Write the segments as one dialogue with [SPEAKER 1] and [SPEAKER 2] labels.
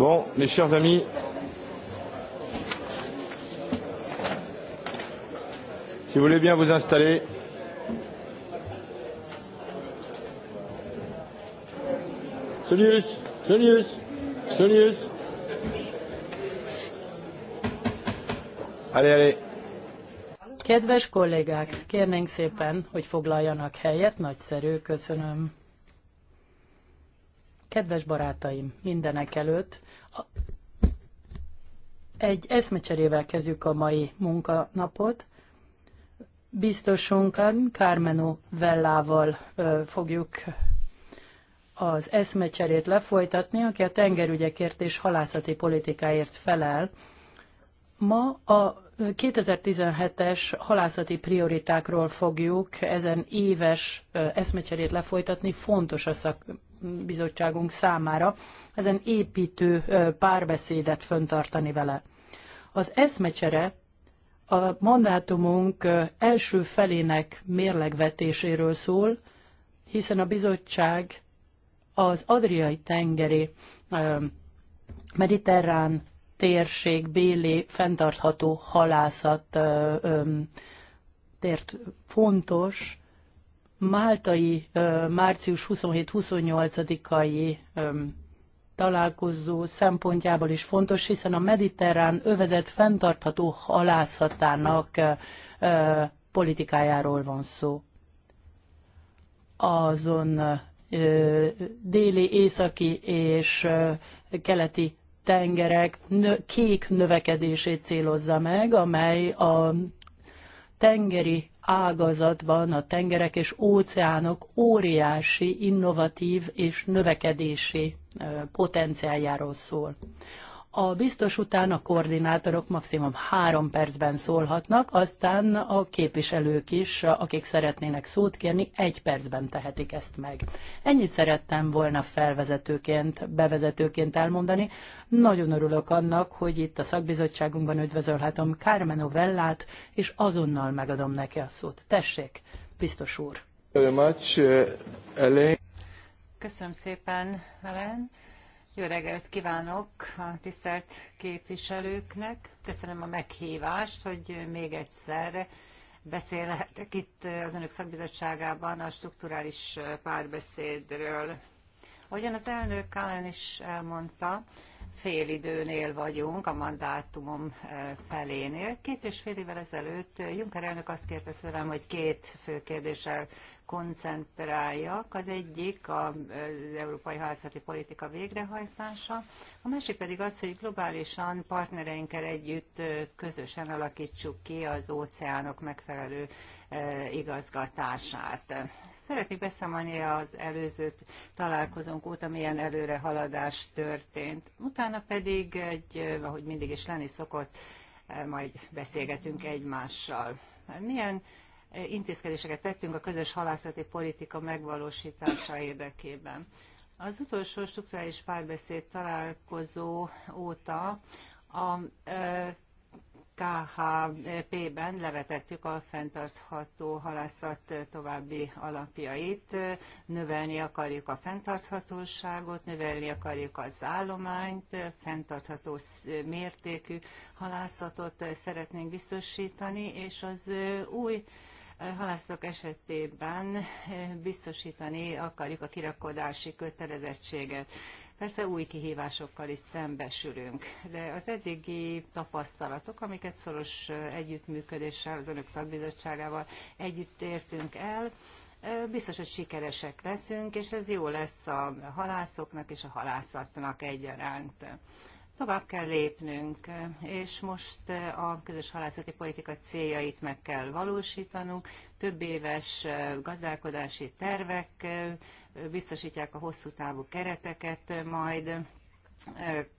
[SPEAKER 1] Bon, mes chers amis,
[SPEAKER 2] si vous voulez bien vous installer. Solius, Solius, Solius.
[SPEAKER 1] Allez, allez.
[SPEAKER 3] Kedves kollégák, kérnénk szépen, hogy foglaljanak helyet, nagyszerű, köszönöm. Kedves barátaim, mindenek előtt egy eszmecserével kezdjük a mai munkanapot. Biztosunkan Carmenu Vellával fogjuk az eszmecserét lefolytatni, aki a tengerügyekért és halászati politikáért felel. Ma a 2017-es halászati prioritákról fogjuk ezen éves eszmecserét lefolytatni. Fontos a szak, bizottságunk számára ezen építő párbeszédet föntartani vele. Az eszmecsere a mandátumunk első felének mérlegvetéséről szól, hiszen a bizottság az Adriai tengeri mediterrán térség béli fenntartható halászat tért fontos máltai március 27-28-ai találkozó szempontjából is fontos, hiszen a mediterrán övezet fenntartható halászatának politikájáról van szó. Azon déli, északi és keleti tengerek kék növekedését célozza meg, amely a tengeri ágazatban a tengerek és óceánok óriási innovatív és növekedési potenciáljáról szól. A biztos után a koordinátorok maximum három percben szólhatnak, aztán a képviselők is, akik szeretnének szót kérni, egy percben tehetik ezt meg. Ennyit szerettem volna felvezetőként, bevezetőként elmondani. Nagyon örülök annak, hogy itt a szakbizottságunkban üdvözölhetem Carmeno Ovellát, és azonnal megadom neki a szót. Tessék, biztos úr!
[SPEAKER 4] Uh,
[SPEAKER 2] Köszönöm szépen, Helen! Jó reggelt kívánok a tisztelt képviselőknek. Köszönöm a meghívást, hogy még egyszer beszélhetek itt az Önök szakbizottságában a strukturális párbeszédről. Ahogyan az elnök Kálen is elmondta, félidőnél vagyunk, a mandátumom eh, felénél. Két és fél évvel ezelőtt Juncker elnök azt kérte tőlem, hogy két fő kérdéssel koncentráljak. Az egyik az eh, európai házati politika végrehajtása, a másik pedig az, hogy globálisan partnereinkkel együtt eh, közösen alakítsuk ki az óceánok megfelelő igazgatását. Szeretnék beszámolni az előző találkozónk óta, milyen előre haladás történt. Utána pedig egy, ahogy mindig is lenni szokott, majd beszélgetünk egymással. Milyen intézkedéseket tettünk a közös halászati politika megvalósítása érdekében. Az utolsó strukturális párbeszéd találkozó óta a KHP-ben levetettük a fenntartható halászat további alapjait. Növelni akarjuk a fenntarthatóságot, növelni akarjuk az állományt, fenntartható mértékű halászatot szeretnénk biztosítani, és az új halászatok esetében biztosítani akarjuk a kirakodási kötelezettséget. Persze új kihívásokkal is szembesülünk, de az eddigi tapasztalatok, amiket szoros együttműködéssel, az Önök szakbizottságával együtt értünk el, biztos, hogy sikeresek leszünk, és ez jó lesz a halászoknak és a halászatnak egyaránt. Tovább kell lépnünk, és most a közös halászati politika céljait meg kell valósítanunk. Több éves gazdálkodási tervek biztosítják a hosszú távú kereteket, majd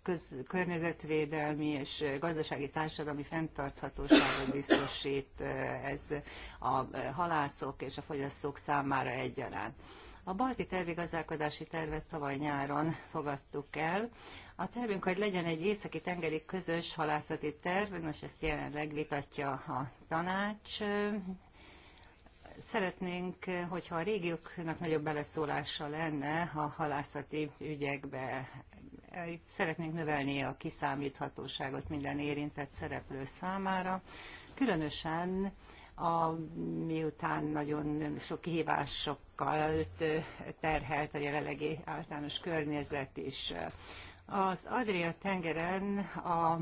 [SPEAKER 2] köz, környezetvédelmi és gazdasági társadalmi fenntarthatóságot biztosít ez a halászok és a fogyasztók számára egyaránt. A balti gazdálkodási tervet tavaly nyáron fogadtuk el. A tervünk, hogy legyen egy északi tengeri közös halászati terv, most ezt jelenleg vitatja a tanács. Szeretnénk, hogyha a régióknak nagyobb beleszólása lenne a halászati ügyekbe. Itt szeretnénk növelni a kiszámíthatóságot minden érintett szereplő számára, különösen a, miután nagyon sok kihívásokkal terhelt a jelenlegi általános környezet is. Az Adria tengeren a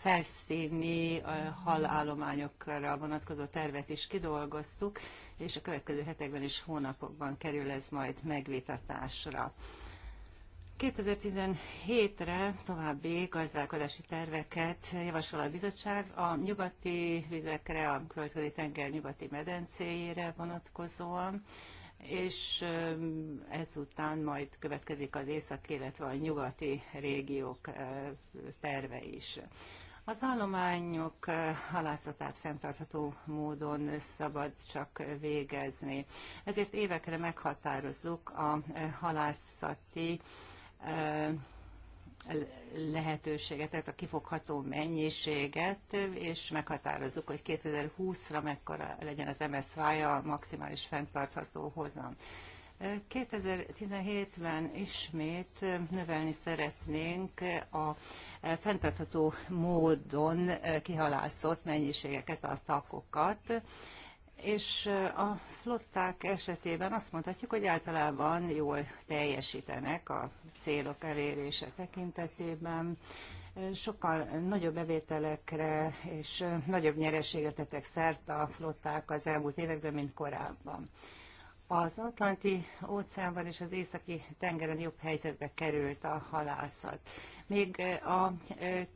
[SPEAKER 2] felszíni halállományokra vonatkozó tervet is kidolgoztuk, és a következő hetekben és hónapokban kerül ez majd megvitatásra. 2017-re további gazdálkodási terveket javasol a bizottság a nyugati vizekre, a következő tenger nyugati medencéjére vonatkozóan és ezután majd következik az észak, illetve a nyugati régiók terve is. Az állományok halászatát fenntartható módon szabad csak végezni. Ezért évekre meghatározzuk a halászati lehetőséget, tehát a kifogható mennyiséget, és meghatározzuk, hogy 2020-ra mekkora legyen az MSZ-ja a maximális fenntartható hozam. 2017-ben ismét növelni szeretnénk a fenntartható módon kihalászott mennyiségeket, a takokat, és a flották esetében azt mondhatjuk, hogy általában jól teljesítenek a célok elérése tekintetében, sokkal nagyobb bevételekre és nagyobb nyereséget tettek szert a flották az elmúlt években, mint korábban. Az Atlanti óceánban és az északi tengeren jobb helyzetbe került a halászat. Még a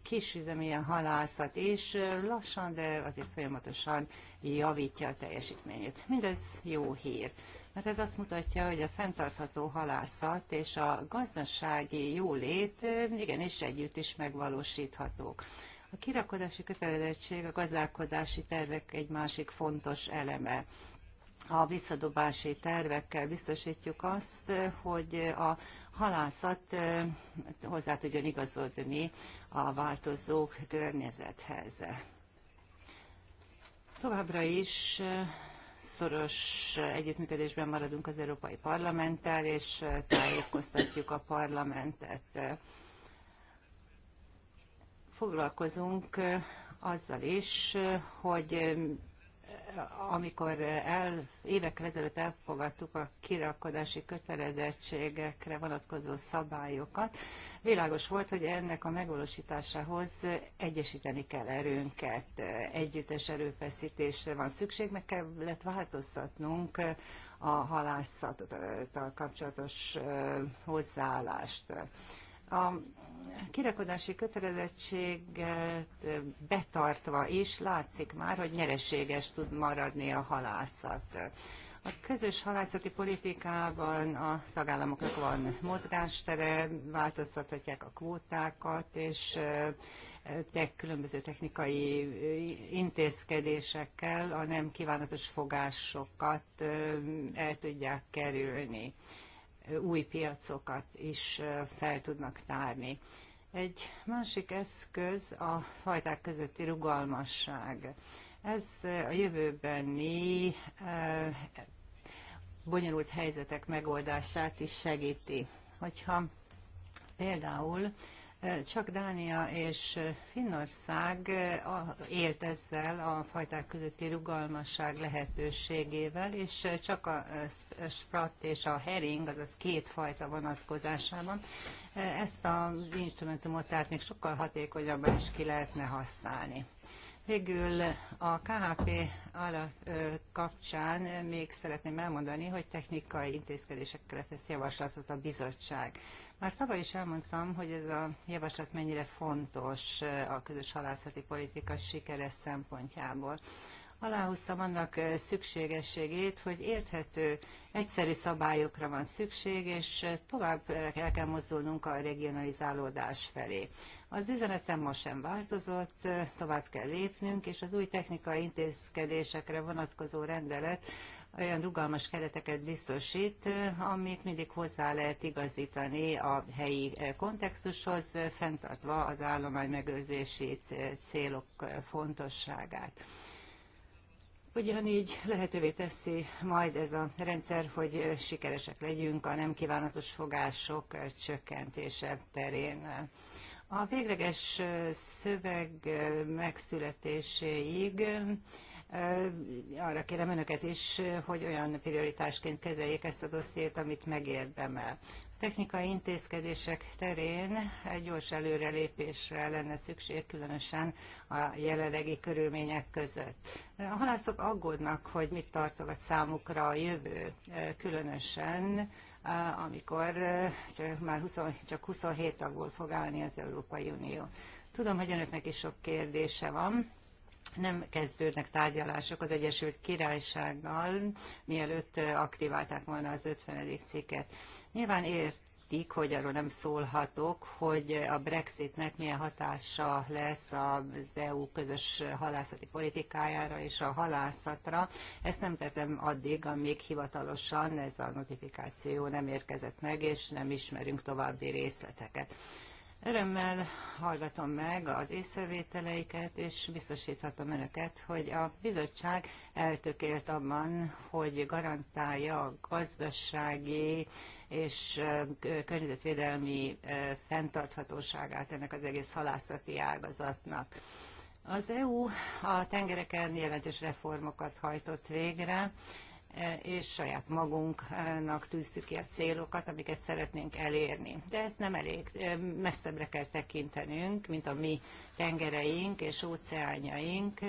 [SPEAKER 2] kisüzemi halászat is lassan, de azért folyamatosan javítja a teljesítményét. Mindez jó hír, mert ez azt mutatja, hogy a fenntartható halászat és a gazdasági jólét igenis együtt is megvalósíthatók. A kirakodási kötelezettség a gazdálkodási tervek egy másik fontos eleme a visszadobási tervekkel biztosítjuk azt, hogy a halászat hozzá tudjon igazodni a változó környezethez. Továbbra is szoros együttműködésben maradunk az Európai Parlamenttel, és tájékoztatjuk a parlamentet. Foglalkozunk azzal is, hogy amikor el, évekkel ezelőtt elfogadtuk a kirakodási kötelezettségekre vonatkozó szabályokat, Világos volt, hogy ennek a megvalósításához egyesíteni kell erőnket, együttes erőfeszítésre van szükség, meg kellett változtatnunk a halászattal kapcsolatos hozzáállást. A kirakodási kötelezettséget betartva is látszik már, hogy nyereséges tud maradni a halászat. A közös halászati politikában a tagállamoknak van mozgástere, változtathatják a kvótákat, és te különböző technikai intézkedésekkel a nem kívánatos fogásokat el tudják kerülni. Új piacokat is fel tudnak tárni. Egy másik eszköz a fajták közötti rugalmasság. Ez a jövőbeni bonyolult helyzetek megoldását is segíti. Hogyha például csak Dánia és Finnország élt ezzel a fajták közötti rugalmasság lehetőségével, és csak a sprat és a hering, azaz két fajta vonatkozásában ezt az instrumentumot tehát még sokkal hatékonyabban is ki lehetne használni. Végül a KHP ala kapcsán még szeretném elmondani, hogy technikai intézkedésekre tesz javaslatot a bizottság. Már tavaly is elmondtam, hogy ez a javaslat mennyire fontos a közös halászati politika sikere szempontjából aláhúztam annak szükségességét, hogy érthető, egyszerű szabályokra van szükség, és tovább el kell mozdulnunk a regionalizálódás felé. Az üzenetem ma sem változott, tovább kell lépnünk, és az új technikai intézkedésekre vonatkozó rendelet olyan rugalmas kereteket biztosít, amit mindig hozzá lehet igazítani a helyi kontextushoz, fenntartva az állomány megőrzési célok fontosságát. Ugyanígy lehetővé teszi majd ez a rendszer, hogy sikeresek legyünk a nem kívánatos fogások csökkentése terén. A végleges szöveg megszületéséig arra kérem önöket is, hogy olyan prioritásként kezeljék ezt a dossziét, amit megérdemel. A technikai intézkedések terén egy gyors előrelépésre lenne szükség, különösen a jelenlegi körülmények között. A halászok aggódnak, hogy mit tartogat számukra a jövő, különösen amikor e, csak, már 20, csak 27 tagból fog állni az Európai Unió. Tudom, hogy önöknek is sok kérdése van, nem kezdődnek tárgyalások az Egyesült Királysággal, mielőtt aktiválták volna az 50. cikket. Nyilván ért hogy arról nem szólhatok, hogy a Brexitnek milyen hatása lesz az EU közös halászati politikájára és a halászatra. Ezt nem tettem addig, amíg hivatalosan ez a notifikáció nem érkezett meg, és nem ismerünk további részleteket. Örömmel hallgatom meg az észrevételeiket, és biztosíthatom önöket, hogy a bizottság eltökélt abban, hogy garantálja a gazdasági és környezetvédelmi fenntarthatóságát ennek az egész halászati ágazatnak. Az EU a tengereken jelentős reformokat hajtott végre, Eh, és saját magunknak tűzzük ki a célokat, amiket szeretnénk elérni. De ez nem elég, eh, messzebbre kell tekintenünk, mint a mi tengereink és óceánjaink.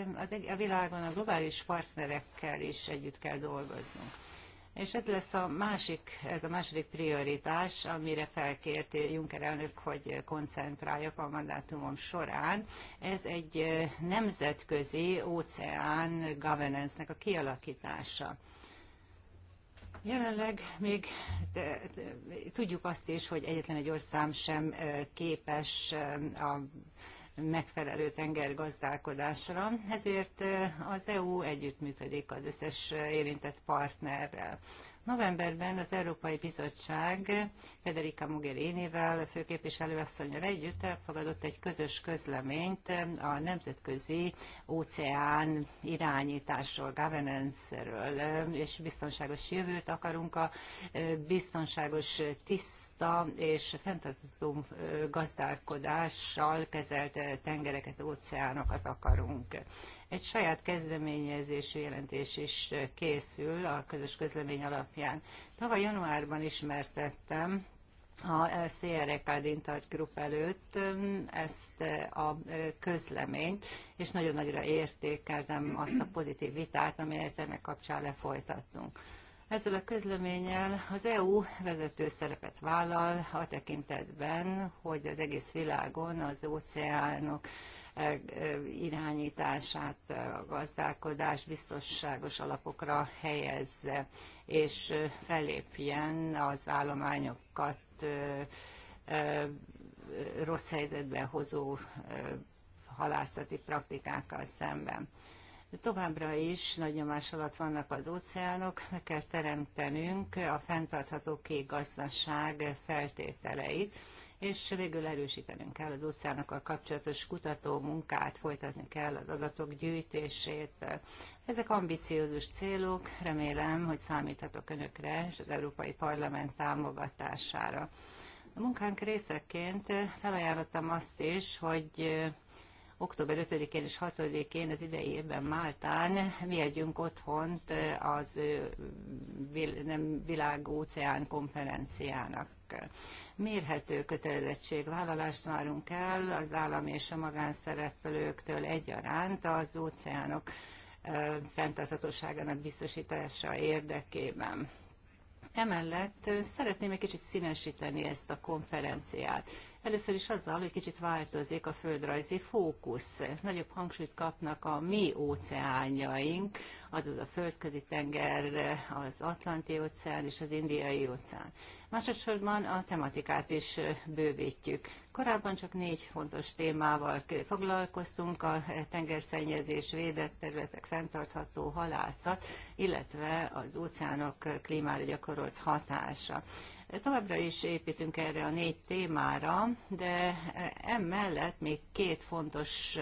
[SPEAKER 2] A világon a globális partnerekkel is együtt kell dolgoznunk. És ez lesz a másik, ez a második prioritás, amire felkért Juncker elnök, hogy koncentráljak a mandátumom során. Ez egy eh, nemzetközi óceán governance-nek a kialakítása. Jelenleg még de, de, tudjuk azt is, hogy egyetlen egy ország sem képes a megfelelő tengergazdálkodásra, ezért az EU együttműködik az összes érintett partnerrel. Novemberben az Európai Bizottság Federica Mogherini-val Mogherini-vel, főképviselőasszonyjal együtt elfogadott egy közös közleményt a nemzetközi óceán irányításról, governance-ről, és biztonságos jövőt akarunk a biztonságos tiszta és fenntartható gazdálkodással kezelt tengereket, óceánokat akarunk. Egy saját kezdeményezésű jelentés is készül a közös közlemény alapján. Tavaly januárban ismertettem a CRK Dintart Group előtt ezt a közleményt, és nagyon nagyra értékeltem azt a pozitív vitát, amelyet ennek kapcsán lefolytattunk. Ezzel a közleménnyel az EU vezető szerepet vállal a tekintetben, hogy az egész világon az óceánok irányítását a gazdálkodás biztonságos alapokra helyezze, és felépjen az állományokat rossz helyzetbe hozó halászati praktikákkal szemben. Továbbra is nagy nyomás alatt vannak az óceánok, meg kell teremtenünk a fenntartható kék gazdaság feltételeit, és végül erősítenünk kell az a kapcsolatos kutató munkát, folytatni kell az adatok gyűjtését. Ezek ambiciózus célok, remélem, hogy számíthatok önökre és az Európai Parlament támogatására. A munkánk részeként felajánlottam azt is, hogy október 5-én és 6-én az idei évben Máltán mi adjunk otthont az nem világóceán konferenciának. Mérhető kötelezettségvállalást várunk el az állam és a magánszereplőktől egyaránt az óceánok fenntarthatóságának biztosítása érdekében. Emellett szeretném egy kicsit színesíteni ezt a konferenciát. Először is azzal, hogy kicsit változik a földrajzi fókusz. Nagyobb hangsúlyt kapnak a mi óceánjaink, azaz a földközi tenger, az Atlanti óceán és az Indiai óceán. Másodszorban a tematikát is bővítjük. Korábban csak négy fontos témával foglalkoztunk, a tengerszennyezés, védett területek, fenntartható halászat, illetve az óceánok klímára gyakorolt hatása. Továbbra is építünk erre a négy témára, de emellett még két fontos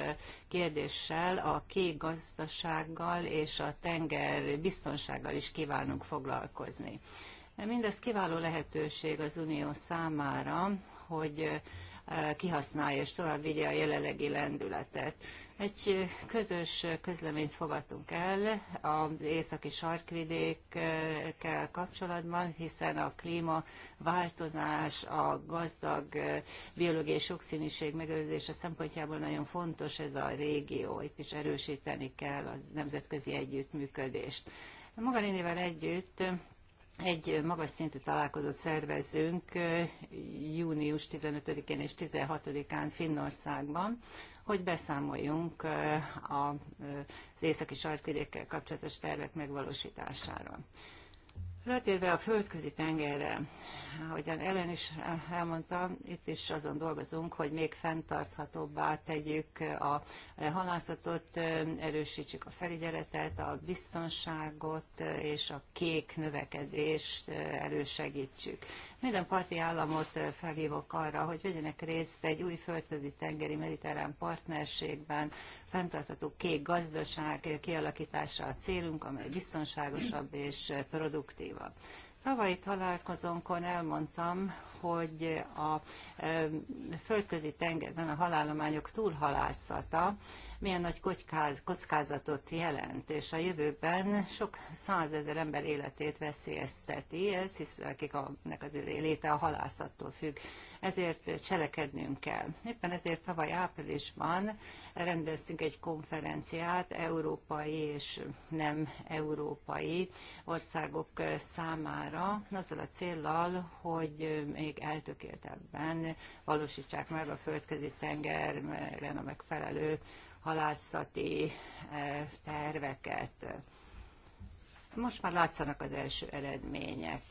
[SPEAKER 2] kérdéssel, a kék gazdasággal és a tenger biztonsággal is kívánunk foglalkozni. Mindez kiváló lehetőség az Unió számára, hogy kihasználja és tovább vigye a jelenlegi lendületet. Egy közös közleményt fogadtunk el az északi sarkvidékkel kapcsolatban, hiszen a klímaváltozás, a gazdag biológiai sokszínűség megőrzése szempontjából nagyon fontos ez a régió. Itt is erősíteni kell a nemzetközi együttműködést. Magarénével együtt egy magas szintű találkozót szervezünk június 15-én és 16-án Finnországban, hogy beszámoljunk az északi sarkvidékkel kapcsolatos tervek megvalósításáról. Rátérve a földközi tengerre, ahogyan Ellen is elmondta, itt is azon dolgozunk, hogy még fenntarthatóbbá tegyük a halászatot, erősítsük a felügyeletet, a biztonságot és a kék növekedést elősegítsük. Minden parti államot felhívok arra, hogy vegyenek részt egy új földközi tengeri mediterrán partnerségben, fenntartható kék gazdaság kialakítása a célunk, amely biztonságosabb és produktívabb. Tavalyi találkozónkon elmondtam, hogy a földközi tengerben a halálományok túlhalászata milyen nagy kockáz, kockázatot jelent, és a jövőben sok százezer ember életét veszélyezteti, ez hisz, akik a, nek a léte a halászattól függ. Ezért cselekednünk kell. Éppen ezért tavaly áprilisban rendeztünk egy konferenciát európai és nem európai országok számára, azzal a céllal, hogy még eltökéltebben valósítsák meg a földközi tengeren a megfelelő halászati eh, terveket. Most már látszanak az első eredmények.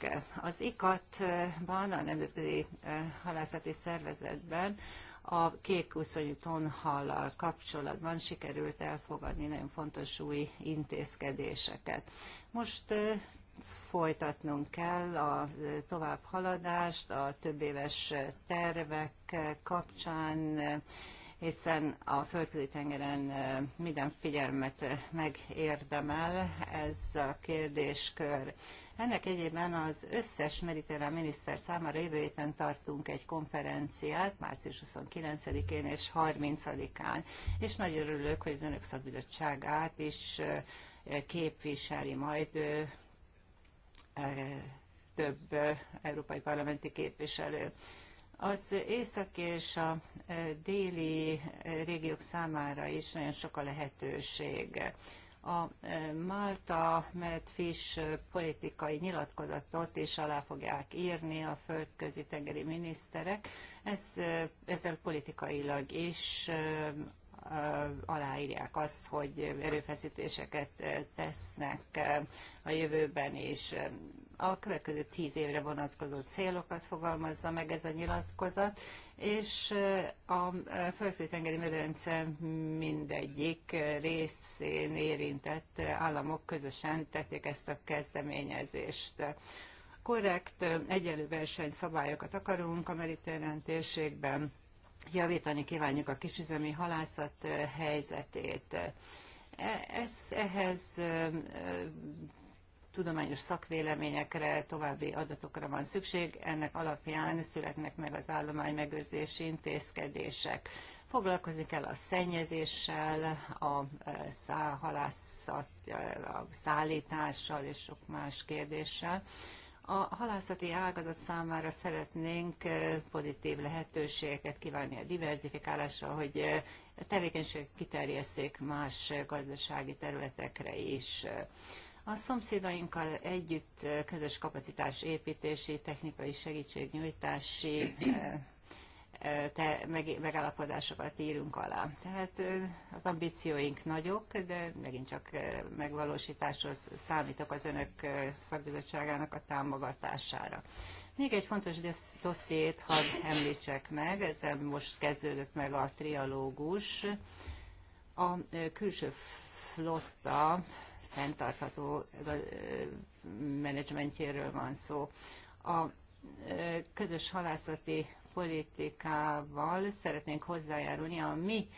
[SPEAKER 2] Az ICAT-ban, a Nemzetközi eh, Halászati Szervezetben a kék úszonyú tonhallal kapcsolatban sikerült elfogadni nagyon fontos új intézkedéseket. Most eh, folytatnunk kell a továbbhaladást a több éves tervek kapcsán, hiszen a földközi tengeren minden figyelmet megérdemel ez a kérdéskör. Ennek egyében az összes mediterrán miniszter számára jövő héten tartunk egy konferenciát, március 29-én és 30-án, és nagyon örülök, hogy az Önök szakbizottságát is képviseli majd több európai parlamenti képviselő. Az északi és a e, déli e, régiók számára is nagyon sok a lehetőség. A e, Malta Medfish politikai nyilatkozatot is alá fogják írni a földközi tengeri miniszterek. Ez, ezzel politikailag is aláírják azt, hogy erőfeszítéseket tesznek a jövőben is a következő tíz évre vonatkozó célokat fogalmazza meg ez a nyilatkozat, és a földfőtengeri medence mindegyik részén érintett államok közösen tették ezt a kezdeményezést korrekt, egyenlő versenyszabályokat akarunk a mediterrán térségben, javítani kívánjuk a kisüzemi halászat helyzetét. E, ez, ehhez tudományos szakvéleményekre, további adatokra van szükség, ennek alapján születnek meg az állomány megőrzési intézkedések. Foglalkozni kell a szennyezéssel, a e, halászat, a szállítással és sok más kérdéssel. A halászati ágazat számára szeretnénk e, pozitív lehetőségeket kívánni a diversifikálásra, hogy a e, tevékenység kiterjesszék más gazdasági területekre is. A szomszédainkkal együtt közös kapacitás építési technikai segítségnyújtási te megállapodásokat írunk alá. Tehát az ambícióink nagyok, de megint csak megvalósításhoz számítok az önök szakbizottságának a támogatására. Még egy fontos dossziét hadd említsek meg, ezen most kezdődött meg a trialógus. A külső flotta fenntartható menedzsmentjéről van szó. A közös halászati politikával szeretnénk hozzájárulni a mi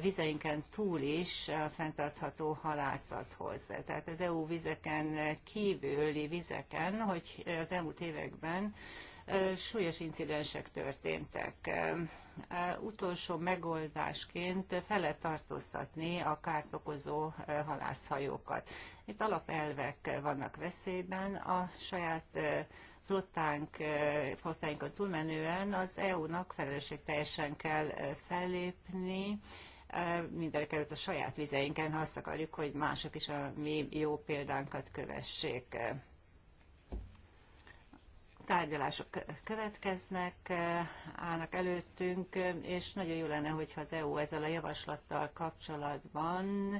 [SPEAKER 2] vizeinken túl is fenntartható halászathoz. Tehát az EU vizeken kívüli vizeken, hogy az elmúlt években súlyos incidensek történtek. Utolsó megoldásként fel lehet tartóztatni a kárt okozó halászhajókat. Itt alapelvek vannak veszélyben, a saját flottánk, flottáinkon túlmenően az EU-nak teljesen kell fellépni, mindenek előtt a saját vizeinken, ha azt akarjuk, hogy mások is a mi jó példánkat kövessék tárgyalások következnek, állnak előttünk, és nagyon jó lenne, hogyha az EU ezzel a javaslattal kapcsolatban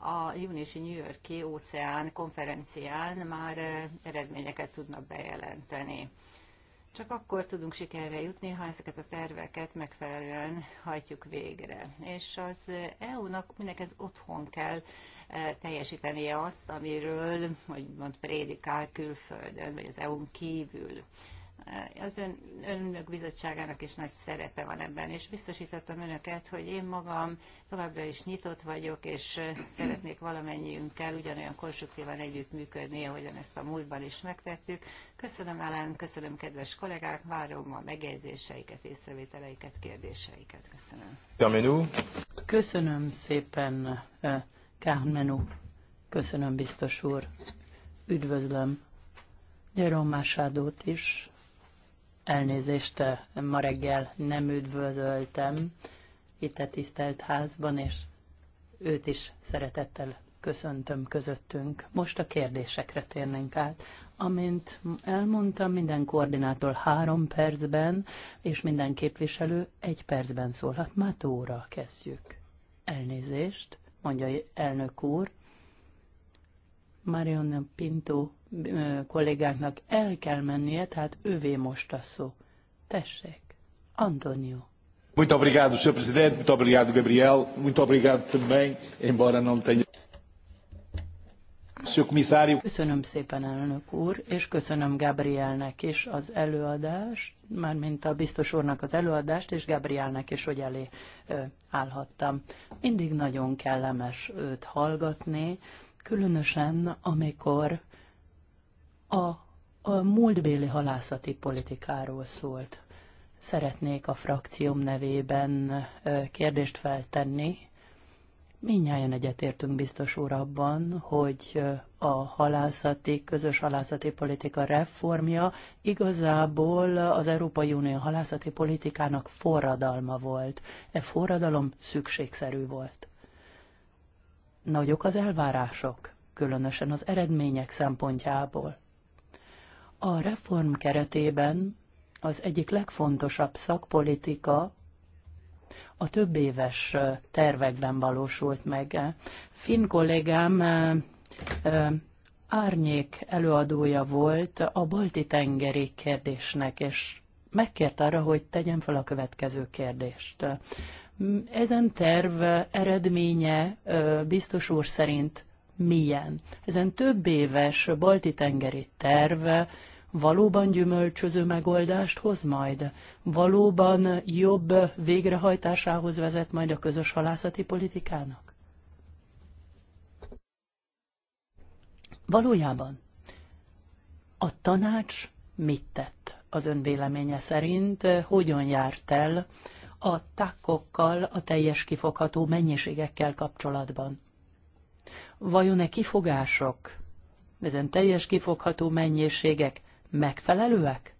[SPEAKER 2] a júniusi New Yorki óceán konferencián már eredményeket tudna bejelenteni. Csak akkor tudunk sikerre jutni, ha ezeket a terveket megfelelően hajtjuk végre. És az EU-nak mindenket otthon kell teljesítenie azt, amiről mond, prédikál külföldön, vagy az EU-n kívül. Az ön, önök bizottságának is nagy szerepe van ebben, és biztosítottam önöket, hogy én magam továbbra is nyitott vagyok, és szeretnék valamennyiünkkel ugyanolyan konstruktívan együttműködni, ahogyan ezt a múltban is megtettük. Köszönöm, Ellen, köszönöm, kedves kollégák, várom a megjegyzéseiket, észrevételeiket, kérdéseiket.
[SPEAKER 3] Köszönöm. Köszönöm szépen. Eh, Kármenú. Köszönöm, biztos úr. Üdvözlöm Jerome Másádót is. Elnézést, eh, ma reggel nem üdvözöltem itt a tisztelt házban, és őt is szeretettel köszöntöm közöttünk. Most a kérdésekre térnénk át. Amint elmondtam, minden koordinátor három percben, és minden képviselő egy percben szólhat. Mátóra kezdjük. Elnézést mondja elnök úr. Marion Pinto kollégáknak el kell mennie, tehát ővé most a szó. Tessék, Antonio.
[SPEAKER 1] Muito obrigado, Sr. Presidente, muito obrigado, Gabriel, muito obrigado também, embora não tenha...
[SPEAKER 3] Köszönöm szépen, elnök úr, és köszönöm Gabrielnek is az előadást, mármint a biztos úrnak az előadást, és Gabrielnek is, hogy elé állhattam. Mindig nagyon kellemes őt hallgatni, különösen amikor a, a múltbéli halászati politikáról szólt. Szeretnék a frakcióm nevében kérdést feltenni, Mindnyáján egyetértünk biztos úr abban, hogy a halászati, közös halászati politika reformja igazából az Európai Unió halászati politikának forradalma volt. E forradalom szükségszerű volt. Nagyok az elvárások, különösen az eredmények szempontjából. A reform keretében az egyik legfontosabb szakpolitika a több éves tervekben valósult meg. Finn kollégám árnyék előadója volt a balti tengeri kérdésnek, és megkért arra, hogy tegyen fel a következő kérdést. Ezen terv eredménye biztos úr szerint milyen? Ezen több éves balti tengeri terv valóban gyümölcsöző megoldást hoz majd, valóban jobb végrehajtásához vezet majd a közös halászati politikának? Valójában a tanács mit tett az ön véleménye szerint, hogyan járt el a takkokkal, a teljes kifogható mennyiségekkel kapcsolatban? Vajon-e kifogások, ezen teljes kifogható mennyiségek megfelelőek?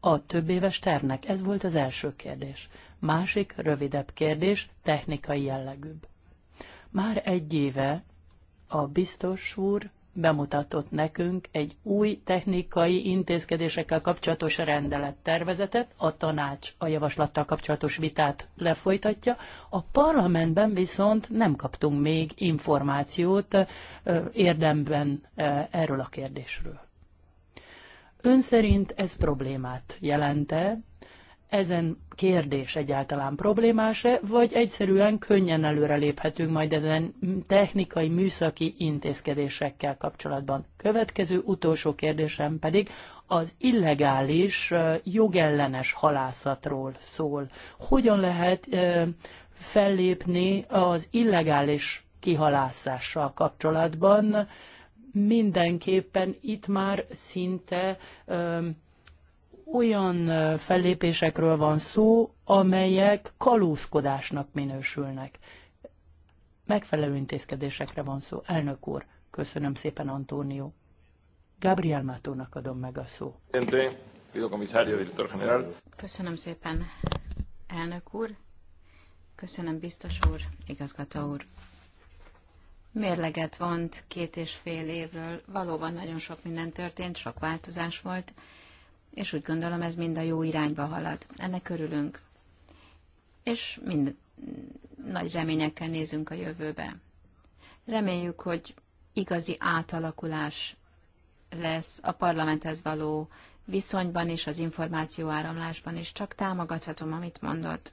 [SPEAKER 3] A több éves tervnek ez volt az első kérdés. Másik, rövidebb kérdés, technikai jellegűbb. Már egy éve a biztos úr bemutatott nekünk egy új technikai intézkedésekkel kapcsolatos rendelettervezetet, a tanács a javaslattal kapcsolatos vitát lefolytatja, a parlamentben viszont nem kaptunk még információt érdemben erről a kérdésről. Ön szerint ez problémát jelente? Ezen kérdés egyáltalán problémás-e, vagy egyszerűen könnyen előreléphetünk majd ezen technikai, műszaki intézkedésekkel kapcsolatban? Következő utolsó kérdésem pedig az illegális, jogellenes halászatról szól. Hogyan lehet fellépni az illegális kihalászással kapcsolatban, mindenképpen itt már szinte olyan fellépésekről van szó, amelyek kalózkodásnak minősülnek. Megfelelő intézkedésekre van szó. Elnök úr, köszönöm szépen, Antónió. Gabriel Mátónak adom meg
[SPEAKER 4] a szó. Köszönöm szépen, elnök úr. Köszönöm, biztos úr, igazgató úr mérleget vont két és fél évről. Valóban nagyon sok minden történt, sok változás volt, és úgy gondolom ez mind a jó irányba halad. Ennek örülünk. És mind nagy reményekkel nézünk a jövőbe. Reméljük, hogy igazi átalakulás lesz a parlamenthez való viszonyban és az információ áramlásban is. Csak támogathatom, amit mondott.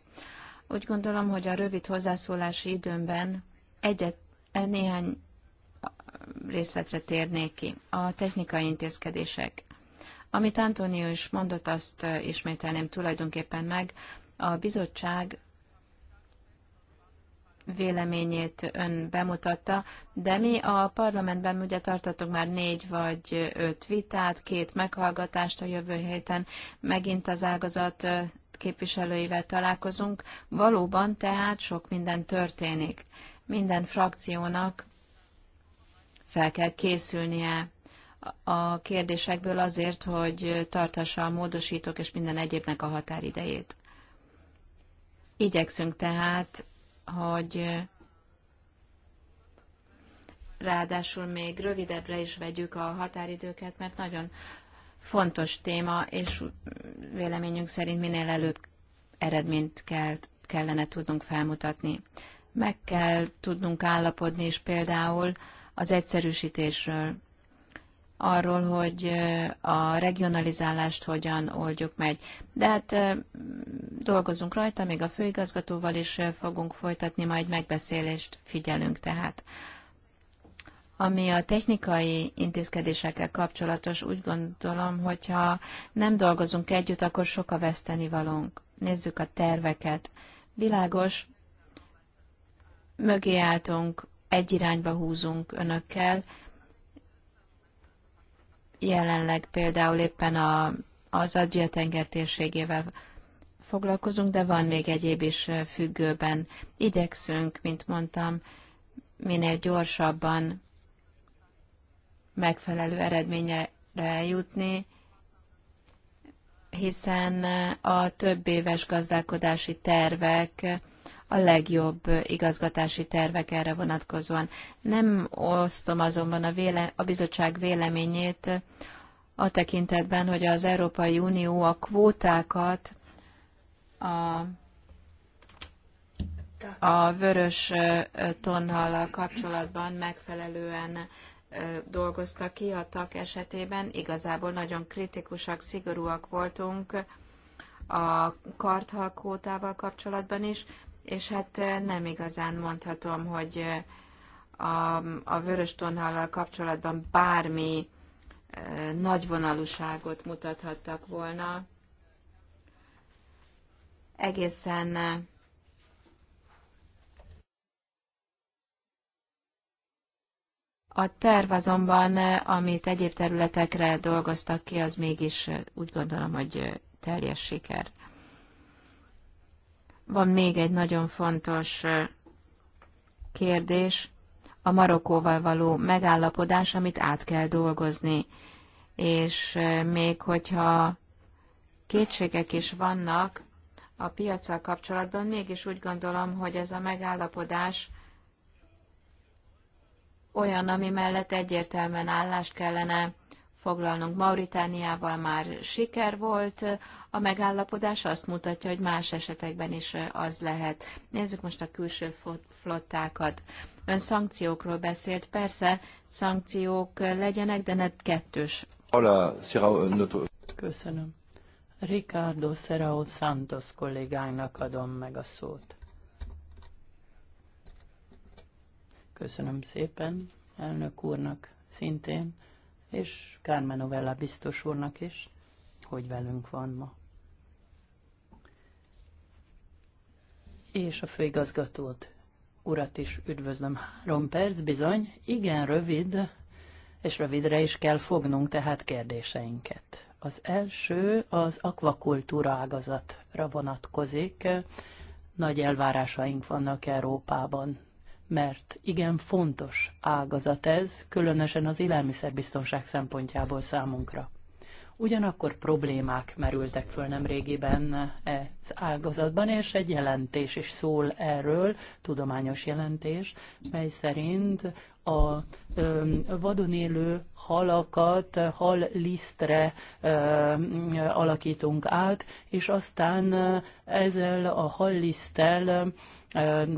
[SPEAKER 4] Úgy gondolom, hogy a rövid hozzászólási időmben egyet néhány részletre térnék ki. A technikai intézkedések. Amit Antonio is mondott, azt ismételném tulajdonképpen meg. A bizottság véleményét ön bemutatta, de mi a parlamentben ugye tartottunk már négy vagy öt vitát, két meghallgatást a jövő héten, megint az ágazat képviselőivel találkozunk. Valóban tehát sok minden történik minden frakciónak fel kell készülnie a kérdésekből azért, hogy tartassa a módosítók és minden egyébnek a határidejét. Igyekszünk tehát, hogy ráadásul még rövidebbre is vegyük a határidőket, mert nagyon fontos téma, és véleményünk szerint minél előbb eredményt kell, kellene tudnunk felmutatni meg kell tudnunk állapodni is például az egyszerűsítésről, arról, hogy a regionalizálást hogyan oldjuk meg. De hát dolgozunk rajta, még a főigazgatóval is fogunk folytatni majd megbeszélést, figyelünk tehát. Ami a technikai intézkedésekkel kapcsolatos, úgy gondolom, hogyha nem dolgozunk együtt, akkor sok a vesztenivalónk. Nézzük a terveket. Világos, mögé álltunk, egy irányba húzunk önökkel. Jelenleg például éppen a, az Adja tenger térségével foglalkozunk, de van még egyéb is függőben. Igyekszünk, mint mondtam, minél gyorsabban megfelelő eredményre jutni, hiszen a több éves gazdálkodási tervek a legjobb igazgatási tervek erre vonatkozóan. Nem osztom azonban a, véle, a bizottság véleményét a tekintetben, hogy az Európai Unió a kvótákat a, a vörös tonnal kapcsolatban megfelelően dolgozta ki a tak esetében. Igazából nagyon kritikusak, szigorúak voltunk a karthalkótával kapcsolatban is, és hát eh, nem igazán mondhatom, hogy eh, a, a vörös tonhallal kapcsolatban bármi eh, nagyvonalúságot mutathattak volna. Egészen A terv azonban, amit egyéb területekre dolgoztak ki, az mégis úgy gondolom, hogy teljes siker. Van még egy nagyon fontos kérdés, a Marokkóval való megállapodás, amit át kell dolgozni. És még hogyha kétségek is vannak a piacsal kapcsolatban, mégis úgy gondolom, hogy ez a megállapodás olyan, ami mellett egyértelműen állást kellene foglalnunk. Mauritániával már siker volt, a megállapodás azt mutatja, hogy más esetekben is az lehet. Nézzük most a külső flottákat. Ön szankciókról beszélt, persze szankciók legyenek, de ne kettős.
[SPEAKER 3] Köszönöm. Ricardo Serrao Santos kollégának adom meg a szót. Köszönöm szépen elnök úrnak szintén és Carmen Novella biztos úrnak is, hogy velünk van ma. És a főigazgatót, urat is üdvözlöm. Három perc bizony, igen rövid, és rövidre is kell fognunk tehát kérdéseinket. Az első az akvakultúra ágazatra vonatkozik. Nagy elvárásaink vannak Európában mert igen fontos ágazat ez, különösen az élelmiszerbiztonság szempontjából számunkra. Ugyanakkor problémák merültek föl nemrégiben az ágazatban, és egy jelentés is szól erről, tudományos jelentés, mely szerint a vadon élő halakat hal lisztre alakítunk át, és aztán ezzel a halliszttel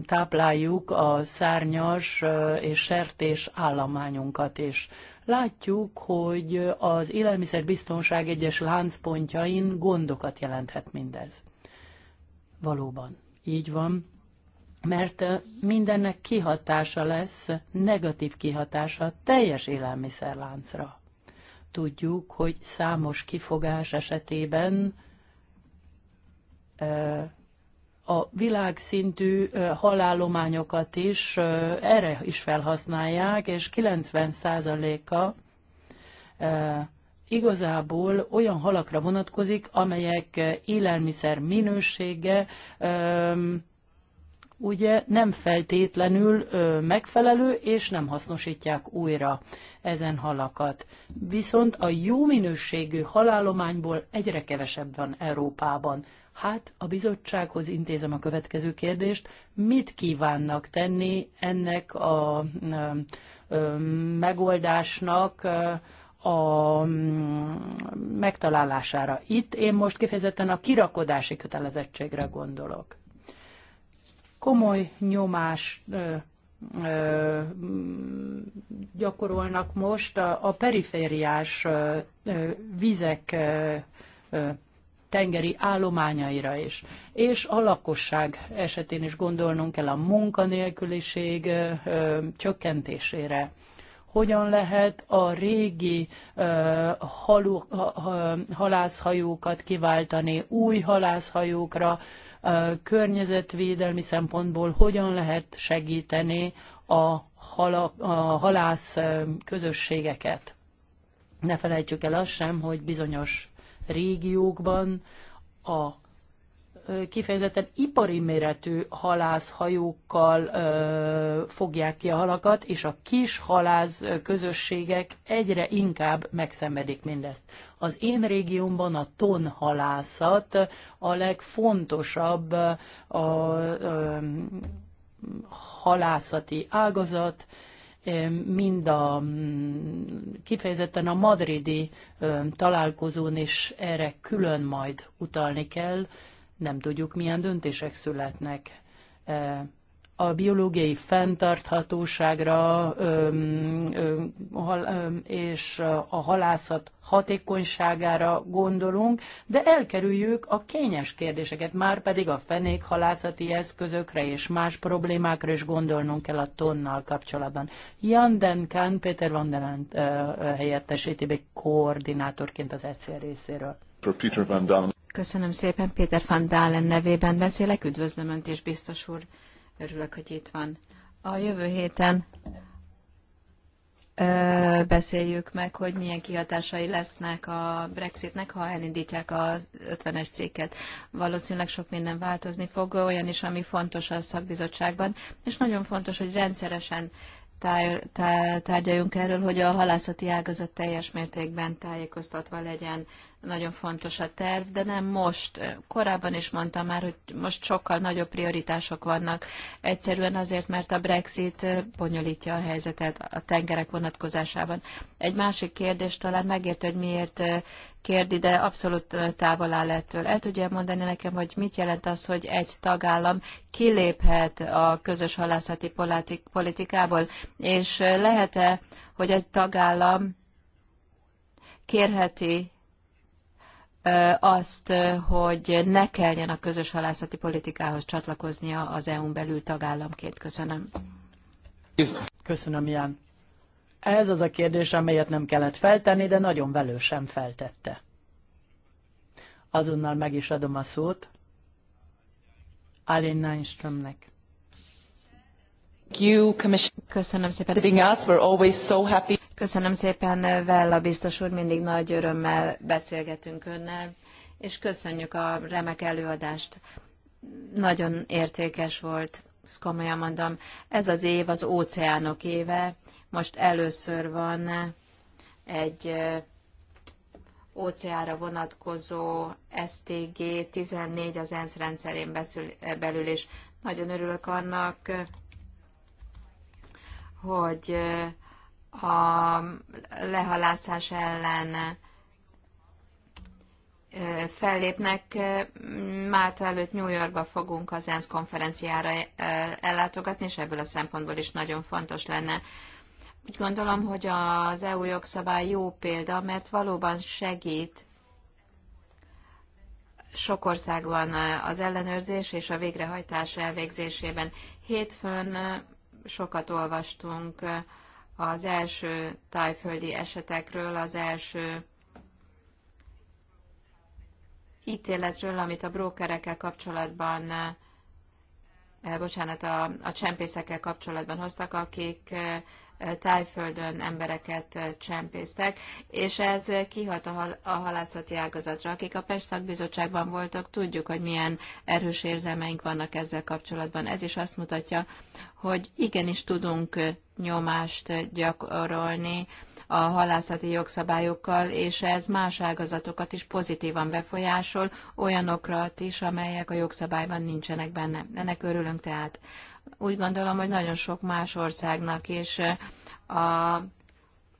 [SPEAKER 3] tápláljuk a szárnyas és sertés állományunkat is. Látjuk, hogy az élelmiszerbiztonság egyes láncpontjain gondokat jelenthet mindez. Valóban, így van mert mindennek kihatása lesz, negatív kihatása a teljes élelmiszerláncra. Tudjuk, hogy számos kifogás esetében a világszintű halálományokat is erre is felhasználják, és 90%-a igazából olyan halakra vonatkozik, amelyek élelmiszer minősége ugye nem feltétlenül ö, megfelelő, és nem hasznosítják újra ezen halakat. Viszont a jó minőségű halálományból egyre kevesebb van Európában. Hát a bizottsághoz intézem a következő kérdést, mit kívánnak tenni ennek a ö, ö, megoldásnak, ö, a mm, megtalálására. Itt én most kifejezetten a kirakodási kötelezettségre gondolok komoly nyomást gyakorolnak most a, perifériás vizek tengeri állományaira is. És a lakosság esetén is gondolnunk kell a munkanélküliség csökkentésére. Hogyan lehet a régi halu, halászhajókat kiváltani új halászhajókra, környezetvédelmi szempontból hogyan lehet segíteni a, hala, a halász közösségeket. Ne felejtsük el azt sem, hogy bizonyos régiókban a kifejezetten ipari méretű halászhajókkal fogják ki a halakat, és a kis halász közösségek egyre inkább megszenvedik mindezt. Az én régiómban a tonhalászat a legfontosabb a, halászati ágazat, mind a kifejezetten a madridi találkozón is erre külön majd utalni kell, nem tudjuk, milyen döntések születnek. E, a biológiai fenntarthatóságra és a halászat hatékonyságára gondolunk, de elkerüljük a kényes kérdéseket, már pedig a fenék halászati eszközökre és más problémákra is gondolnunk kell a tonnal kapcsolatban. Jan Denkán Péter Vandelent helyettesíti koordinátorként az ECR
[SPEAKER 4] részéről.
[SPEAKER 1] Peter Van Dalen.
[SPEAKER 4] Köszönöm szépen, Péter Van Dalen nevében beszélek. Üdvözlöm Önt is, biztos úr, örülök, hogy itt van. A jövő héten ö, beszéljük meg, hogy milyen kihatásai lesznek a Brexitnek, ha elindítják az 50-es cikket. Valószínűleg sok minden változni fog, olyan is, ami fontos a szakbizottságban, és nagyon fontos, hogy rendszeresen tárgyaljunk erről, hogy a halászati ágazat teljes mértékben tájékoztatva legyen nagyon fontos a terv, de nem most. Korábban is mondtam már, hogy most sokkal nagyobb prioritások vannak. Egyszerűen azért, mert a Brexit bonyolítja a helyzetet a tengerek vonatkozásában. Egy másik kérdés talán megért, hogy miért kérdi, de abszolút távol áll ettől. El tudja mondani nekem, hogy mit jelent az, hogy egy tagállam kiléphet a közös halászati politikából, és lehet-e, hogy egy tagállam kérheti azt, hogy ne kelljen a közös halászati politikához csatlakoznia az EU-n belül tagállamként. Köszönöm. Köszönöm, Ján.
[SPEAKER 3] Ez az a kérdés, amelyet nem kellett feltenni, de nagyon velő sem feltette. Azonnal meg is adom a szót
[SPEAKER 4] Alin Neinströmnek. Köszönöm szépen. Köszönöm szépen, eh, Vella biztos úr, mindig nagy örömmel beszélgetünk önnel, és köszönjük a remek előadást. Nagyon értékes volt, ezt komolyan mondom. Ez az év az óceánok éve, most először van eh, egy eh, óceára vonatkozó STG 14 az ENSZ rendszerén belül, és nagyon örülök annak, hogy a lehalászás ellen fellépnek. Márta előtt New Yorkba fogunk az ENSZ konferenciára ellátogatni, és ebből a szempontból is nagyon fontos lenne. Úgy gondolom, hogy az EU jogszabály jó példa, mert valóban segít sok országban az ellenőrzés és a végrehajtás elvégzésében. Hétfőn sokat olvastunk eh, az első tájföldi esetekről, az első ítéletről, amit a brókerekkel kapcsolatban, eh, eh, bocsánat, a, a csempészekkel kapcsolatban hoztak, akik tájföldön embereket csempésztek, és ez kihat a, halászati ágazatra. Akik a Pest szakbizottságban voltak, tudjuk, hogy milyen erős érzelmeink vannak ezzel kapcsolatban. Ez is azt mutatja, hogy igenis tudunk nyomást gyakorolni a halászati jogszabályokkal, és ez más ágazatokat is pozitívan befolyásol, olyanokra is, amelyek a jogszabályban nincsenek benne. Ennek örülünk tehát. Úgy gondolom, hogy nagyon sok más országnak is a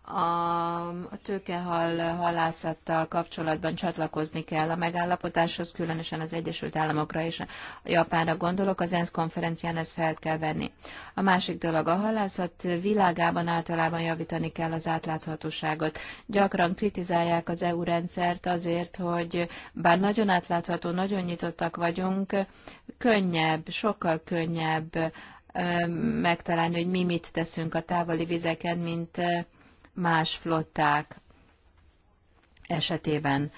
[SPEAKER 4] a tőkehal halászattal kapcsolatban csatlakozni kell a megállapodáshoz, különösen az Egyesült Államokra és a Japánra gondolok, az ENSZ konferencián ezt fel kell venni. A másik dolog, a halászat világában általában javítani kell az átláthatóságot. Gyakran kritizálják az EU rendszert azért, hogy bár nagyon átlátható, nagyon nyitottak vagyunk, könnyebb, sokkal könnyebb megtalálni, hogy mi mit teszünk a távoli vizeken, mint más flották esetében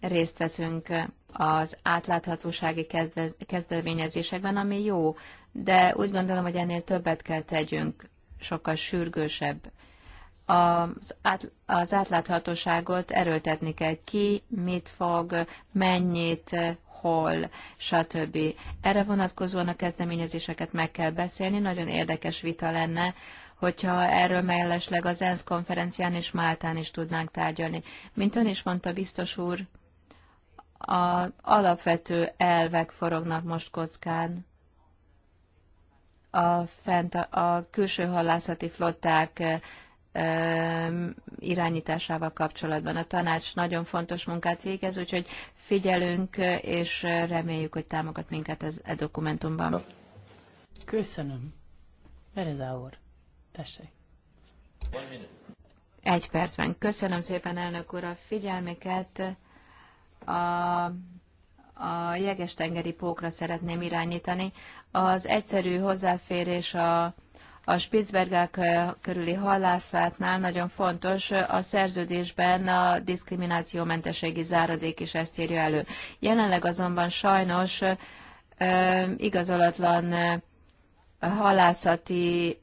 [SPEAKER 4] részt veszünk az átláthatósági kezdeményezésekben, ami jó, de úgy gondolom, hogy ennél többet kell tegyünk, sokkal sürgősebb. Az, át, az átláthatóságot erőltetni kell ki, mit fog, mennyit, hol, stb. Erre vonatkozóan a kezdeményezéseket meg kell beszélni, nagyon érdekes vita lenne hogyha erről mellesleg az ENSZ konferencián és Máltán is tudnánk tárgyalni. Mint ön is mondta, biztos úr, a alapvető elvek forognak most kockán. A, fent, a külső hallászati flották irányításával kapcsolatban. A tanács nagyon fontos munkát végez, úgyhogy figyelünk, és reméljük, hogy támogat minket ez e dokumentumban. Köszönöm. Bereza Tessék. Egy percben. Köszönöm szépen, elnök úr, a figyelmüket. A, a tengeri pókra szeretném irányítani. Az egyszerű hozzáférés a a Spitzbergák körüli hallászátnál nagyon fontos, a szerződésben a diszkriminációmentességi záradék is ezt írja elő. Jelenleg azonban sajnos igazolatlan halászati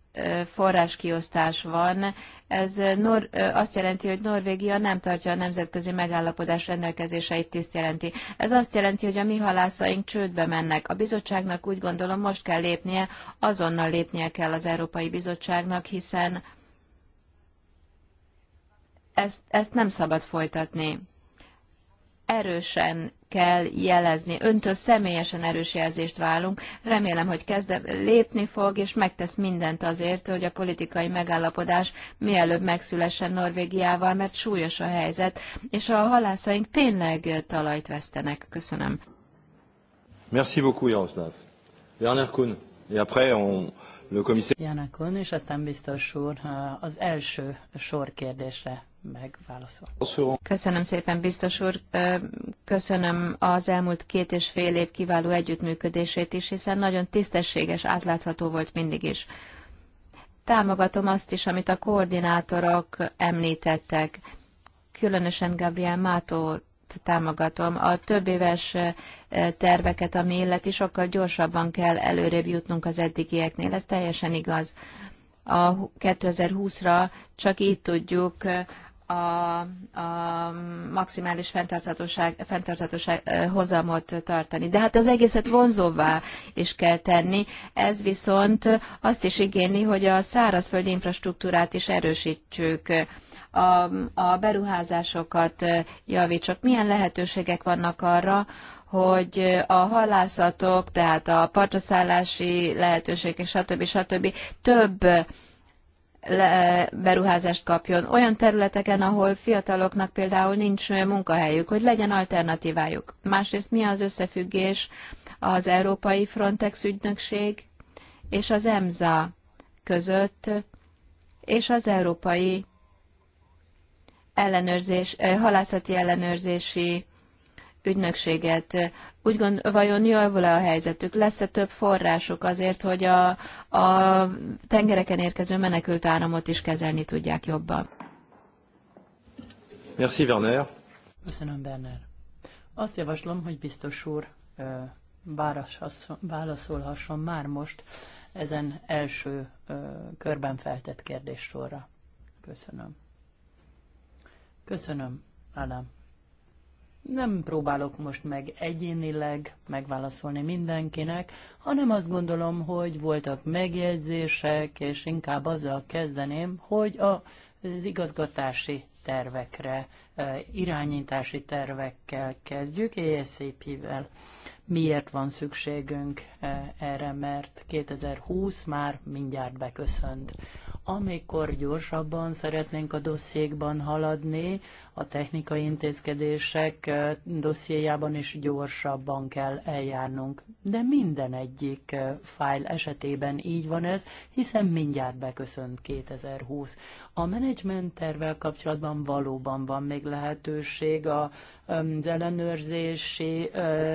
[SPEAKER 4] forráskiosztás van. Ez Nor- azt jelenti, hogy Norvégia nem tartja a nemzetközi megállapodás rendelkezéseit tiszt jelenti. Ez azt jelenti, hogy a mi halászaink csődbe mennek. A bizottságnak úgy gondolom most kell lépnie, azonnal lépnie kell az Európai Bizottságnak, hiszen ezt, ezt nem szabad folytatni. Erősen kell jelezni. Öntől személyesen erős jelzést válunk. Remélem, hogy kezd lépni fog, és megtesz mindent azért, hogy a politikai megállapodás mielőbb megszülessen Norvégiával, mert súlyos a helyzet, és a halászaink tényleg talajt vesztenek. Köszönöm. Merci beaucoup, Jaroslav. Werner Kuhn, et après on... Le commissaire... Janakon,
[SPEAKER 3] és aztán biztos úr az első sor kérdésre megválaszol.
[SPEAKER 4] Köszönöm szépen, biztos úr. Köszönöm az elmúlt két és fél év kiváló együttműködését is, hiszen nagyon tisztességes, átlátható volt mindig is. Támogatom azt is, amit a koordinátorok említettek. Különösen Gabriel Mátót támogatom. A több éves terveket, ami illeti, sokkal gyorsabban kell előrébb jutnunk az eddigieknél. Ez teljesen igaz a 2020-ra csak így tudjuk a, a maximális fenntarthatóság, fenntarthatóság hozamot tartani. De hát az egészet vonzóvá is kell tenni. Ez viszont azt is igényli, hogy a szárazföldi infrastruktúrát is erősítsük, a, a beruházásokat javítsuk. Milyen lehetőségek vannak arra, hogy a halászatok, tehát a partaszállási lehetőségek, stb. stb. több beruházást kapjon olyan területeken, ahol fiataloknak például nincs munkahelyük, hogy legyen alternatívájuk. Másrészt mi az összefüggés az Európai Frontex ügynökség és az EMSA között, és az Európai ellenőrzés, halászati ellenőrzési ügynökséget. Úgy gond, vajon javul-e a helyzetük? Lesz-e több forrásuk azért, hogy a, a tengereken érkező menekült áramot is kezelni tudják jobban?
[SPEAKER 1] Merci, Werner.
[SPEAKER 4] Köszönöm, Werner. Azt javaslom, hogy
[SPEAKER 3] biztos úr válaszolhasson már most ezen első körben feltett kérdéssorra. Köszönöm. Köszönöm, Adam nem próbálok most meg egyénileg megválaszolni mindenkinek, hanem azt gondolom, hogy voltak megjegyzések, és inkább azzal kezdeném, hogy a, az igazgatási tervekre, e, irányítási tervekkel kezdjük, eszp vel Miért van szükségünk e, erre, mert 2020 már mindjárt beköszönt. Amikor gyorsabban szeretnénk a dosszékban haladni, a technikai intézkedések dossziéjában is gyorsabban kell eljárnunk. De minden egyik fájl esetében így van ez, hiszen mindjárt beköszönt 2020. A menedzsment tervel kapcsolatban valóban van még lehetőség az ellenőrzési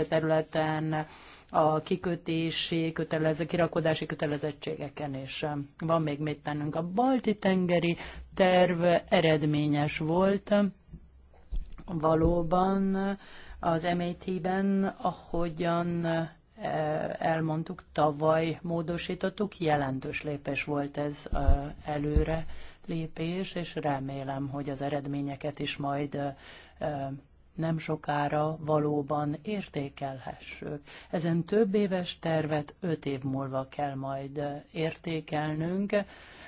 [SPEAKER 3] területen, a kikötési, kötelező, kirakodási kötelezettségeken is van még mit tennünk. A balti tengeri terv eredményes volt, Valóban az mit ben ahogyan eh, elmondtuk, tavaly módosítottuk, jelentős lépés volt ez eh, előre lépés, és remélem, hogy az eredményeket is majd eh, nem sokára valóban értékelhessük. Ezen több éves tervet öt év múlva kell majd értékelnünk,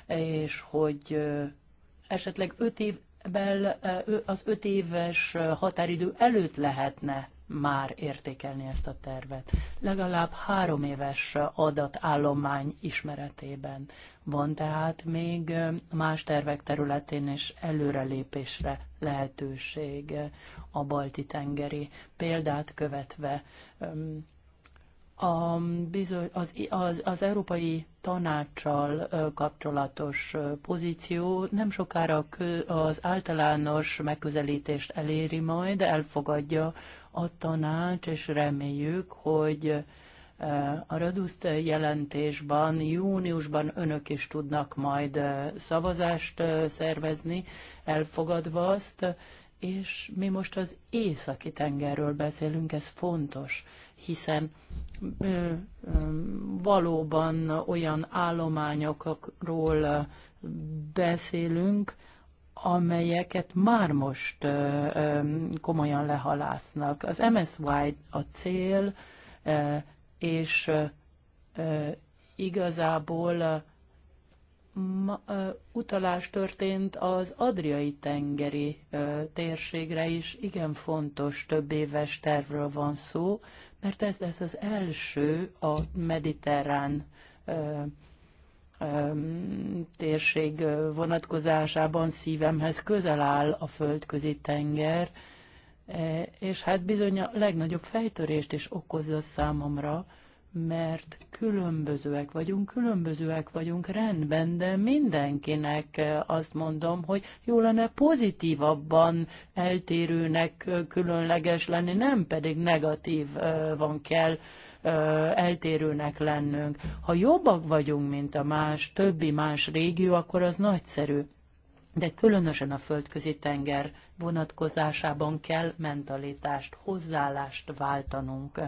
[SPEAKER 3] és hogy esetleg öt év bel az öt éves határidő előtt lehetne már értékelni ezt a tervet. Legalább három éves adatállomány ismeretében van tehát még más tervek területén is előrelépésre lehetőség a balti tengeri példát követve a bizony, az, az, az Európai Tanácssal kapcsolatos pozíció nem sokára az általános megközelítést eléri majd, elfogadja a tanács, és reméljük, hogy a Raduszt jelentésben júniusban önök is tudnak majd szavazást szervezni, elfogadva azt, és mi most az északi tengerről beszélünk, ez fontos, hiszen valóban olyan állományokról beszélünk, amelyeket már most komolyan lehalásznak. Az MSY a cél, és igazából utalás történt az Adriai tengeri térségre is. Igen fontos több éves tervről van szó, mert ez lesz az első a mediterrán térség vonatkozásában szívemhez közel áll a földközi tenger, és hát bizony a legnagyobb fejtörést is okozza számomra, mert különbözőek vagyunk, különbözőek vagyunk, rendben, de mindenkinek eh, azt mondom, hogy jó lenne pozitívabban eltérőnek eh, különleges lenni, nem pedig negatív eh, van kell eltérőnek lennünk. Ha jobbak vagyunk, mint a más, többi más régió, akkor az nagyszerű. De különösen a földközi tenger vonatkozásában kell mentalitást, hozzáállást váltanunk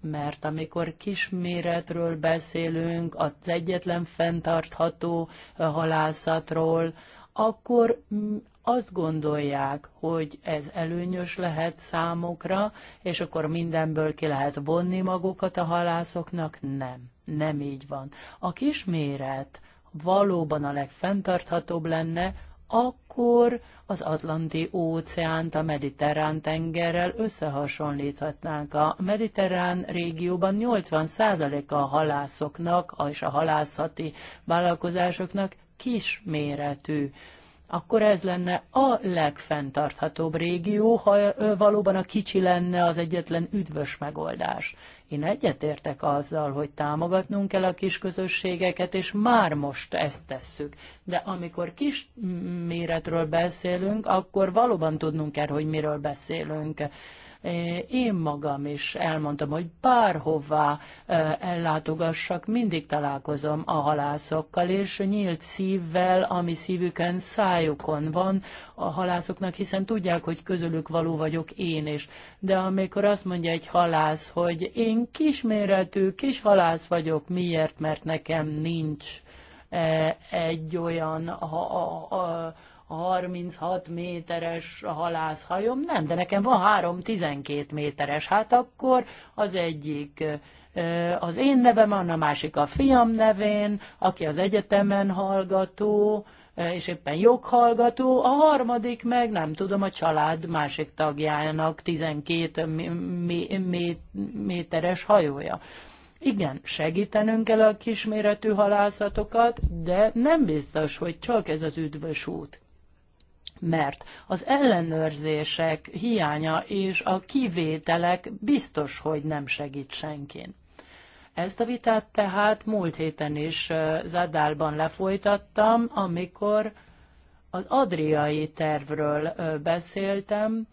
[SPEAKER 3] mert amikor kisméretről beszélünk, az egyetlen fenntartható halászatról, akkor mm, azt gondolják, hogy ez előnyös lehet számukra, és akkor mindenből ki lehet vonni magukat a halászoknak. Nem, nem így van. A kisméret valóban a legfenntarthatóbb lenne, akkor az Atlanti óceánt a Mediterrán tengerrel összehasonlíthatnánk. A Mediterrán régióban 80%-a a halászoknak és a halászati vállalkozásoknak kisméretű akkor ez lenne a legfenntarthatóbb régió, ha valóban a kicsi lenne az egyetlen üdvös megoldás. Én egyetértek azzal, hogy támogatnunk kell a kis közösségeket, és már most ezt tesszük. De amikor kis méretről beszélünk, akkor valóban tudnunk kell, hogy miről beszélünk. E, én magam is elmondtam, hogy bárhová e, ellátogassak, mindig találkozom a halászokkal, és nyílt szívvel, ami szívüken, szájukon van a halászoknak, hiszen tudják, hogy közülük való vagyok én is. De amikor azt mondja egy halász, hogy én kisméretű, kis halász vagyok, miért? Mert nekem nincs e, egy olyan a, a, a, 36 méteres a halászhajom, nem, de nekem van 3-12 méteres, hát akkor az egyik az én nevem a másik a fiam nevén, aki az egyetemen hallgató, és éppen joghallgató, a harmadik meg nem tudom, a család másik tagjának 12 méteres hajója. Igen, segítenünk kell a kisméretű halászatokat, de nem biztos, hogy csak ez az üdvös út mert az ellenőrzések hiánya és a kivételek biztos, hogy nem segít senkin. Ezt a vitát tehát múlt héten is Zadálban lefolytattam, amikor az adriai tervről beszéltem,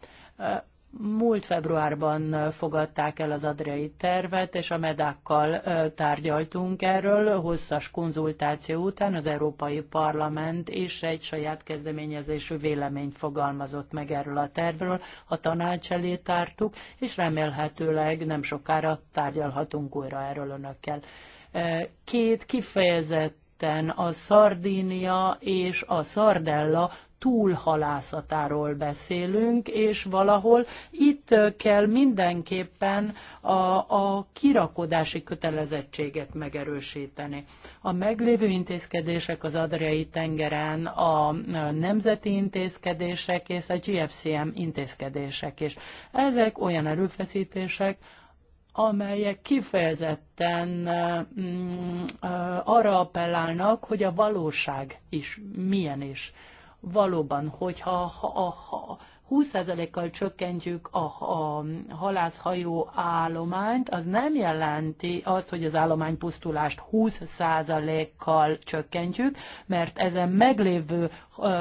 [SPEAKER 3] Múlt februárban fogadták el az adriai tervet, és a medákkal tárgyaltunk erről. Hosszas konzultáció után az Európai Parlament is egy saját kezdeményezésű véleményt fogalmazott meg erről a tervről. A tanács elé tártuk, és remélhetőleg nem sokára tárgyalhatunk újra erről önökkel. Két kifejezett a Szardínia és a Szardella túlhalászatáról beszélünk, és valahol itt kell mindenképpen a, a kirakodási kötelezettséget megerősíteni. A meglévő intézkedések az Adriai tengeren, a nemzeti intézkedések és a GFCM intézkedések is. Ezek olyan erőfeszítések, amelyek kifejezetten mm, arra appellálnak, hogy a valóság is milyen is valóban, hogyha ha, ha, 20%-kal csökkentjük a, a halászhajó állományt, az nem jelenti azt, hogy az állomány pusztulást 20%-kal csökkentjük, mert ezen meglévő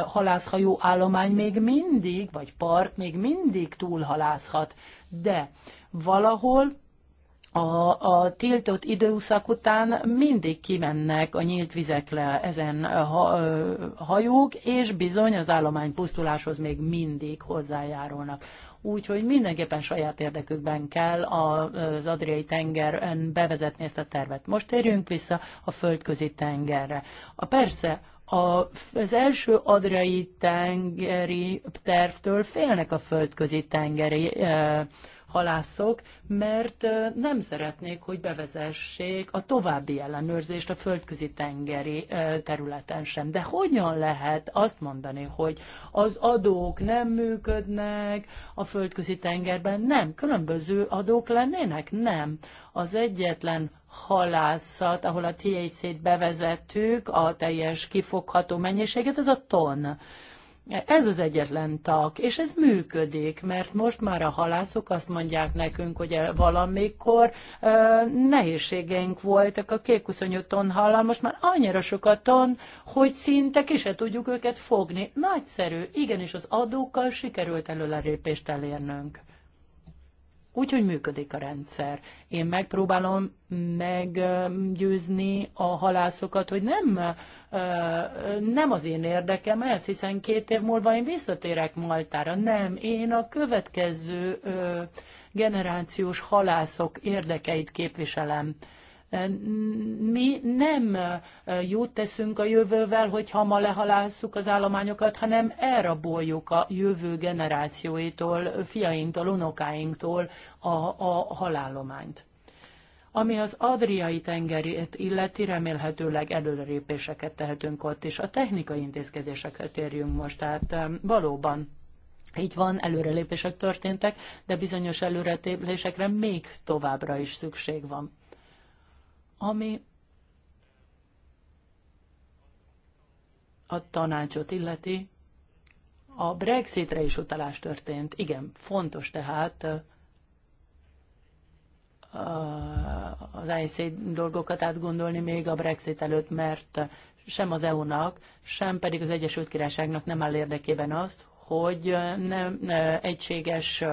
[SPEAKER 3] halászhajó állomány még mindig, vagy park még mindig túlhalászhat. De valahol a, a tiltott időszak után mindig kimennek a nyílt vizekre ezen ha, hajók, és bizony az állomány pusztuláshoz még mindig hozzájárulnak. Úgyhogy mindenképpen saját érdekükben kell az Adriai tengeren bevezetni ezt a tervet. Most térjünk vissza a földközi tengerre. A persze a, az első adriai tengeri tervtől félnek a földközi tengeri e, halászok, mert nem szeretnék, hogy bevezessék a további ellenőrzést a földközi tengeri területen sem. De hogyan lehet azt mondani, hogy az adók nem működnek a földközi tengerben? Nem, különböző adók lennének? Nem. Az egyetlen halászat, ahol a TAC-t bevezettük, a teljes kifogható mennyiséget, ez a ton. Ez az egyetlen tak, és ez működik, mert most már a halászok azt mondják nekünk, hogy valamikor ö, nehézségeink voltak a kék 25 ton hallal, most már annyira sokat ton, hogy szinte ki se tudjuk őket fogni. Nagyszerű, igenis az adókkal sikerült előlerépést elérnünk. Úgyhogy működik a rendszer. Én megpróbálom meggyőzni a halászokat, hogy nem, nem az én érdekem ez, hiszen két év múlva én visszatérek Maltára. Nem, én a következő generációs halászok érdekeit képviselem mi nem jót teszünk a jövővel, hogyha ma lehalásszuk az állományokat, hanem elraboljuk a jövő generációitól, fiainktól, unokáinktól a, a halállományt. Ami az Adriai tengerét illeti, remélhetőleg előrépéseket tehetünk ott is. A technikai intézkedésekre térjünk most, tehát valóban így van, előrelépések történtek, de bizonyos előrelépésekre még továbbra is szükség van. Ami a tanácsot illeti, a Brexitre is utalás történt. Igen, fontos tehát az IC dolgokat átgondolni még a Brexit előtt, mert sem az EU-nak, sem pedig az Egyesült Királyságnak nem áll érdekében azt, hogy nem egységes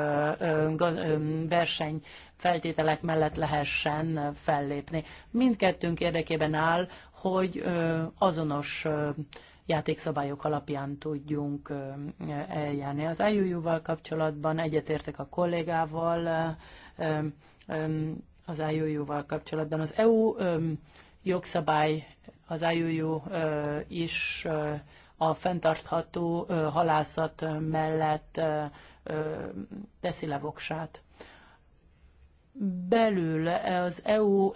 [SPEAKER 3] verseny feltételek mellett lehessen fellépni. Mindkettőnk érdekében áll, hogy azonos játékszabályok alapján tudjunk eljárni. Az IUU-val kapcsolatban egyetértek a kollégával, az IUU-val kapcsolatban. Az EU jogszabály, az IUU is a fenntartható halászat mellett teszi le voksát belül, e, az EU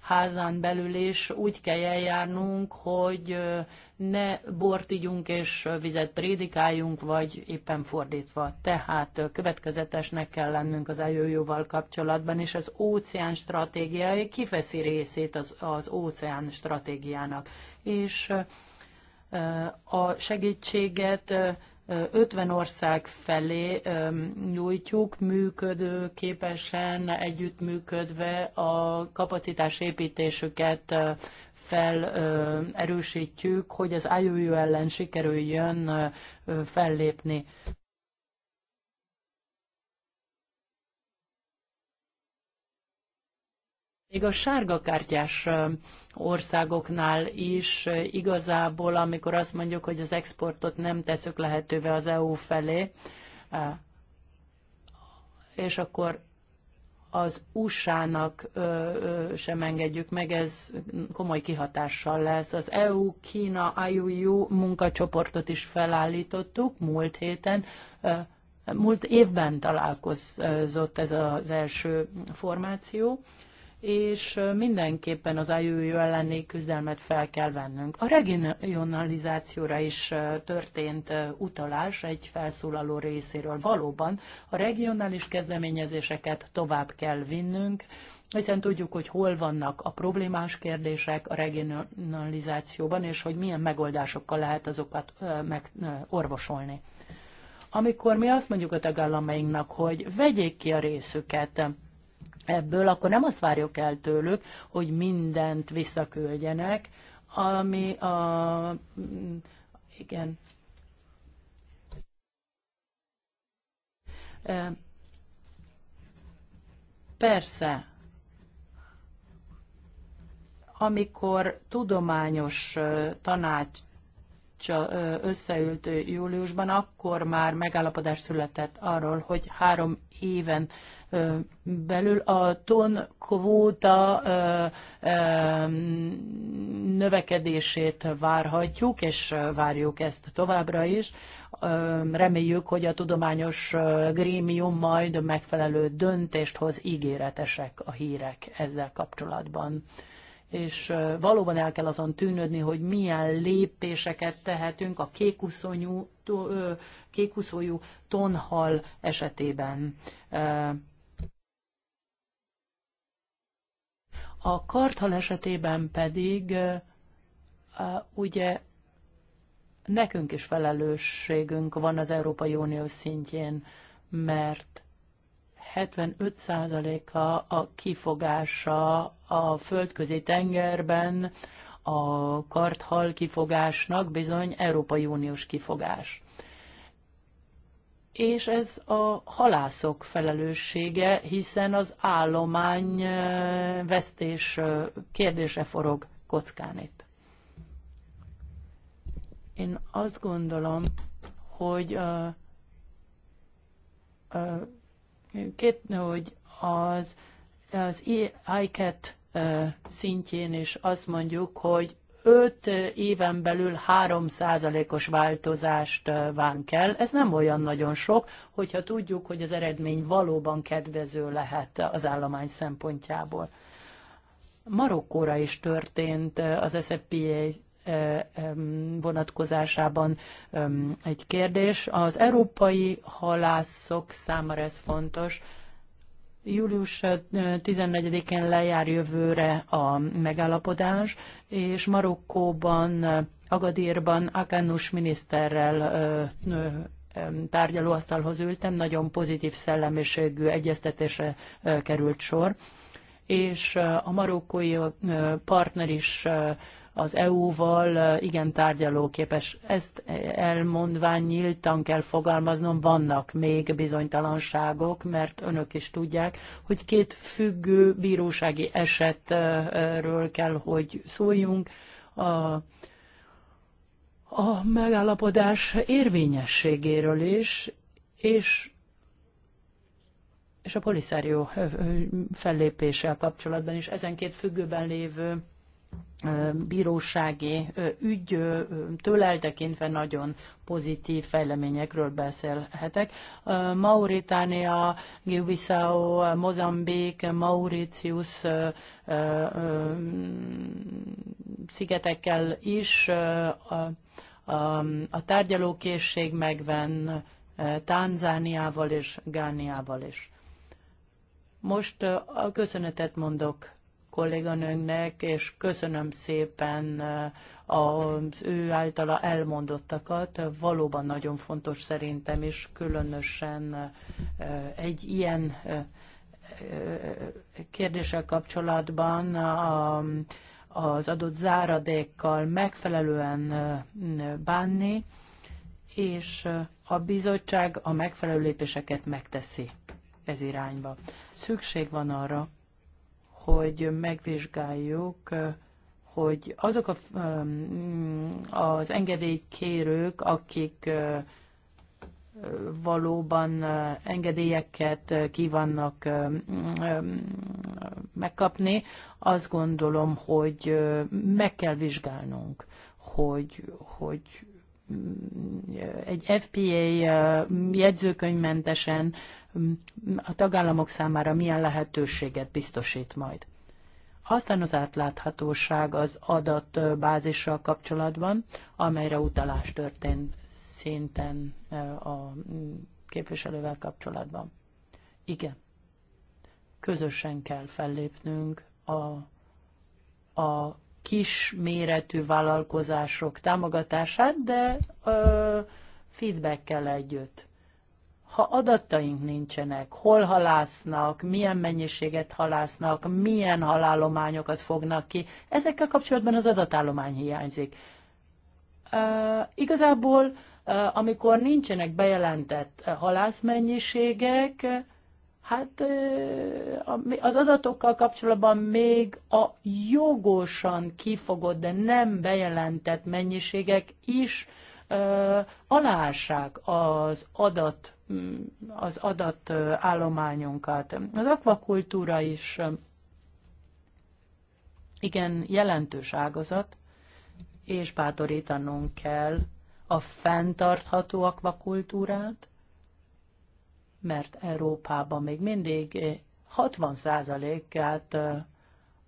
[SPEAKER 3] házán belül is úgy kell eljárnunk, hogy ne bort igyunk és vizet prédikáljunk, vagy éppen fordítva. Tehát következetesnek kell lennünk az iou kapcsolatban, és az óceán stratégiai kifeszi részét az, az óceán stratégiának. És a segítséget 50 ország felé nyújtjuk, képesen, együttműködve a építésüket felerősítjük, hogy az IUU ellen sikerüljön fellépni. Még a sárga kártyás országoknál is igazából, amikor azt mondjuk, hogy az exportot nem teszük lehetővé az EU felé, és akkor az USA-nak sem engedjük meg, ez komoly kihatással lesz. Az EU-Kína IUU munkacsoportot is felállítottuk múlt héten. Múlt évben találkozott ez az első formáció, és mindenképpen az IUU elleni küzdelmet fel kell vennünk. A regionalizációra is történt utalás egy felszólaló részéről. Valóban a regionális kezdeményezéseket tovább kell vinnünk, hiszen tudjuk, hogy hol vannak a problémás kérdések a regionalizációban, és hogy milyen megoldásokkal lehet azokat megorvosolni. Amikor mi azt mondjuk a tagállamainknak, hogy vegyék ki a részüket ebből, akkor nem azt várjuk el tőlük, hogy mindent visszaküldjenek, ami a... igen. Persze, amikor tudományos tanács összeült júliusban, akkor már megállapodás született arról, hogy három éven belül a ton kvóta növekedését várhatjuk, és várjuk ezt továbbra is. Reméljük, hogy a tudományos grémium majd megfelelő döntést hoz ígéretesek a hírek ezzel kapcsolatban és valóban el kell azon tűnődni, hogy milyen lépéseket tehetünk a kékuszonyú, kékuszonyú tonhal esetében. A karthal esetében pedig ugye nekünk is felelősségünk van az Európai Unió szintjén, mert 75%-a a kifogása a földközi tengerben, a karthal kifogásnak bizony Európai Uniós kifogás és ez a halászok felelőssége, hiszen az állomány vesztés kérdése forog kockán itt. Én azt gondolom, hogy a, a, két, hogy az, az ICAT szintjén is azt mondjuk, hogy öt éven belül 3%-os változást vánk el. Ez nem olyan nagyon sok, hogyha tudjuk, hogy az eredmény valóban kedvező lehet az állomány szempontjából. Marokkóra is történt az SFPA vonatkozásában egy kérdés. Az európai halászok számára ez fontos, Július 14-én lejár jövőre a megállapodás, és Marokkóban, Agadírban Akánus miniszterrel tárgyalóasztalhoz ültem, nagyon pozitív szellemiségű egyeztetésre került sor, és a marokkói partner is az EU-val igen tárgyalóképes. Ezt elmondván nyíltan kell fogalmaznom, vannak még bizonytalanságok, mert önök is tudják, hogy két függő bírósági esetről kell, hogy szóljunk. A, a megállapodás érvényességéről is, és és a poliszárió fellépéssel kapcsolatban is ezen két függőben lévő bírósági ügy tőleltekintve nagyon pozitív fejleményekről beszélhetek. Mauritánia, Guinea-Bissau, Mozambik, Mauritius szigetekkel is a tárgyalókészség megven Tanzániával és Gániával is. Most a köszönetet mondok kolléganőnknek, és köszönöm szépen eh, az ő általa elmondottakat. Valóban nagyon fontos szerintem, és különösen eh, egy ilyen eh, kérdéssel kapcsolatban az adott záradékkal megfelelően bánni, és a bizottság a megfelelő lépéseket megteszi ez irányba. Szükség van arra, hogy megvizsgáljuk, hogy azok a, az engedélykérők, akik valóban engedélyeket kívánnak megkapni, azt gondolom, hogy meg kell vizsgálnunk, hogy, hogy egy FPA jegyzőkönyvmentesen a tagállamok számára milyen lehetőséget biztosít majd. Aztán az átláthatóság az adatbázissal kapcsolatban, amelyre utalás történt szinten a képviselővel kapcsolatban. Igen, közösen kell fellépnünk a, a kis méretű vállalkozások támogatását, de ö, feedbackkel együtt. Ha adataink nincsenek, hol halásznak, milyen mennyiséget halásznak, milyen halálományokat fognak ki, ezekkel kapcsolatban az adatállomány hiányzik. Ö, igazából, ö, amikor nincsenek bejelentett halászmennyiségek, Hát az adatokkal kapcsolatban még a jogosan kifogott, de nem bejelentett mennyiségek is alássák az adat, mm, az adatállományunkat. Az akvakultúra is igen jelentős ágazat, és bátorítanunk kell a fenntartható akvakultúrát, mert Európában még mindig 60%-át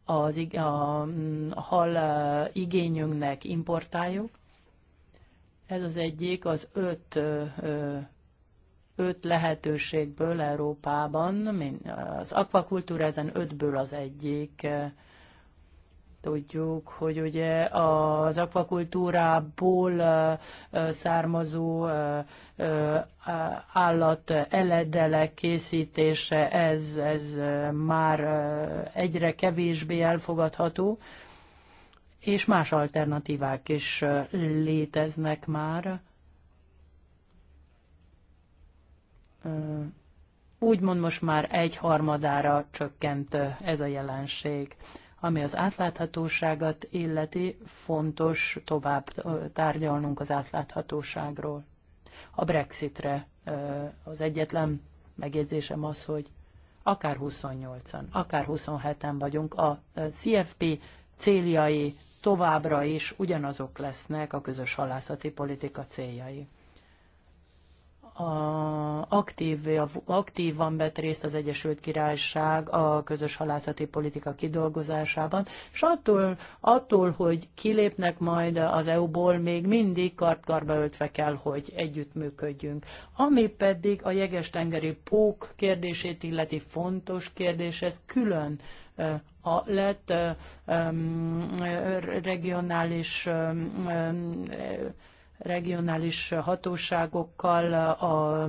[SPEAKER 3] az, mm, a hal igényünknek importáljuk. Ez az egyik az öt, öt lehetőségből Európában, az akvakultúra ezen ötből az egyik Tudjuk, hogy ugye az akvakultúrából származó állat eledelek készítése, ez, ez már egyre kevésbé elfogadható, és más alternatívák is léteznek már. úgymond most már egy harmadára csökkent ez a jelenség. Ami az átláthatóságot illeti, fontos tovább tárgyalnunk az átláthatóságról. A Brexitre az egyetlen megjegyzésem az, hogy akár 28-an, akár 27-en vagyunk, a CFP céljai továbbra is ugyanazok lesznek a közös halászati politika céljai a, aktív, aktívan vett részt az Egyesült Királyság a közös halászati politika kidolgozásában, és attól, attól hogy kilépnek majd az EU-ból, még mindig kartkarba öltve kell, hogy együttműködjünk. Ami pedig a jegestengeri pók kérdését illeti fontos kérdés, ez külön a lett regionális regionális hatóságokkal, a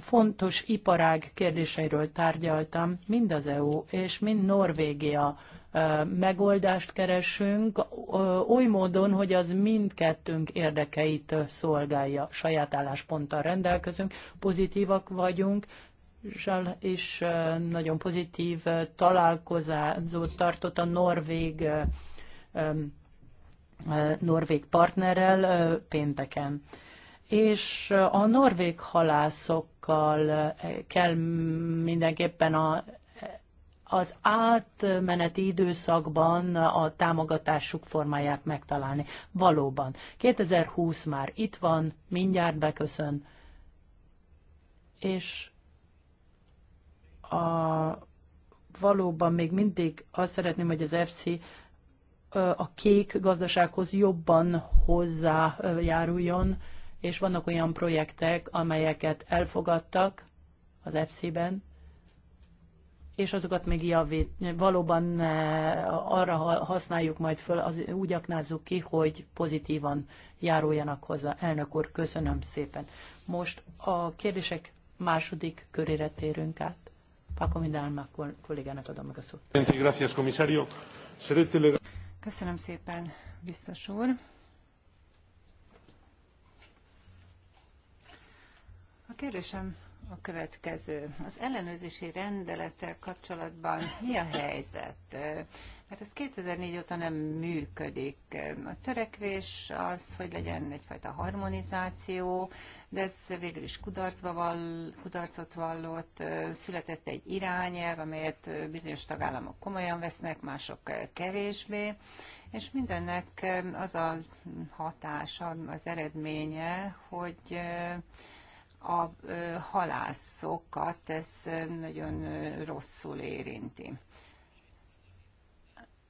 [SPEAKER 3] fontos iparág kérdéseiről tárgyaltam, mind az EU és mind Norvégia megoldást keresünk, oly módon, hogy az mindkettőnk érdekeit szolgálja. Saját állásponttal rendelkezünk, pozitívak vagyunk, és nagyon pozitív találkozót tartott a norvég norvég partnerrel pénteken. És a norvég halászokkal kell mindenképpen a, az átmeneti időszakban a támogatásuk formáját megtalálni. Valóban. 2020 már itt van, mindjárt beköszön, és a, valóban még mindig azt szeretném, hogy az FC a kék gazdasághoz jobban hozzájáruljon, és vannak olyan projektek, amelyeket elfogadtak az EFSZ-ben, és azokat még javít, valóban arra használjuk majd föl, az, úgy aknázzuk ki, hogy pozitívan járuljanak hozzá. Elnök úr, köszönöm szépen. Most a kérdések második körére térünk át. Paco kollégának adom meg a
[SPEAKER 1] szót.
[SPEAKER 2] Köszönöm szépen, biztos úr. A kérdésem a következő. Az ellenőrzési rendelettel kapcsolatban mi a helyzet? Hát ez 2004 óta nem működik. A törekvés az, hogy legyen egyfajta harmonizáció, de ez végül is kudarcba vall, kudarcot vallott. Született egy irányelv, amelyet bizonyos tagállamok komolyan vesznek, mások kevésbé. És mindennek az a hatása, az eredménye, hogy a halászokat ez nagyon rosszul érinti.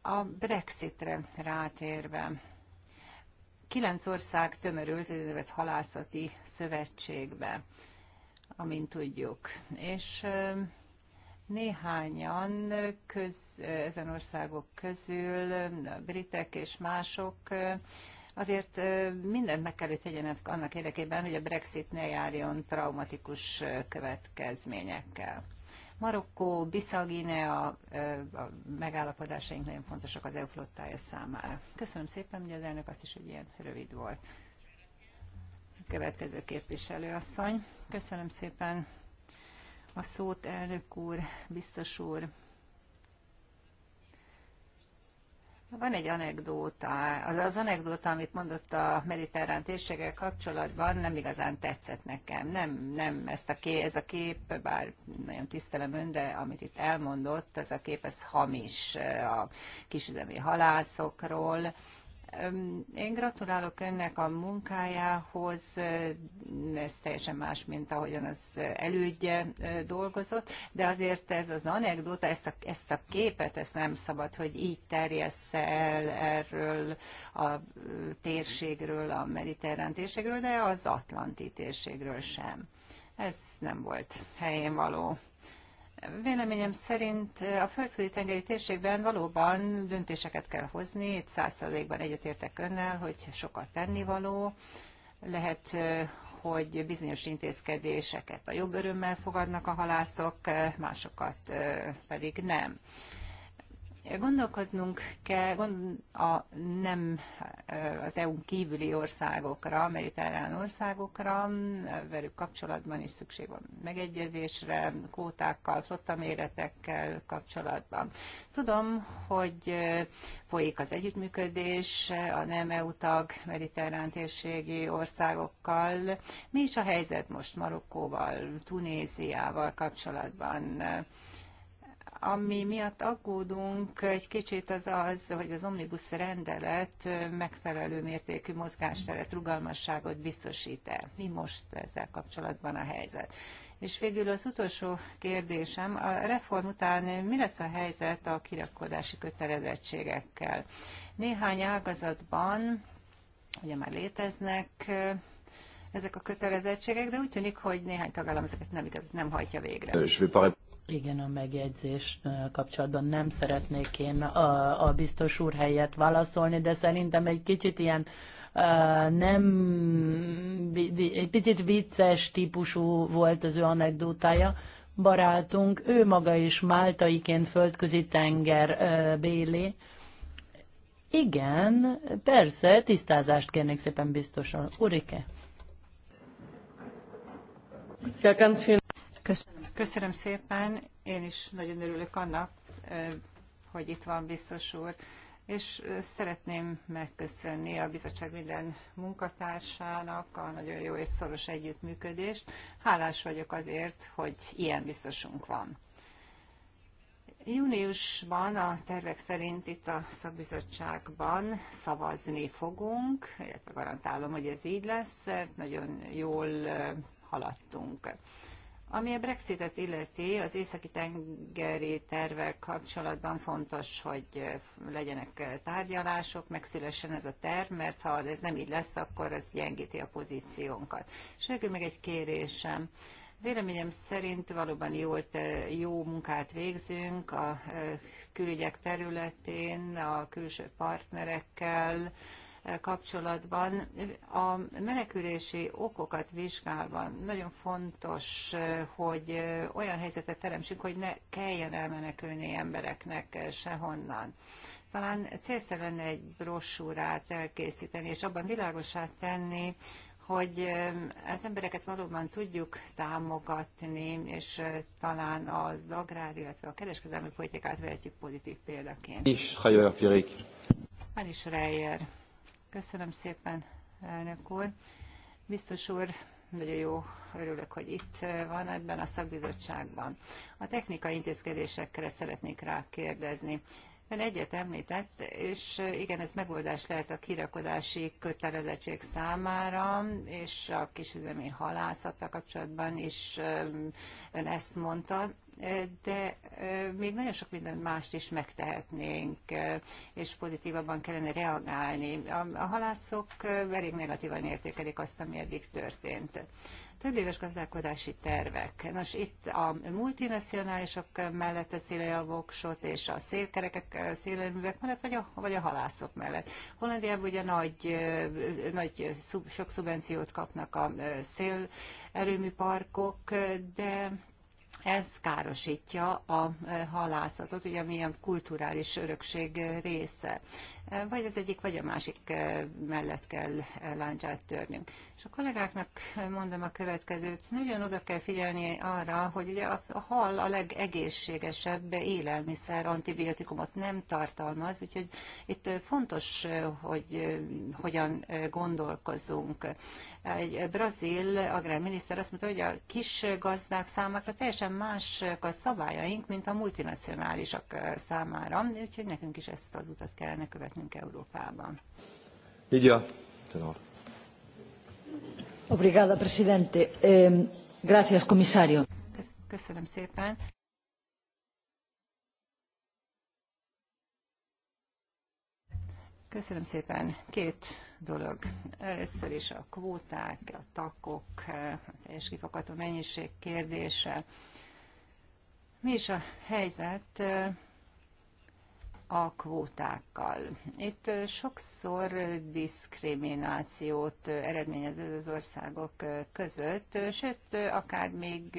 [SPEAKER 2] A Brexitre rátérve. Kilenc ország tömörült az halászati szövetségbe, amint tudjuk. És néhányan köz, ezen országok közül, a britek és mások azért mindent meg kell, hogy tegyenek annak érdekében, hogy a Brexit ne járjon traumatikus következményekkel. Marokkó, Bissau-Guinea a megállapodásaink nagyon fontosak az EU flottája számára. Köszönöm szépen, hogy az elnök azt is, hogy ilyen rövid volt. Következő képviselőasszony. Köszönöm szépen a szót, elnök úr, biztos úr. Van egy anekdóta, az, az anekdóta, amit mondott a mediterrán térséggel kapcsolatban, nem igazán tetszett nekem. Nem, nem ezt a kép, ez a kép, bár nagyon tisztelem ön, de amit itt elmondott, ez a kép, ez hamis eh, a kisüzemi halászokról, én gratulálok önnek a munkájához, ez teljesen más, mint ahogyan az elődje dolgozott, de azért ez az anekdota, ezt a, ezt a képet, ezt nem szabad, hogy így terjessze el erről a térségről, a mediterrán térségről, de az atlanti térségről sem. Ez nem volt helyén való. Véleményem szerint a földközi tengeri térségben valóban döntéseket kell hozni, itt százszerzékban egyetértek önnel, hogy sokat tennivaló, lehet, hogy bizonyos intézkedéseket a jobb örömmel fogadnak a halászok, másokat pedig nem. Gondolkodnunk kell gond, a nem az EU kívüli országokra, a mediterrán országokra, velük kapcsolatban is szükség van megegyezésre, kvótákkal, flottaméretekkel méretekkel kapcsolatban. Tudom, hogy folyik az együttműködés a nem EU tag mediterrán térségi országokkal. Mi is a helyzet most Marokkóval, Tunéziával kapcsolatban? Ami miatt aggódunk egy kicsit az az, hogy az omnibus rendelet megfelelő mértékű mozgásteret, rugalmasságot biztosít-e. Mi most ezzel kapcsolatban a helyzet? És végül az utolsó kérdésem, a reform után mi lesz a helyzet a kirakodási kötelezettségekkel? Néhány ágazatban, ugye már léteznek ezek a kötelezettségek, de úgy tűnik, hogy néhány tagállam ezeket nem igaz, nem hajtja végre.
[SPEAKER 3] Igen, a megjegyzés kapcsolatban nem szeretnék én a, a biztos úr helyett válaszolni, de szerintem egy kicsit ilyen nem, egy picit vicces típusú volt az ő anekdótája. Barátunk, ő maga is máltaiként földközi tenger béli. Igen, persze, tisztázást kérnék szépen biztosan. Urike?
[SPEAKER 4] Köszönöm.
[SPEAKER 2] Köszönöm szépen, én is nagyon örülök annak, hogy itt van biztos úr, és szeretném megköszönni a bizottság minden munkatársának a nagyon jó és szoros együttműködést. Hálás vagyok azért, hogy ilyen biztosunk van. Júniusban a tervek szerint itt a szakbizottságban szavazni fogunk, illetve garantálom, hogy ez így lesz, nagyon jól haladtunk. Ami a Brexitet illeti, az északi tengeri tervek kapcsolatban fontos, hogy eh, legyenek eh, tárgyalások, megszülessen ez a terv, mert ha ez nem így lesz, akkor ez gyengíti a pozíciónkat. És végül meg egy kérésem. Véleményem szerint valóban jól, jó munkát végzünk a eh, külügyek területén, a külső partnerekkel, kapcsolatban a menekülési okokat vizsgálva nagyon fontos, hogy olyan helyzetet teremtsünk, hogy ne kelljen elmenekülni embereknek sehonnan. Talán célszerű lenne egy brosúrát elkészíteni, és abban világosá tenni, hogy az embereket valóban tudjuk támogatni, és talán az agrár, illetve a kereskedelmi politikát vehetjük pozitív példaként. Is,
[SPEAKER 1] Hajója Pirik.
[SPEAKER 2] is, Reyer. Köszönöm szépen, elnök úr. Biztos úr, nagyon jó, örülök, hogy itt van ebben a szakbizottságban. A technikai intézkedésekre szeretnék rákérdezni. Ön egyet említett, és igen, ez megoldás lehet a kirakodási kötelezettség számára, és a kisüzemi halászattal kapcsolatban is ön ezt mondta de még nagyon sok minden mást is megtehetnénk, és pozitívabban kellene reagálni. A, halászok elég negatívan értékelik azt, ami eddig történt több éves gazdálkodási tervek. Nos, itt a multinacionálisok mellett a a voksot és a szélkerekek, szélőművek mellett, vagy a, vagy a halászok mellett. Hollandiában ugye nagy, nagy sok szubvenciót kapnak a szélerőmű parkok, de ez károsítja a e, halászatot, ugye ami a kulturális örökség része. E, vagy az egyik, vagy a másik e, mellett kell láncsát törnünk. És a kollégáknak mondom a következőt, nagyon oda kell figyelni arra, hogy ugye a hal a legegészségesebb élelmiszer, antibiotikumot nem tartalmaz, úgyhogy itt fontos, hogy hogyan gondolkozunk. Egy brazil agrárminiszter azt mondta, hogy a kis gazdák számára teljesen teljesen mások a szabályaink, mint a multinacionálisak eh, számára, úgyhogy nekünk is ezt az utat kellene követnünk Európában.
[SPEAKER 1] Lidia, tenor.
[SPEAKER 2] Obrigada, presidente. Eh, gracias, comisario. Köszönöm szépen. Köszönöm szépen. Két dolog. Először is a kvóták, a takok, a teljes kifakató mennyiség kérdése. Mi is a helyzet a kvótákkal? Itt sokszor diszkriminációt eredményez az országok között, sőt, akár még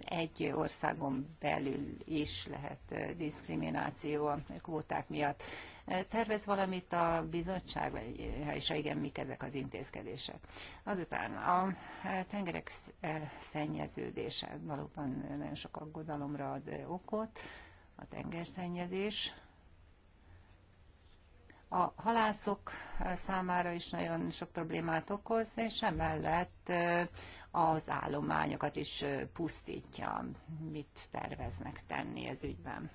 [SPEAKER 2] egy országon belül is lehet diszkrimináció a kvóták miatt. Tervez valamit a bizottság, vagy ha is igen, mik ezek az intézkedések? Azután a tengerek e, szennyeződése valóban nagyon sok aggodalomra ad okot, a tengerszennyezés, a halászok számára is nagyon sok problémát okoz, és emellett e, az állományokat is e, pusztítja. Mit terveznek tenni ez ügyben?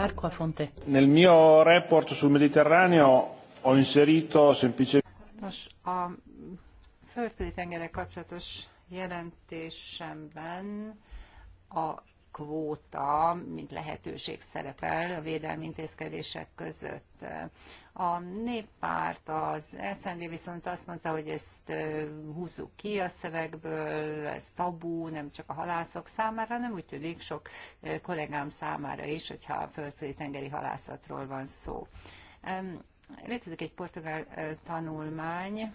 [SPEAKER 3] Marco Afonte. Nel
[SPEAKER 1] mio report sul Mediterraneo ho inserito semplicemente...
[SPEAKER 2] Nos, a földközi tengerek kapcsolatos jelentésemben a kvóta, mint lehetőség szerepel a védelmi intézkedések között. A néppárt, az SZND viszont azt mondta, hogy ezt húzzuk ki a szövegből, ez tabú, nem csak a halászok számára, nem úgy tűnik sok kollégám számára is, hogyha a földközi tengeri halászatról van szó. Létezik egy portugál tanulmány,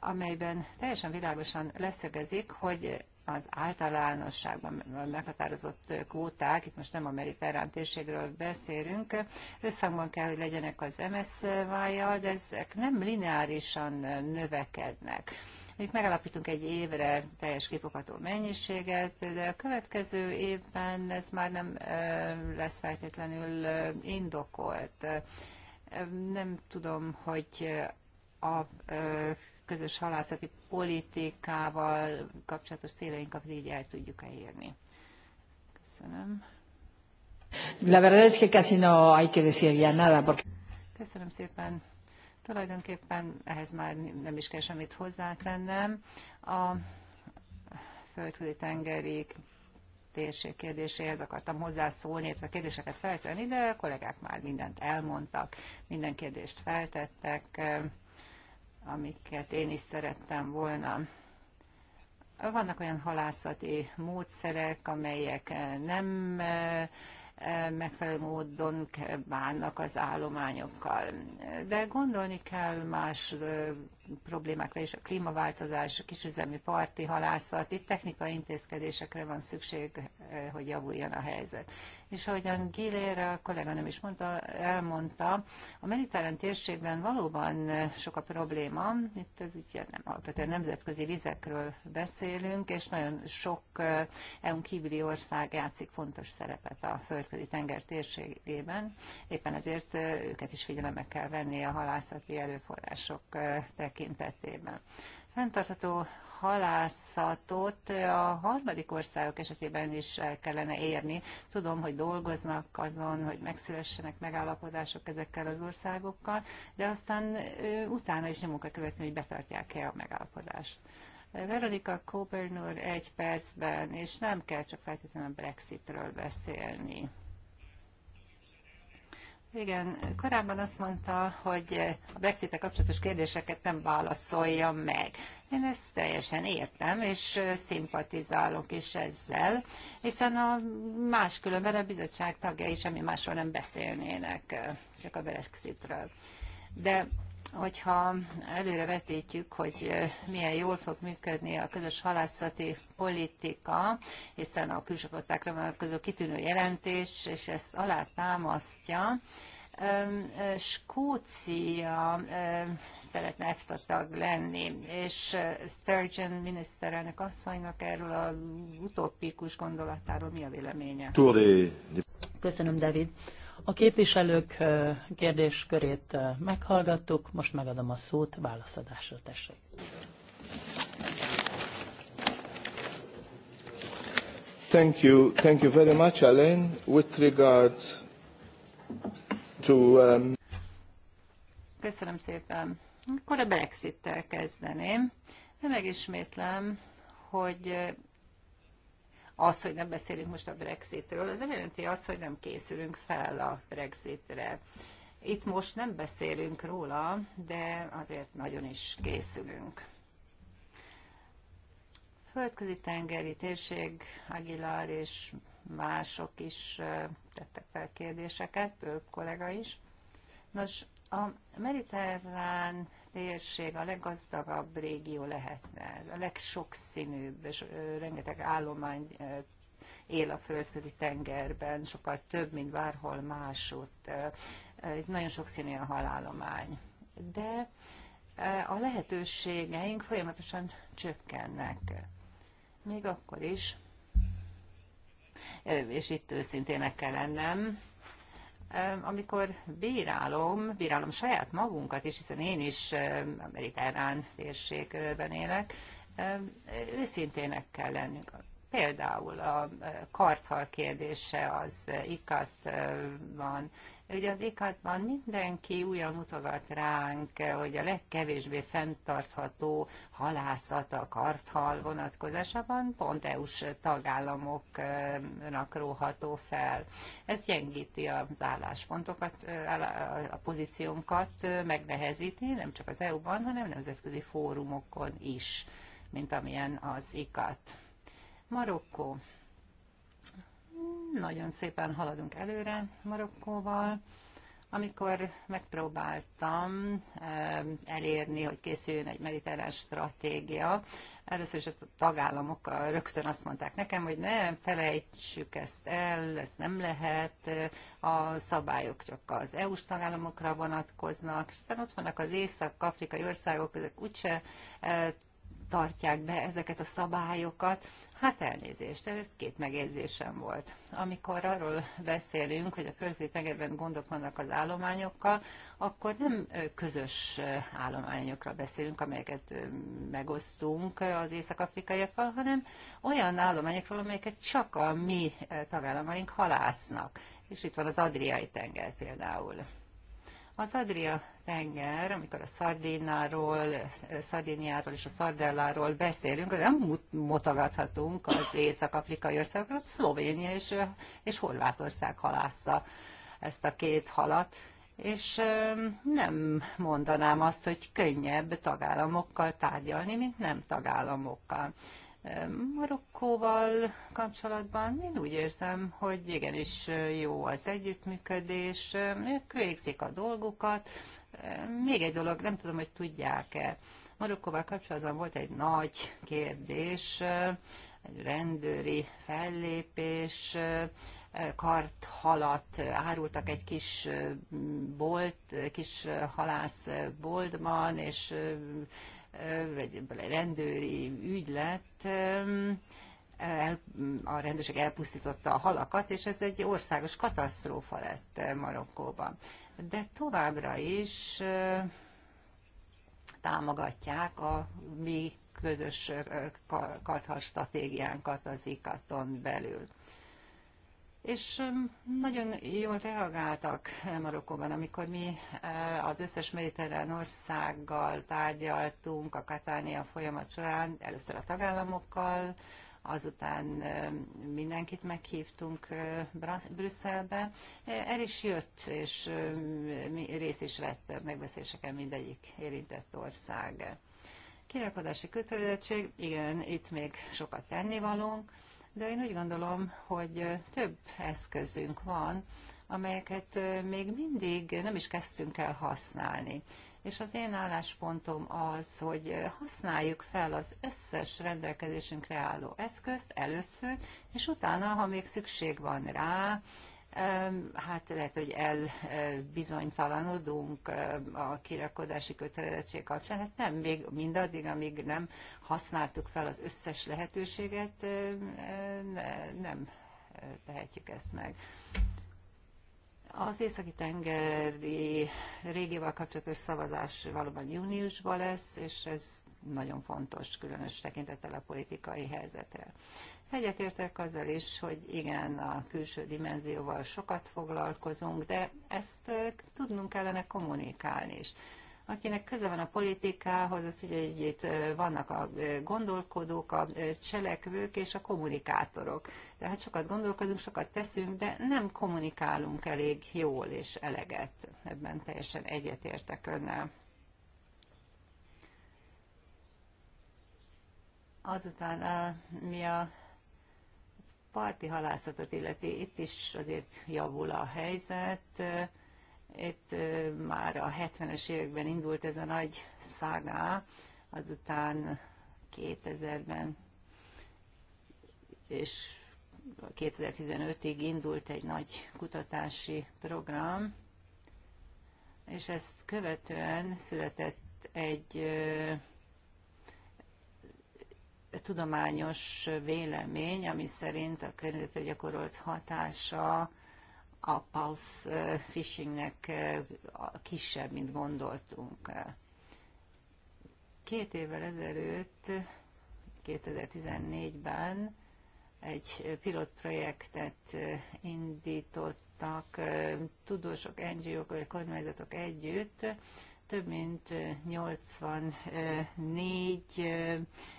[SPEAKER 2] amelyben teljesen világosan leszögezik, hogy az általánosságban meghatározott kvóták, itt most nem a mediterrán térségről beszélünk, összhangban kell, hogy legyenek az MSZ-vájjal, de ezek nem lineárisan növekednek. Itt megalapítunk egy évre teljes kifogható mennyiséget, de a következő évben ez már nem lesz feltétlenül indokolt. Nem tudom, hogy a közös halászati politikával kapcsolatos céljainkat így el tudjuk elérni. Köszönöm. La verdad es que casi no hay que decir ya nada. Porque... Köszönöm szépen. Tulajdonképpen ehhez már nem is kell semmit hozzátennem. A földközi tengeri térség kérdéséhez akartam hozzászólni, illetve kérdéseket feltenni, de a kollégák már mindent elmondtak, minden kérdést feltettek amiket én is szerettem volna. Vannak olyan halászati módszerek, amelyek nem eh, megfelelő módon bánnak az állományokkal. De gondolni kell más eh, problémákra is, a klímaváltozás, a kisüzemi parti halászat, itt technikai intézkedésekre van szükség, eh, hogy javuljon a helyzet és ahogyan Gilera a nem is mondta, elmondta, a mediterrán térségben valóban sok a probléma, itt ez ugye nem alapvetően nemzetközi vizekről beszélünk, és nagyon sok eu kívüli ország játszik fontos szerepet a földközi tenger térségében, éppen ezért őket is figyelembe kell venni a halászati erőforrások tekintetében. Fenntartható halászatot a harmadik országok esetében is el kellene érni. Tudom, hogy dolgoznak azon, hogy megszülessenek megállapodások ezekkel az országokkal, de aztán utána is nyomunk a követni, hogy betartják-e a megállapodást. Veronika Coburnur egy percben, és nem kell csak feltétlenül a Brexitről beszélni. Igen, korábban azt mondta, hogy a brexit kapcsolatos kérdéseket nem válaszolja meg. Én ezt teljesen értem, és szimpatizálok is ezzel, hiszen a máskülönben a bizottság tagja is, ami másról nem beszélnének, csak a Brexitről. De hogyha előre vetítjük, hogy milyen jól fog működni a közös halászati politika, hiszen a külsőflottákra vonatkozó kitűnő jelentés, és ezt alátámasztja, Skócia szeretne EFTA tag lenni, és Sturgeon miniszterelnök asszonynak erről a utópikus gondolatáról mi a véleménye?
[SPEAKER 3] Köszönöm, David. A képviselők kérdéskörét meghallgattuk, most megadom a szót, válaszadásra tessék.
[SPEAKER 1] Thank you, thank you very much, Alain. With regards to... Um...
[SPEAKER 2] Köszönöm szépen. Akkor a Brexit-tel kezdeném. Megismétlem, hogy az, hogy nem beszélünk most a Brexitről, az nem jelenti azt, hogy nem készülünk fel a Brexitre. Itt most nem beszélünk róla, de azért nagyon is készülünk. Földközi tengeri térség, Aguilar és mások is tettek fel kérdéseket, több kollega is. Nos, a mediterrán térség a leggazdagabb régió lehetne, a legsokszínűbb, és rengeteg állomány él a földközi tengerben, sokkal több, mint bárhol másutt. Itt nagyon sokszínű a halálomány. De a lehetőségeink folyamatosan csökkennek. Még akkor is, és itt őszintének kell lennem, amikor bírálom, bírálom saját magunkat is, hiszen én is mediterrán térségben élek, őszintének kell lennünk. Például a karthal kérdése az ikat van, Ugye az ikatban mindenki újra mutogat ránk, hogy a legkevésbé fenntartható halászat a karthal vonatkozásában pont EU-s tagállamoknak róható fel. Ez gyengíti az álláspontokat, a pozíciónkat, megnehezíti nem csak az EU-ban, hanem nemzetközi fórumokon is, mint amilyen az ikat. Marokkó nagyon szépen haladunk előre Marokkóval. Amikor megpróbáltam elérni, hogy készüljön egy mediterrán stratégia, először is a tagállamok rögtön azt mondták nekem, hogy ne felejtsük ezt el, ez nem lehet, a szabályok csak az EU-s tagállamokra vonatkoznak, és aztán ott vannak az észak-afrikai országok, ezek úgyse eh, tartják be ezeket a szabályokat, Hát elnézést, ez két megjegyzésem volt. Amikor arról beszélünk, hogy a földközi tengerben gondok vannak az állományokkal, akkor nem közös állományokra beszélünk, amelyeket megosztunk az észak-afrikaiakkal, hanem olyan állományokról, amelyeket csak a mi tagállamaink halásznak. És itt van az Adriai tenger például. Az Adria tenger, amikor a Szardináról, Szardiniáról és a Szardelláról beszélünk, nem motogathatunk az észak-afrikai országokat, Szlovénia és, és Horvátország halásza ezt a két halat és nem mondanám azt, hogy könnyebb tagállamokkal tárgyalni, mint nem tagállamokkal. Marokkóval kapcsolatban én úgy érzem, hogy igenis jó az együttműködés, ők végzik a dolgukat. Még egy dolog, nem tudom, hogy tudják-e. Marokkóval kapcsolatban volt egy nagy kérdés, egy rendőri fellépés, karthalat árultak egy kis bolt, kis halászboltban, és vagy rendőri ügylet, el, a rendőrség elpusztította a halakat, és ez egy országos katasztrófa lett eh, Marokkóban. De továbbra is eh, támogatják a mi közös eh, karthas stratégiánkat az ikaton belül és nagyon jól reagáltak Marokkóban, amikor mi eh, az összes mediterrán országgal tárgyaltunk a Katánia folyamat során, először a tagállamokkal, azután mindenkit meghívtunk eh, Brüsszelbe. Eh, el is jött, és részt is vett megbeszéléseken mindegyik érintett ország. Kirakodási kötelezettség, igen, itt még sokat tennivalónk de én úgy gondolom, hogy több eszközünk van, amelyeket még mindig nem is kezdtünk el használni. És az én álláspontom az, hogy használjuk fel az összes rendelkezésünkre álló eszközt először, és utána, ha még szükség van rá, Hát lehet, hogy elbizonytalanodunk e, e, a kirakodási kötelezettség kapcsán. Hát nem, még mindaddig, amíg nem használtuk fel az összes lehetőséget, e, nem tehetjük ezt meg. Az északi tengeri régival kapcsolatos szavazás valóban júniusban lesz, és ez nagyon fontos, különös tekintettel a politikai helyzetre. Egyetértek azzal is, hogy igen, a külső dimenzióval sokat foglalkozunk, de ezt tudnunk kellene kommunikálni is akinek köze van a politikához, az ugye hogy itt vannak a gondolkodók, a cselekvők és a kommunikátorok. Tehát sokat gondolkodunk, sokat teszünk, de nem kommunikálunk elég jól és eleget. Ebben teljesen egyetértek önnel. Azután, mi a parti halászatot illeti, itt is azért javul a helyzet. Itt már a 70-es években indult ez a nagy szágá, azután 2000-ben és 2015-ig indult egy nagy kutatási program, és ezt követően született egy tudományos vélemény, ami szerint a környezetre gyakorolt hatása a pulse phishingnek kisebb, mint gondoltunk. Két évvel ezelőtt, 2014-ben egy pilotprojektet indítottak tudósok, NGO-k, kormányzatok együtt, több mint 84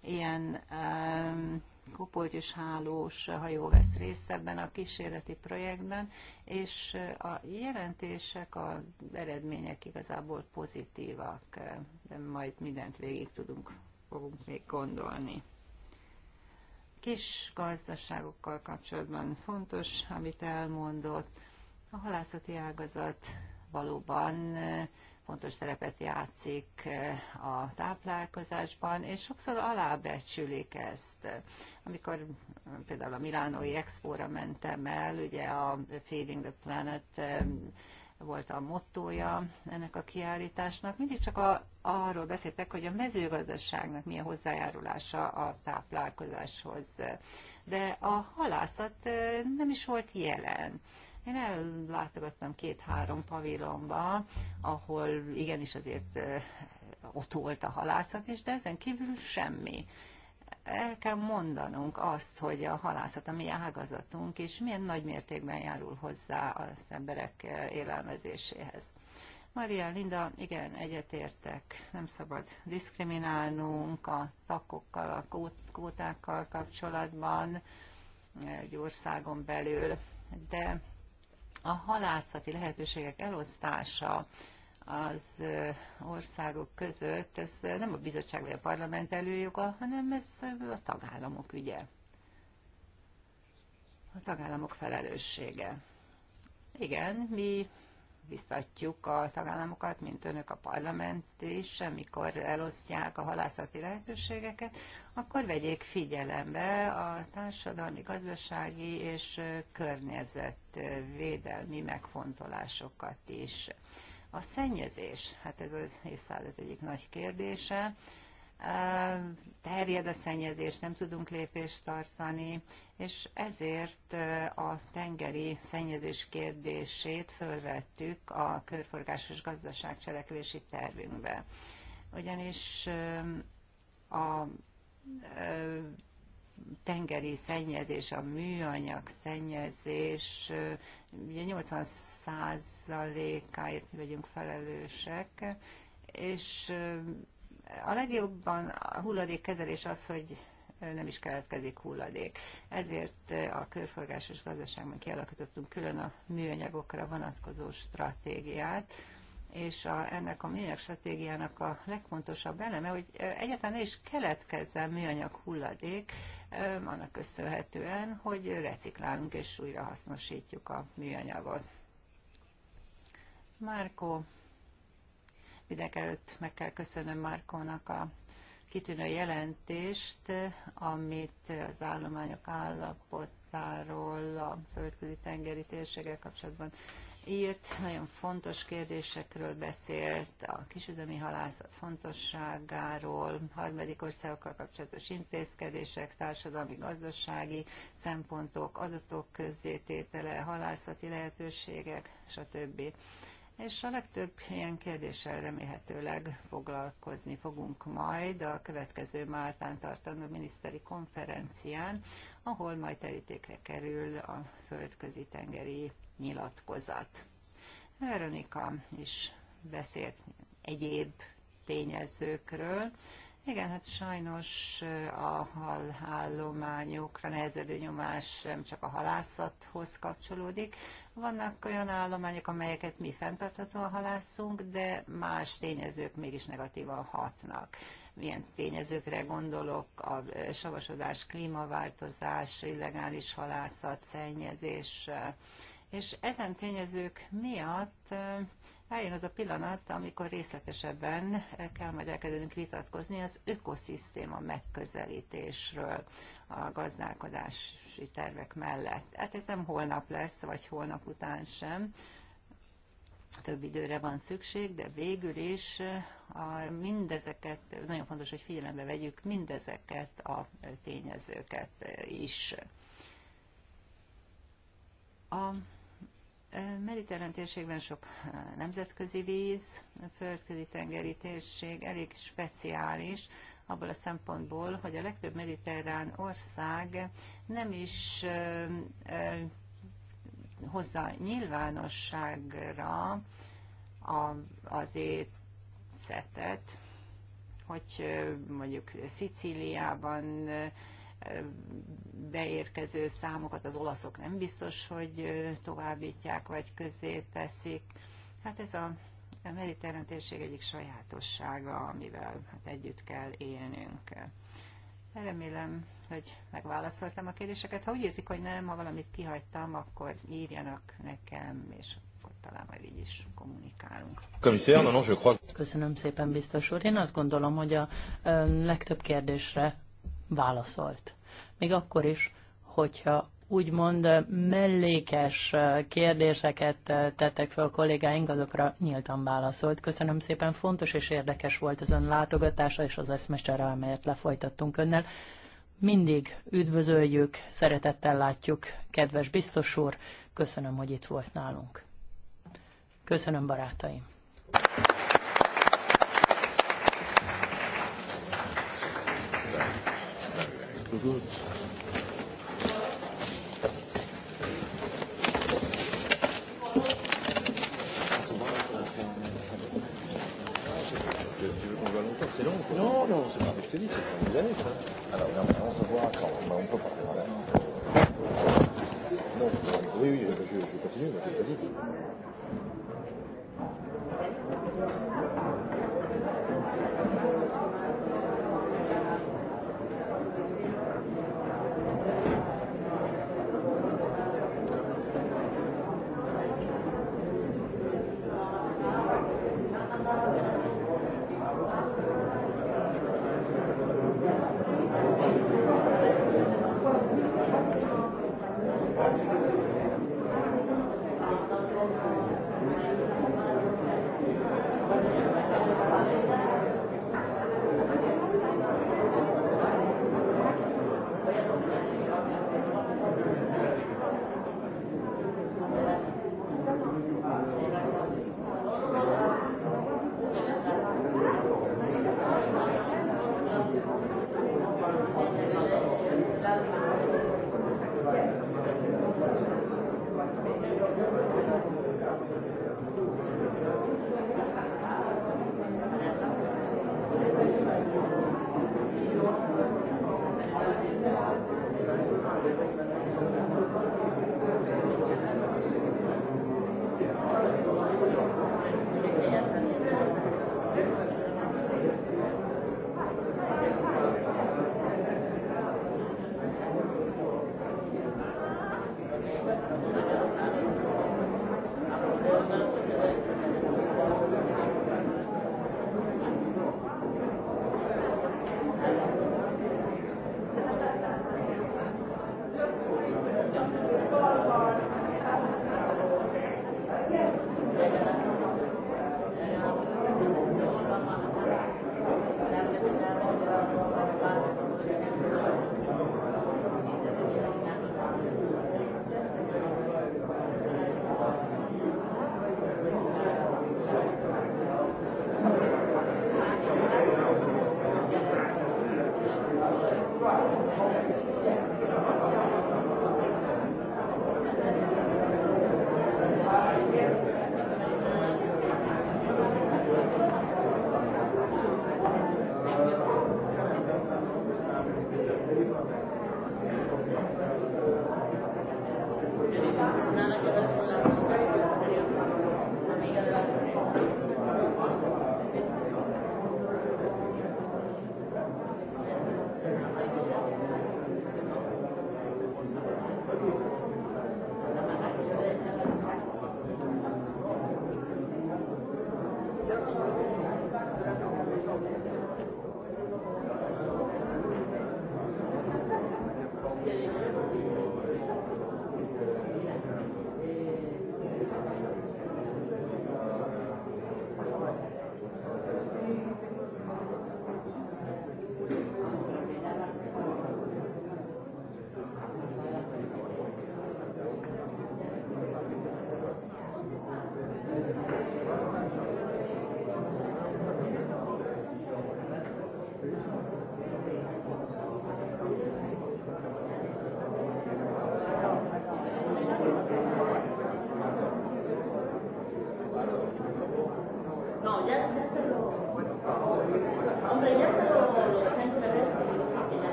[SPEAKER 2] ilyen kupolt és hálós hajó vesz részt ebben a kísérleti projektben, és a jelentések, az eredmények igazából pozitívak, de majd mindent végig tudunk, fogunk még gondolni. Kis gazdaságokkal kapcsolatban fontos, amit elmondott. A halászati ágazat valóban fontos szerepet játszik eh, a táplálkozásban, és sokszor alábecsülik ezt. Amikor eh, például a Milánói Expo-ra mentem el, ugye a Feeding the Planet eh, volt a mottója ennek a kiállításnak. Mindig csak a, arról beszéltek, hogy a mezőgazdaságnak milyen hozzájárulása a táplálkozáshoz. De a halászat nem is volt jelen. Én ellátogattam két-három pavilonba, ahol igenis azért ott volt a halászat is, de ezen kívül semmi el kell mondanunk azt, hogy a halászat a mi ágazatunk, és milyen nagy mértékben járul hozzá az emberek élelmezéséhez. Maria, Linda, igen, egyetértek. Nem szabad diszkriminálnunk a takokkal, a kótákkal kapcsolatban, egy országon belül, de a halászati lehetőségek elosztása az országok között, ez nem a bizottság vagy a parlament előjoga, hanem ez a tagállamok ügye. A tagállamok felelőssége. Igen, mi biztatjuk a tagállamokat, mint önök a parlament is, amikor elosztják a halászati lehetőségeket, akkor vegyék figyelembe a társadalmi, gazdasági és környezetvédelmi megfontolásokat is. A szennyezés, hát ez az évszázad egyik nagy kérdése terjed a szennyezés, nem tudunk lépést tartani, és ezért a tengeri szennyezés kérdését fölvettük a körforgásos gazdaság cselekvési tervünkbe. Ugyanis a tengeri szennyezés, a műanyag szennyezés, ugye 80 százalékáért mi vagyunk felelősek, és a legjobban a kezelés az, hogy nem is keletkezik hulladék. Ezért a körforgásos gazdaságban kialakítottunk külön a műanyagokra vonatkozó stratégiát, és a, ennek a műanyag stratégiának a legfontosabb eleme, hogy egyáltalán ne is keletkezzen műanyag hulladék, annak köszönhetően, hogy reciklálunk és újra hasznosítjuk a műanyagot. Márko előtt meg kell köszönnöm Márkónak a kitűnő jelentést, amit az állományok állapotáról, a földközi tengeri térséggel kapcsolatban írt, nagyon fontos kérdésekről beszélt, a kisüzemi halászat fontosságáról, harmadik országokkal kapcsolatos intézkedések, társadalmi, gazdasági szempontok, adatok közzététele, halászati lehetőségek, stb és a legtöbb ilyen kérdéssel remélhetőleg foglalkozni fogunk majd a következő Máltán tartandó miniszteri konferencián, ahol majd terítékre kerül a földközi tengeri nyilatkozat. Veronika is beszélt egyéb tényezőkről, igen, hát sajnos a halállományokra nehezedő nyomás nem csak a halászathoz kapcsolódik. Vannak olyan állományok, amelyeket mi fenntarthatóan halászunk, de más tényezők mégis negatívan hatnak. Milyen tényezőkre gondolok? A savasodás, klímaváltozás, illegális halászat, szennyezés, és ezen tényezők miatt eljön az a pillanat, amikor részletesebben kell majd elkezdenünk vitatkozni az ökoszisztéma megközelítésről a gazdálkodási tervek mellett. Hát ez nem holnap lesz, vagy holnap után sem, több időre van szükség, de végül is a mindezeket, nagyon fontos, hogy figyelembe vegyük mindezeket a tényezőket is. A mediterrán térségben sok eh, nemzetközi víz, földközi tengeri térség elég speciális, abból a szempontból, hogy a legtöbb mediterrán ország nem is eh, eh, hozza nyilvánosságra a, az étszetet, hogy mondjuk Szicíliában beérkező számokat az olaszok nem biztos, hogy továbbítják vagy közzé teszik. Hát ez a a mediterrán térség egyik sajátossága, amivel hát együtt kell élnünk. Remélem, hogy megválaszoltam a kérdéseket. Ha úgy érzik, hogy nem, ha valamit kihagytam, akkor írjanak nekem, és akkor talán majd így is kommunikálunk.
[SPEAKER 3] Köszönöm szépen, biztos úr. Én azt gondolom, hogy a legtöbb kérdésre válaszolt. Még akkor is, hogyha úgymond mellékes kérdéseket tettek fel a kollégáink, azokra nyíltan válaszolt. Köszönöm szépen, fontos és érdekes volt az ön látogatása és az eszmecsere, amelyet lefolytattunk önnel. Mindig üdvözöljük, szeretettel látjuk, kedves biztos úr, köszönöm, hogy itt volt nálunk. Köszönöm, barátaim! good.
[SPEAKER 1] Non, non, c'est pas, je te dis, c'est pas des années, ça. Alors, non, on se voit quand on peut parler, voilà. Non, oui, oui, je, je continue, je te dis.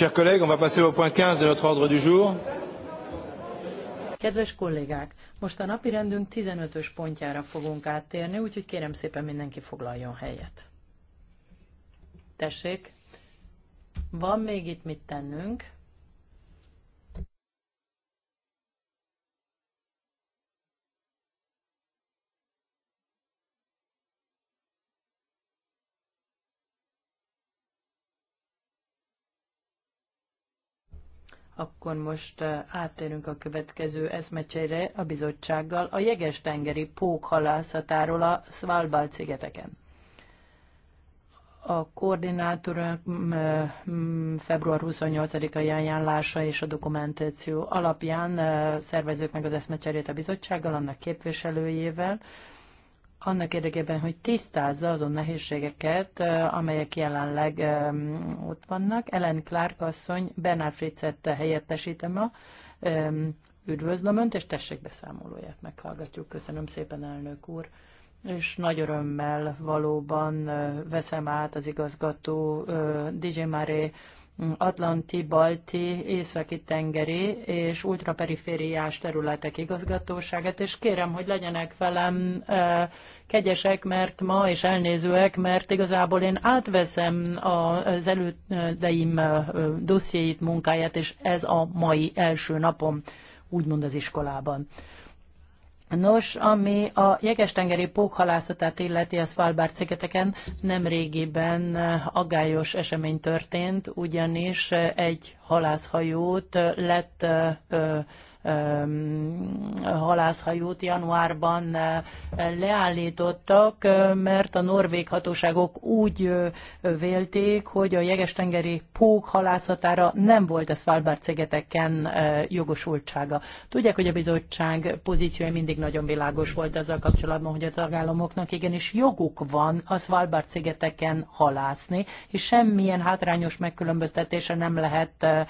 [SPEAKER 4] Chers collègues, on va passer au point 15 de notre ordre du jour.
[SPEAKER 3] Kedves kollégák, most a napi rendünk 15-ös pontjára fogunk áttérni, úgyhogy kérem szépen mindenki foglaljon helyet. Tessék, van még itt mit tennünk. Akkor most áttérünk a következő eszmecsére a bizottsággal a jeges-tengeri halászatáról a Svalbard szigeteken. A koordinátor február 28-ai ajánlása és a dokumentáció alapján szervezők meg az eszmecserét a bizottsággal, annak képviselőjével, annak érdekében, hogy tisztázza azon nehézségeket, amelyek jelenleg ott vannak. Ellen Clark asszony Bernard Fritzet helyettesítem ma. Üdvözlöm Önt, és tessék beszámolóját meghallgatjuk. Köszönöm szépen, elnök úr. És nagy örömmel valóban veszem át az igazgató DJ Maré atlanti, balti, északi tengeri és ultraperifériás területek igazgatóságát, és kérem, hogy legyenek velem e, kegyesek, mert ma és elnézőek, mert igazából én átveszem az elődeim dossziéit, munkáját, és ez a mai első napom, úgymond az iskolában. Nos, ami a jegestengeri pókhalászatát illeti a Svalbard szigeteken, nem régiben eh, aggályos esemény történt, ugyanis eh, egy halászhajót eh, lett halászhajót januárban leállítottak, mert a norvég hatóságok úgy vélték, hogy a jegestengeri pók halászatára nem volt a Svalbard szigeteken jogosultsága. Tudják, hogy a bizottság pozíciója mindig nagyon világos volt ezzel kapcsolatban, hogy a tagállamoknak igenis joguk van a Svalbard szigeteken halászni, és semmilyen hátrányos megkülönböztetése nem lehet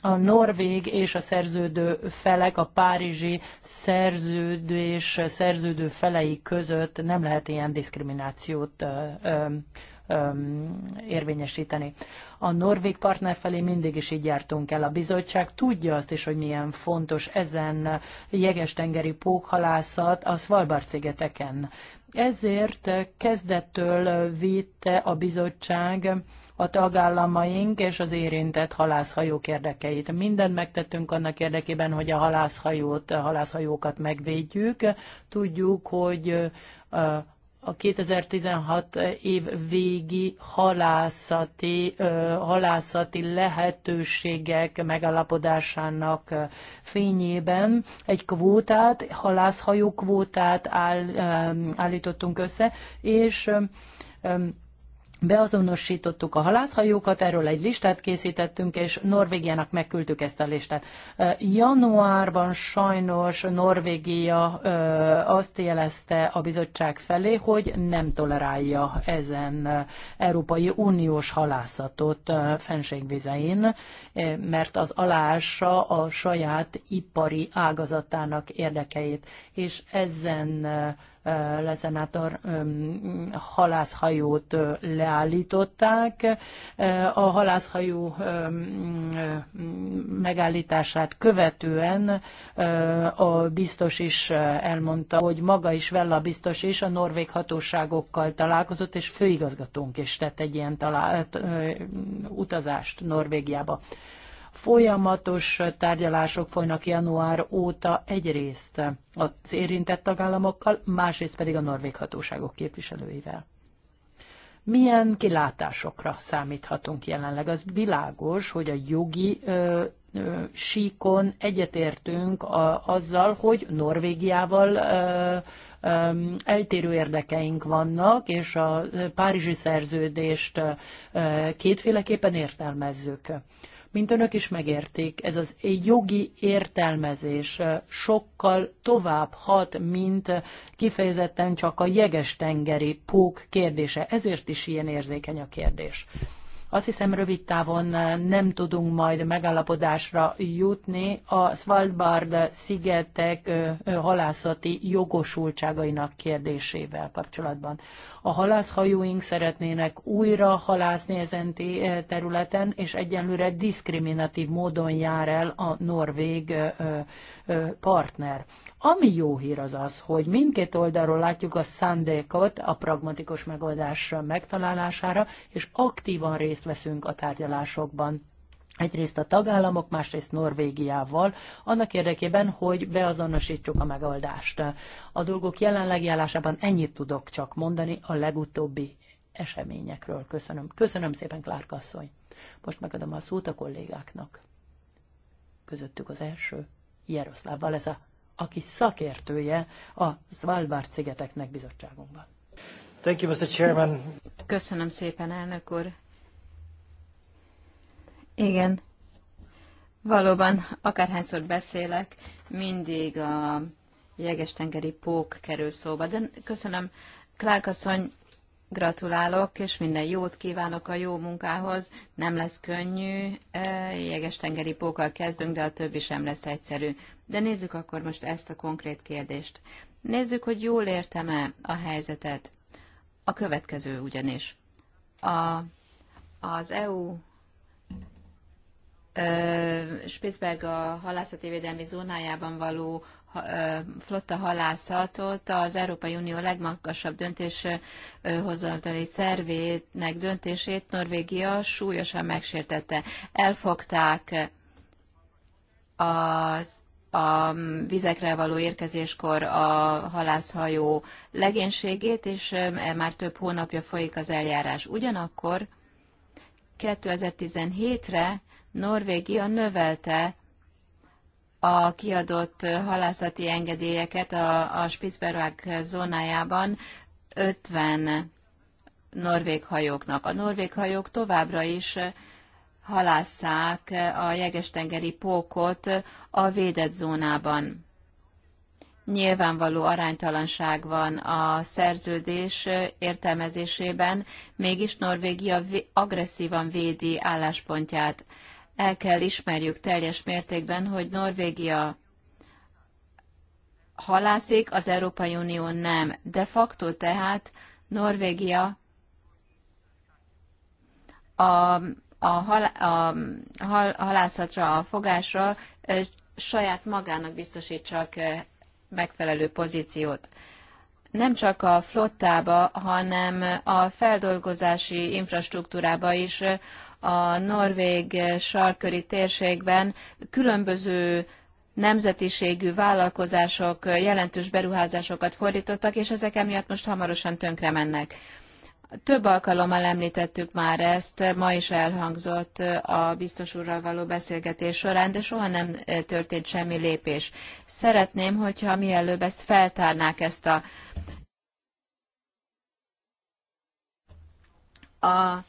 [SPEAKER 3] a norvég és a szerződő felek, a párizsi szerződés szerződő felei között nem lehet ilyen diszkriminációt érvényesíteni. A norvég partner felé mindig is így jártunk el. A bizottság tudja azt is, hogy milyen fontos ezen jeges-tengeri pókhalászat a Svalbard szigeteken. Ezért kezdettől vitte a bizottság a tagállamaink és az érintett halászhajók érdekeit. Mindent megtettünk annak érdekében, hogy a halászhajót, halászhajókat megvédjük. Tudjuk, hogy a 2016 év végi halászati, halászati lehetőségek megalapodásának fényében egy kvótát, halászhajó kvótát áll, állítottunk össze, és Beazonosítottuk a halászhajókat, erről egy listát készítettünk, és Norvégiának megküldtük ezt a listát. Januárban sajnos Norvégia azt jelezte a bizottság felé, hogy nem tolerálja ezen Európai Uniós halászatot fenségvizein, mert az alása a saját ipari ágazatának érdekeit, és ezen lezenátor halászhajót leállították. A halászhajó megállítását követően a biztos is elmondta, hogy maga is, Vella biztos is a norvég hatóságokkal találkozott, és főigazgatónk is tett egy ilyen utazást Norvégiába. Folyamatos tárgyalások folynak január óta egyrészt az érintett tagállamokkal, másrészt pedig a norvég hatóságok képviselőivel. Milyen kilátásokra számíthatunk jelenleg? Az világos, hogy a jogi ö, ö, síkon egyetértünk a, azzal, hogy Norvégiával ö, eltérő érdekeink vannak, és a Párizsi szerződést kétféleképpen értelmezzük mint önök is megérték, ez az jogi értelmezés sokkal tovább hat, mint kifejezetten csak a jeges tengeri pók kérdése. Ezért is ilyen érzékeny a kérdés. Azt hiszem rövid távon nem tudunk majd megállapodásra jutni a Svalbard szigetek halászati jogosultságainak kérdésével kapcsolatban. A halászhajóink szeretnének újra halászni ezen eh, területen, és egyenlőre diszkriminatív módon jár el a norvég eh, eh, partner. Ami jó hír az az, hogy mindkét oldalról látjuk a szándékot a pragmatikus megoldás megtalálására, és aktívan részt veszünk a tárgyalásokban egyrészt a tagállamok, másrészt Norvégiával, annak érdekében, hogy beazonosítsuk a megoldást. A dolgok jelenlegi állásában ennyit tudok csak mondani a legutóbbi eseményekről. Köszönöm. Köszönöm szépen, Klárk asszony. Most megadom a szót a kollégáknak. Közöttük az első, Jaroszláv Valeza, aki szakértője a Svalbard szigeteknek bizottságunkban. Thank you, Mr. Chairman.
[SPEAKER 4] Köszönöm szépen, elnök úr. Igen. Valóban, akárhányszor beszélek, mindig a jegestengeri pók kerül szóba. De köszönöm, Clark asszony, gratulálok, és minden jót kívánok a jó munkához. Nem lesz könnyű, e, jegestengeri pókkal kezdünk, de a többi sem lesz egyszerű. De nézzük akkor most ezt a konkrét kérdést. Nézzük, hogy jól értem-e a helyzetet. A következő ugyanis. A, az EU Spitzberg a halászati védelmi zónájában való flotta halászatot az Európai Unió legmagasabb döntéshozatali szervének döntését Norvégia súlyosan megsértette. Elfogták a, a vizekre való érkezéskor a halászhajó legénységét, és e már több hónapja folyik az eljárás. Ugyanakkor 2017-re Norvégia növelte a kiadott halászati engedélyeket a, a Spitzberg zónájában 50 norvég hajóknak. A norvég hajók továbbra is halásszák a jegestengeri pókot a védett zónában. Nyilvánvaló aránytalanság van a szerződés értelmezésében, mégis Norvégia agresszívan védi álláspontját el kell ismerjük teljes mértékben, hogy Norvégia halászik, az Európai Unió nem. De facto tehát Norvégia a, a, hal, a hal, halászatra, a fogásra saját magának biztosít csak megfelelő pozíciót. Nem csak a flottába, hanem a feldolgozási infrastruktúrába is a norvég sarköri térségben különböző nemzetiségű vállalkozások jelentős beruházásokat fordítottak, és ezek emiatt most hamarosan tönkre mennek. Több alkalommal említettük már ezt, ma is elhangzott a biztos úrral való beszélgetés során, de soha nem történt semmi lépés. Szeretném, hogyha mielőbb ezt feltárnák ezt a, a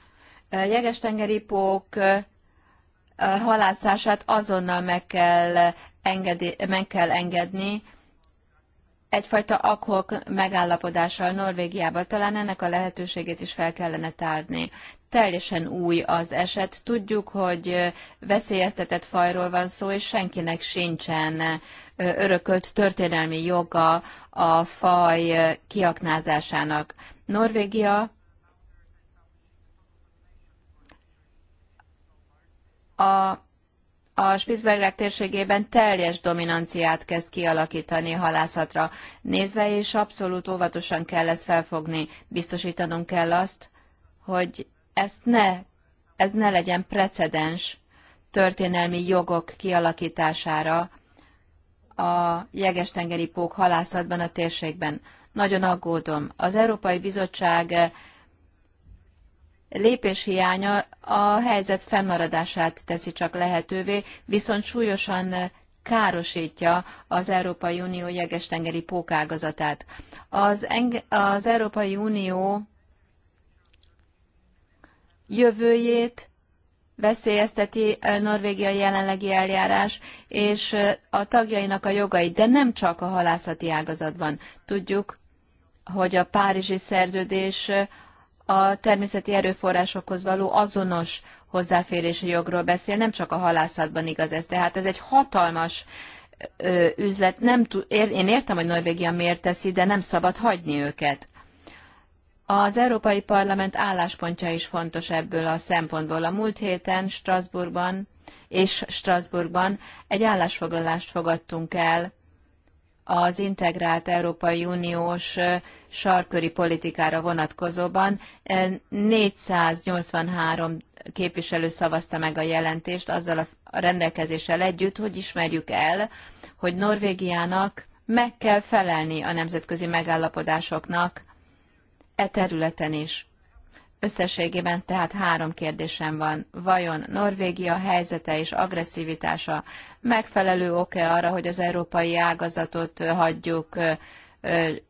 [SPEAKER 4] jegestengeri pók halászását azonnal meg kell, engedi, meg kell engedni, egyfajta akok megállapodással Norvégiában talán ennek a lehetőségét is fel kellene tárni. Teljesen új az eset. Tudjuk, hogy veszélyeztetett fajról van szó, és senkinek sincsen örökölt történelmi joga a faj kiaknázásának. Norvégia a, a Spitsbergek térségében teljes dominanciát kezd kialakítani halászatra nézve, és abszolút óvatosan kell ezt felfogni. Biztosítanunk kell azt, hogy ezt ne, ez ne legyen precedens történelmi jogok kialakítására a jegestengeri pók halászatban a térségben. Nagyon aggódom. Az Európai Bizottság lépés hiánya a helyzet fennmaradását teszi csak lehetővé, viszont súlyosan károsítja az Európai Unió jegestengeri pókágazatát. Az, az Európai Unió jövőjét veszélyezteti Norvégia jelenlegi eljárás és a tagjainak a jogai, de nem csak a halászati ágazatban. Tudjuk, hogy a Párizsi szerződés a természeti erőforrásokhoz való azonos hozzáférési jogról beszél, nem csak a halászatban igaz ez. Tehát ez egy hatalmas ö, üzlet. Nem ér, én értem, hogy Norvégia miért teszi, de nem szabad hagyni őket. Az Európai Parlament álláspontja is fontos ebből a szempontból. A múlt héten Strasbourgban és Strasbourgban egy állásfoglalást fogadtunk el az integrált Európai Uniós sarköri politikára vonatkozóban 483 képviselő szavazta meg a jelentést azzal a rendelkezéssel együtt, hogy ismerjük el, hogy Norvégiának meg kell felelni a nemzetközi megállapodásoknak e területen is. Összességében tehát három kérdésem van. Vajon Norvégia helyzete és agresszivitása megfelelő oke arra, hogy az európai ágazatot hagyjuk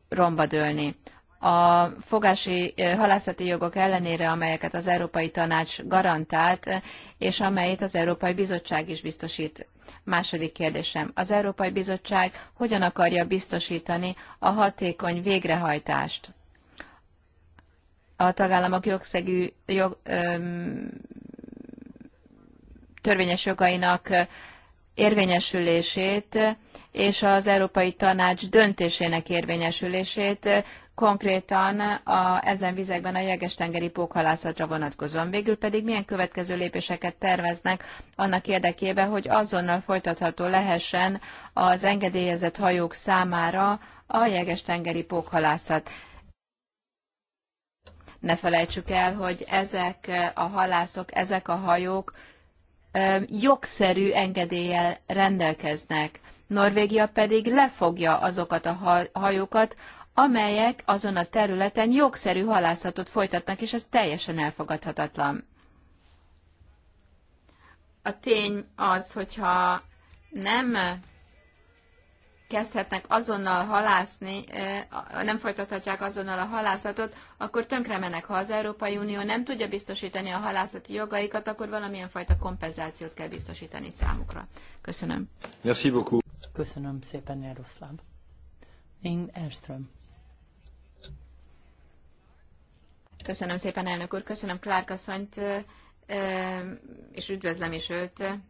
[SPEAKER 4] romba dőlni? A fogási halászati jogok ellenére, amelyeket az Európai Tanács garantált, és amelyet az Európai Bizottság is biztosít. Második kérdésem. Az Európai Bizottság hogyan akarja biztosítani a hatékony végrehajtást? a tagállamok jogszegű jog, öm, törvényes jogainak érvényesülését és az Európai Tanács döntésének érvényesülését konkrétan a, ezen vizekben a tengeri pókhalászatra vonatkozóan. Végül pedig milyen következő lépéseket terveznek annak érdekében, hogy azonnal folytatható lehessen az engedélyezett hajók számára a tengeri pókhalászat. Ne felejtsük el, hogy ezek a halászok, ezek a hajók jogszerű engedéllyel rendelkeznek. Norvégia pedig lefogja azokat a hajókat, amelyek azon a területen jogszerű halászatot folytatnak, és ez teljesen elfogadhatatlan. A tény az, hogyha nem kezdhetnek azonnal halászni, nem folytathatják azonnal a halászatot, akkor tönkre mennek. Ha az Európai Unió nem tudja biztosítani a halászati jogaikat, akkor valamilyen fajta kompenzációt kell biztosítani számukra.
[SPEAKER 3] Köszönöm. Merci beaucoup. Köszönöm szépen, Jaroszláv. Én
[SPEAKER 4] Erström. Köszönöm szépen, elnök úr. Köszönöm Klárkaszonyt, és üdvözlöm is őt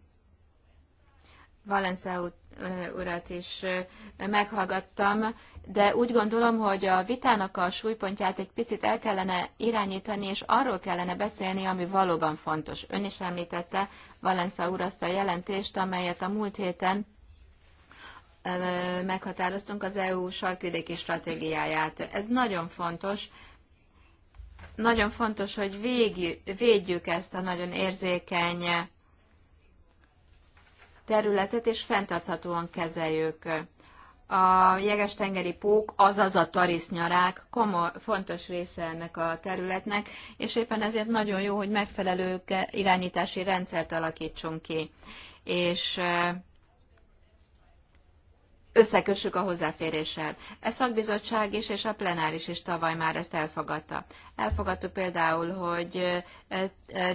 [SPEAKER 4] Valencia urat is meghallgattam, de úgy gondolom, hogy a vitának a súlypontját egy picit el kellene irányítani, és arról kellene beszélni, ami valóban fontos. Ön is említette Valensza úr azt a jelentést, amelyet a múlt héten meghatároztunk az EU sarkvidéki stratégiáját. Ez nagyon fontos. Nagyon fontos, hogy végjük, védjük ezt a nagyon érzékeny területet, és fenntarthatóan kezeljük. A jeges-tengeri pók, azaz a tarisznyarák komoly, fontos része ennek a területnek, és éppen ezért nagyon jó, hogy megfelelő irányítási rendszert alakítsunk ki. És eh, összekössük a hozzáféréssel. E szakbizottság is, és a plenáris is tavaly már ezt elfogadta. Elfogadtuk például, hogy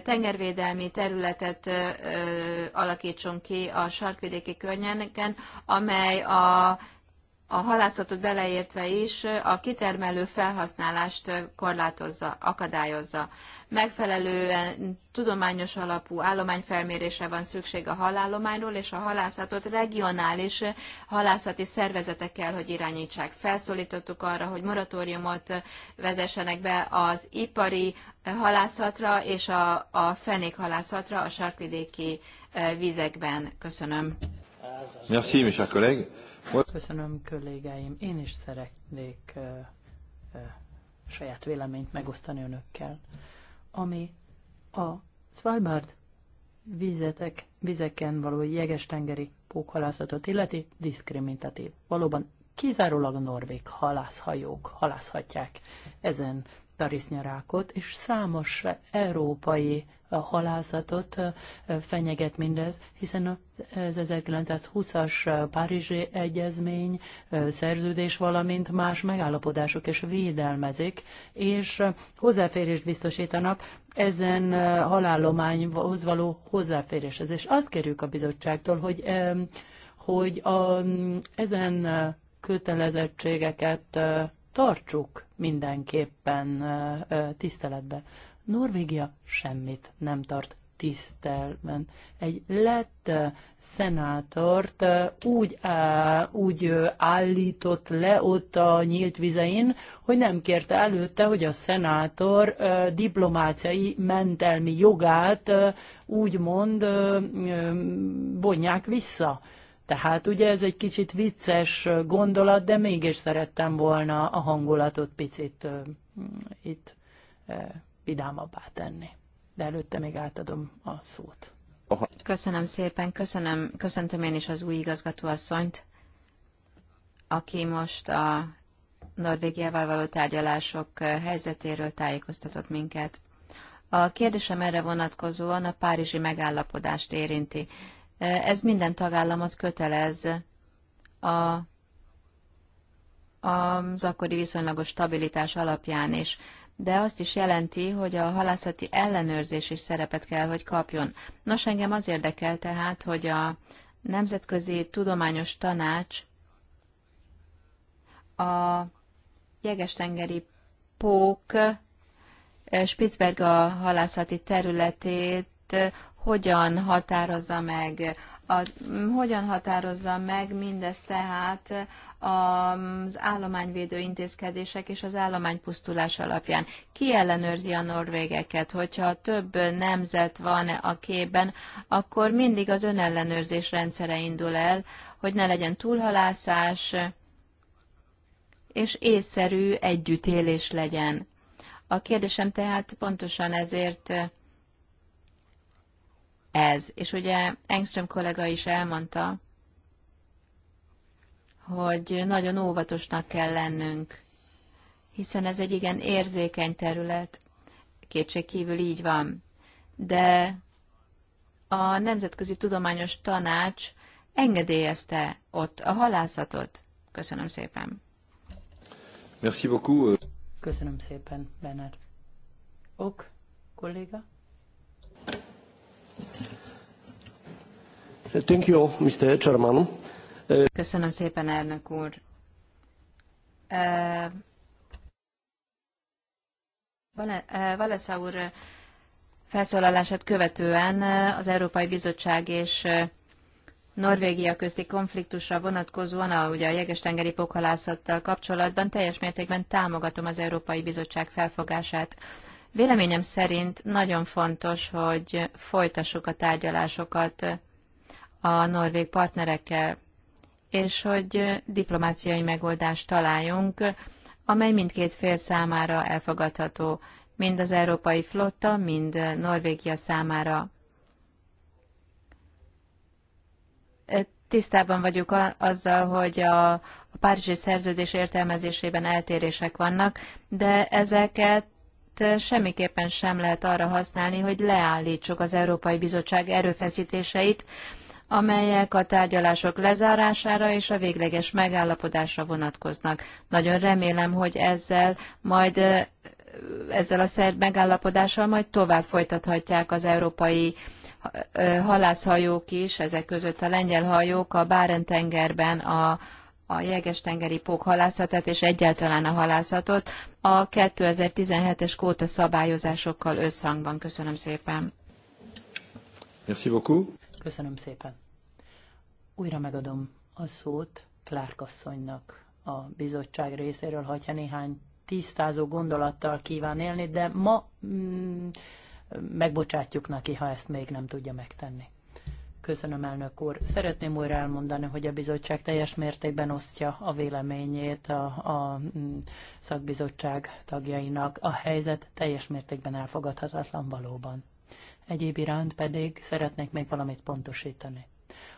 [SPEAKER 4] tengervédelmi területet alakítsunk ki a sarkvidéki környéken, amely a a halászatot beleértve is a kitermelő felhasználást korlátozza, akadályozza. Megfelelően tudományos alapú állományfelmérésre van szükség a halállományról, és a halászatot regionális halászati kell, hogy irányítsák. Felszólítottuk arra, hogy moratóriumot vezessenek be az ipari halászatra és a, a fenékhalászatra a sarkvidéki eh, vizekben. Köszönöm.
[SPEAKER 3] Merci, mes chers collègues. Köszönöm kollégáim, én is szeretnék ö, ö, saját véleményt megosztani önökkel, ami a Svalbard vízetek, vizeken való jeges-tengeri pókhalászatot illeti diszkriminatív. Valóban kizárólag a norvég halászhajók halászhatják ezen tarisznyarákot, és számos európai eh, halászatot eh, fenyeget mindez, hiszen az 1920-as eh, Párizsi Egyezmény, szerződés, valamint más megállapodások is védelmezik, és hozzáférést biztosítanak ezen halállományhoz való hozzáféréshez. És azt kérjük a bizottságtól, hogy, hogy a, mm, ezen kötelezettségeket tartsuk mindenképpen tiszteletbe. Norvégia semmit nem tart tisztelben. Egy lett szenátort úgy, úgy állított le ott a nyílt vizein, hogy nem kérte előtte, hogy a szenátor diplomáciai mentelmi jogát úgymond vonják vissza. Tehát ugye ez egy kicsit vicces gondolat, de mégis szerettem volna a hangulatot picit uh, itt
[SPEAKER 4] uh, vidámabbá tenni. De előtte még átadom a szót. Aha. Köszönöm szépen, köszönöm, köszöntöm én is az új igazgatóasszonyt, aki most a Norvégiával való tárgyalások helyzetéről tájékoztatott minket. A kérdésem erre vonatkozóan a párizsi megállapodást érinti. Ez minden tagállamot kötelez a, az akkori viszonylagos stabilitás alapján is de azt is jelenti, hogy a halászati ellenőrzés is szerepet kell, hogy kapjon. Nos, engem az érdekel tehát, hogy a Nemzetközi Tudományos Tanács a jegestengeri pók eh, Spitzberga halászati területét hogyan határozza meg a, hogyan határozza meg mindezt tehát az állományvédő intézkedések és az állománypusztulás alapján? Ki ellenőrzi a norvégeket? Hogyha több nemzet van a képben, akkor mindig az önellenőrzés rendszere indul el, hogy ne legyen túlhalászás, és észszerű együttélés legyen. A kérdésem tehát pontosan ezért ez. És ugye Engström kollega is elmondta, hogy nagyon óvatosnak kell lennünk, hiszen ez egy igen érzékeny terület. Kétség kívül így van. De a Nemzetközi Tudományos Tanács engedélyezte ott a halászatot. Köszönöm szépen.
[SPEAKER 3] Merci beaucoup.
[SPEAKER 4] Köszönöm szépen, Bernard. Ok, kolléga?
[SPEAKER 2] Thank you, Mr. Chairman.
[SPEAKER 4] Köszönöm szépen, elnök úr. Valesza úr felszólalását követően az Európai Bizottság és Norvégia közti konfliktusra vonatkozóan, ahogy ugye a jegestengeri pokhalászattal kapcsolatban teljes mértékben támogatom az Európai Bizottság felfogását. Véleményem szerint nagyon fontos, hogy folytassuk a tárgyalásokat a norvég partnerekkel, és hogy diplomáciai megoldást találjunk, amely mindkét fél számára elfogadható, mind az európai flotta, mind Norvégia számára. Tisztában vagyok azzal, hogy a, a Párizsi szerződés értelmezésében eltérések vannak, de ezeket Eh, semmiképpen sem lehet arra használni, hogy leállítsuk az Európai Bizottság erőfeszítéseit, amelyek a tárgyalások lezárására és a végleges megállapodásra vonatkoznak. Nagyon remélem, hogy ezzel majd eh, ezzel a szerb megállapodással majd tovább folytathatják az európai eh, halászhajók is, ezek között a lengyel hajók a Báren-tengerben a a jeges-tengeri pókhalászatát és egyáltalán a halászatot a 2017-es kóta szabályozásokkal összhangban. Köszönöm szépen.
[SPEAKER 1] Merci beaucoup.
[SPEAKER 3] Köszönöm szépen. Újra megadom a szót Clark asszonynak a bizottság részéről, hogyha néhány tisztázó gondolattal kíván élni, de ma mm, megbocsátjuk neki, ha ezt még nem tudja megtenni. Köszönöm, elnök úr. Szeretném újra elmondani, hogy a bizottság teljes mértékben osztja a véleményét a, a mm, szakbizottság tagjainak. A helyzet teljes mértékben elfogadhatatlan valóban. Egyéb iránt pedig szeretnék még valamit pontosítani.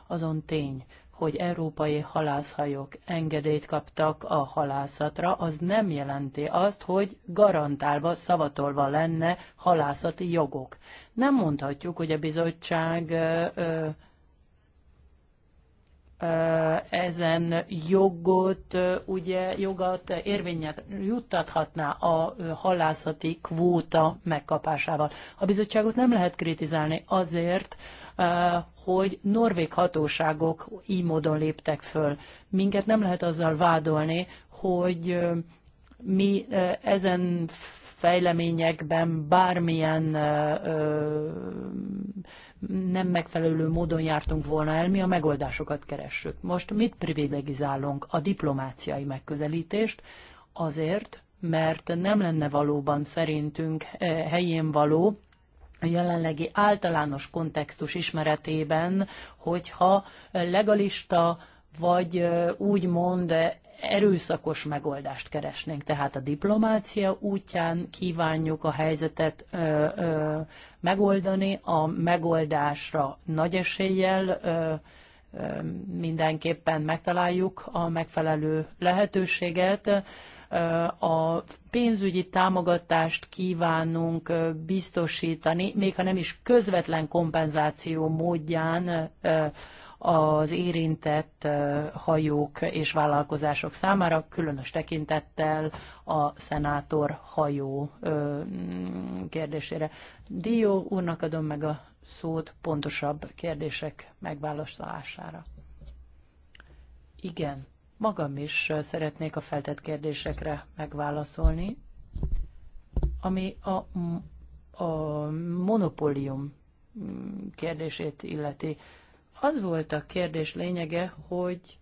[SPEAKER 3] Azon tény, hogy európai halászhajók engedélyt kaptak a halászatra, az nem jelenti azt, hogy garantálva, szavatolva lenne halászati jogok. Nem mondhatjuk, hogy a bizottság ö, ö, ezen jogot, ugye jogat érvényet juttathatná a halászati kvóta megkapásával. A bizottságot nem lehet kritizálni azért, Eh, hogy norvég hatóságok így módon léptek föl. Minket nem lehet azzal vádolni, hogy eh, mi eh, ezen fejleményekben bármilyen nem megfelelő módon jártunk volna el, mi a megoldásokat keressük. Most mit privilegizálunk? A diplomáciai megközelítést azért, mert nem lenne valóban szerintünk helyén való a jelenlegi általános kontextus ismeretében, hogyha legalista vagy úgymond erőszakos megoldást keresnénk. Tehát a diplomácia útján kívánjuk a helyzetet ö, ö, megoldani, a megoldásra nagy eséllyel ö, ö, mindenképpen megtaláljuk a megfelelő lehetőséget a pénzügyi támogatást kívánunk biztosítani, még ha nem is közvetlen kompenzáció módján az érintett hajók és vállalkozások számára, különös tekintettel a szenátor hajó kérdésére. Dió úrnak adom meg a szót pontosabb kérdések megválaszolására. Igen, Magam is szeretnék a feltett kérdésekre megválaszolni, ami a, a monopólium kérdését illeti. Az volt a kérdés lényege, hogy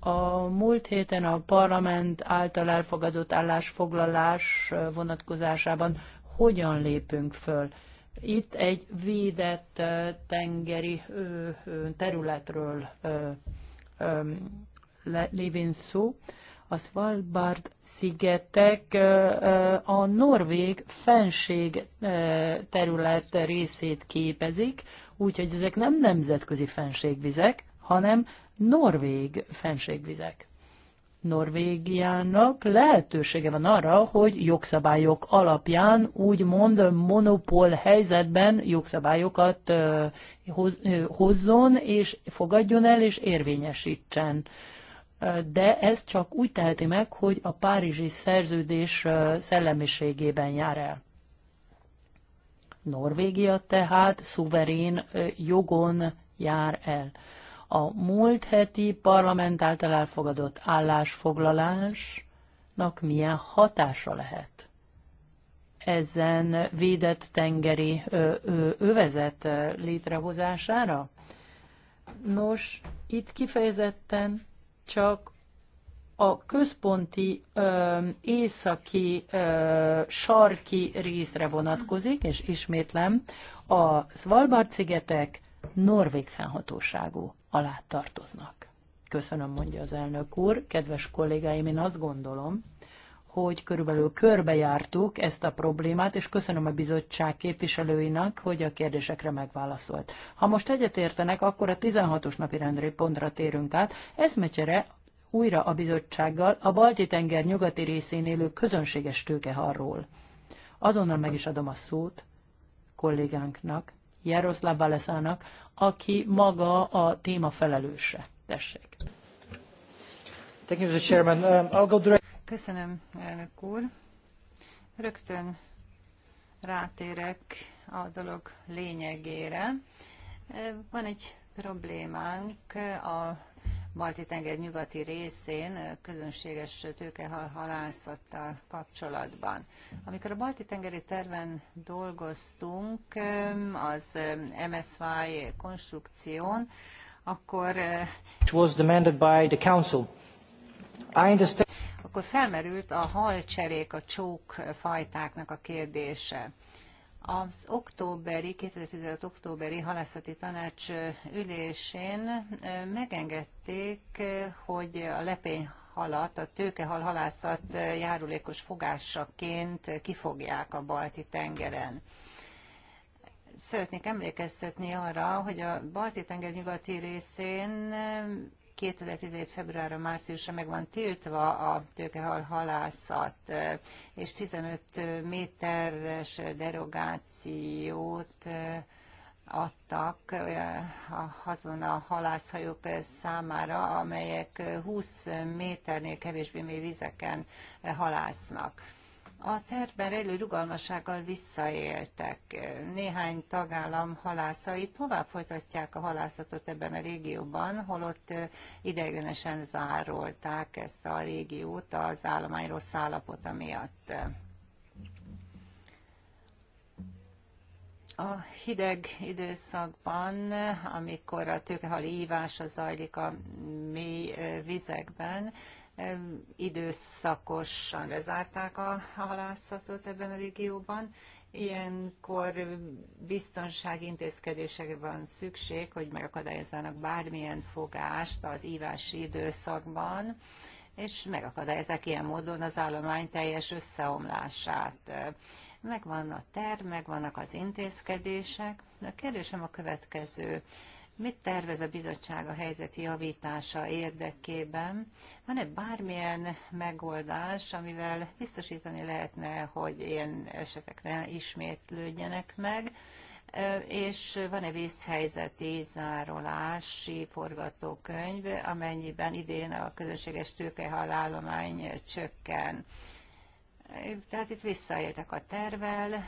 [SPEAKER 3] a múlt héten a parlament által elfogadott állásfoglalás vonatkozásában hogyan lépünk föl. Itt egy védett tengeri területről lévén szó, a Svalbard szigetek a norvég fenség terület részét képezik, úgyhogy ezek nem nemzetközi fenségvizek, hanem norvég fenségvizek. Norvégiának lehetősége van arra, hogy jogszabályok alapján, úgymond monopól helyzetben jogszabályokat hozzon és fogadjon el és érvényesítsen de ez csak úgy teheti meg, hogy a Párizsi szerződés szellemiségében jár el. Norvégia tehát szuverén jogon jár el. A múlt heti parlament által elfogadott állásfoglalásnak milyen hatása lehet? ezen védett tengeri övezet létrehozására? Nos, itt kifejezetten csak a központi ö, északi ö, sarki részre vonatkozik, és ismétlem, a Svalbard szigetek norvég fennhatóságú alá tartoznak. Köszönöm, mondja az elnök úr. Kedves kollégáim, én azt gondolom, hogy körülbelül körbejártuk ezt a problémát, és köszönöm a bizottság képviselőinek, hogy a kérdésekre megválaszolt. Ha most egyetértenek, akkor a 16-os napi rendőri pontra térünk át. Ez mecsere újra a bizottsággal a Balti-tenger nyugati részén élő közönséges tőkeharról. Azonnal meg is adom a szót kollégánknak, Jaroszláv Baleszának, aki maga a téma felelőse. Tessék. Thank you, Mr. Chairman. Um, I'll
[SPEAKER 2] go direct Köszönöm, elnök úr. Rögtön rátérek a dolog lényegére. Van egy problémánk a Balti-tenger nyugati részén közönséges tőkehalászattal kapcsolatban. Amikor a Balti-tengeri terven dolgoztunk, az MSY konstrukción, akkor akkor felmerült a halcserék, a csók fajtáknak a kérdése. Az októberi, 2015. októberi halászati tanács ülésén megengedték, hogy a lepény halat, a tőkehal halászat járulékos fogásaként kifogják a balti tengeren. Szeretnék emlékeztetni arra, hogy a balti tenger nyugati részén 2017. februárra márciusra meg van tiltva a tőkehal halászat, eh, és 15 eh, méteres derogációt eh, adtak azon a halászhajók számára, amelyek 20 méternél kevésbé mély vizeken halásznak. A tervben rejlő rugalmassággal visszaéltek. Néhány tagállam halászai tovább folytatják a halászatot ebben a régióban, holott ideiglenesen zárolták ezt a régiót az állomány rossz állapota miatt. A hideg időszakban, amikor a tőkehali ívása zajlik a mély vizekben, időszakosan lezárták a, a halászatot ebben a régióban. Ilyenkor biztonsági intézkedésekre van szükség, hogy megakadályozzanak bármilyen fogást az ívási időszakban, és megakadályozzák ilyen módon az állomány teljes összeomlását. Megvan a terv, megvannak az intézkedések. A kérdésem a következő Mit tervez a bizottság a helyzet javítása érdekében? Van-e bármilyen megoldás, amivel biztosítani lehetne, hogy ilyen esetek ne ismétlődjenek meg? és van-e vészhelyzeti zárolási forgatókönyv, amennyiben idén a közönséges tőkehalállomány csökken. Tehát itt visszaéltek a tervel,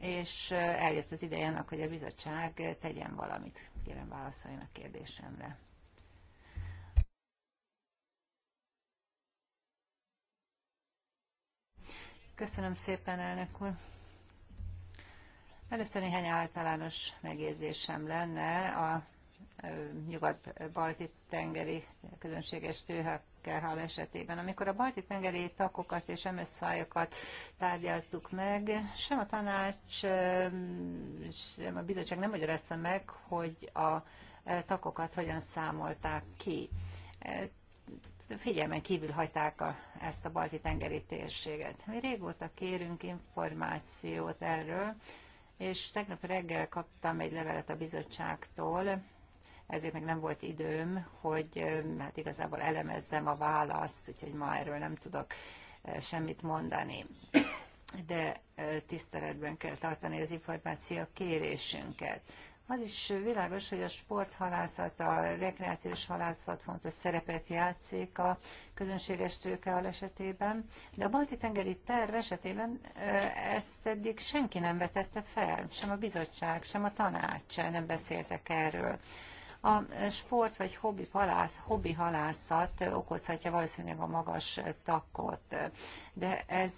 [SPEAKER 2] és eljött az ideje annak, hogy a bizottság tegyen valamit. Kérem válaszoljon a kérdésemre. Köszönöm szépen, elnök úr. Először néhány általános megjegyzésem lenne a nyugat-balti tengeri közönséges tőhekkel esetében. Amikor a balti tengeri takokat és MSZ-fájokat tárgyaltuk meg, sem a tanács, sem a bizottság nem magyarázta meg, hogy a e, takokat hogyan számolták ki. E, figyelmen kívül hagyták a, ezt a balti tengeri térséget. Mi régóta kérünk információt erről, és tegnap reggel kaptam egy levelet a bizottságtól, ezért még nem volt időm, hogy hát igazából elemezzem a választ, úgyhogy ma erről nem tudok semmit mondani. De tiszteletben kell tartani az információ kérésünket. Az is világos, hogy a sporthalászat, a rekreációs halászat fontos szerepet játszik a közönséges tőkehal esetében, de a balti-tengeri terv esetében ezt eddig senki nem vetette fel, sem a bizottság, sem a tanács nem beszéltek erről. A sport vagy hobbi, halász, hobbi halászat okozhatja valószínűleg a magas takot, de ez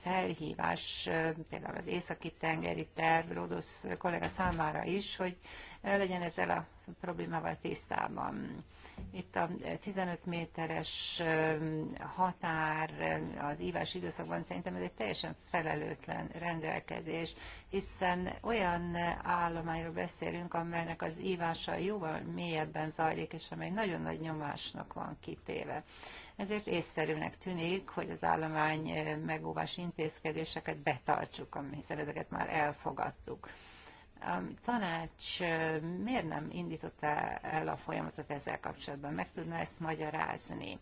[SPEAKER 2] felhívás például az északi tengeri terv Rodosz kollega számára is, hogy legyen ezzel a problémával tisztában. Itt a 15 méteres határ az ívás időszakban szerintem ez egy teljesen felelőtlen rendelkezés, hiszen olyan állományról beszélünk, amelynek az ívása jóval mélyebben zajlik, és amely nagyon nagy nyomásnak van kitéve. Ezért észszerűnek tűnik, hogy az állomány megóvás intézkedéseket betartsuk, hiszen ezeket már elfogadtuk. A tanács miért nem indította el a folyamatot ezzel kapcsolatban? Meg tudna ezt magyarázni?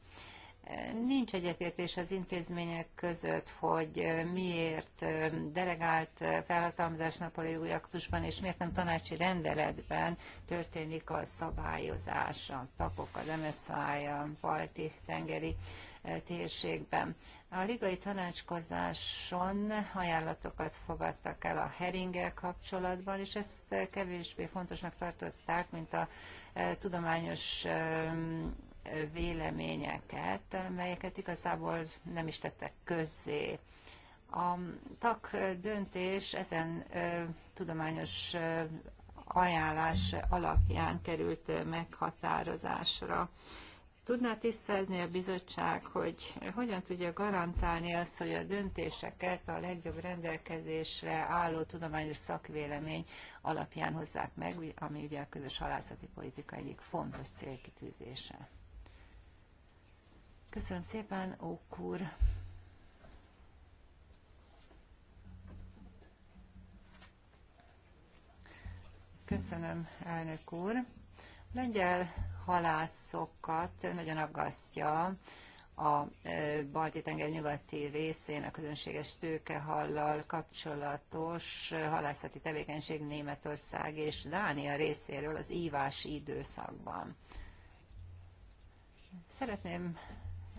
[SPEAKER 2] Nincs egyetértés az intézmények között, hogy miért delegált felhatalmazás napoli új aktusban, és miért nem tanácsi rendeletben történik a szabályozás, a tapok, az MSZI, a balti tengeri térségben. A ligai tanácskozáson ajánlatokat fogadtak el a heringel kapcsolatban, és ezt kevésbé fontosnak tartották, mint a e, tudományos e, véleményeket, melyeket igazából nem is tettek közzé. A TAK döntés ezen e, tudományos ajánlás alapján került meghatározásra. Tudná tisztázni a bizottság, hogy hogyan tudja garantálni azt, hogy a döntéseket a legjobb rendelkezésre álló tudományos szakvélemény alapján hozzák meg, ami ugye a közös halászati politika egyik fontos célkitűzése. Köszönöm szépen, Ók úr. Köszönöm, elnök úr. Lengyel halászokat nagyon aggasztja a Balti-tenger nyugati részén a közönséges tőkehallal kapcsolatos halászati tevékenység Németország és Dánia részéről az ívás időszakban. Szeretném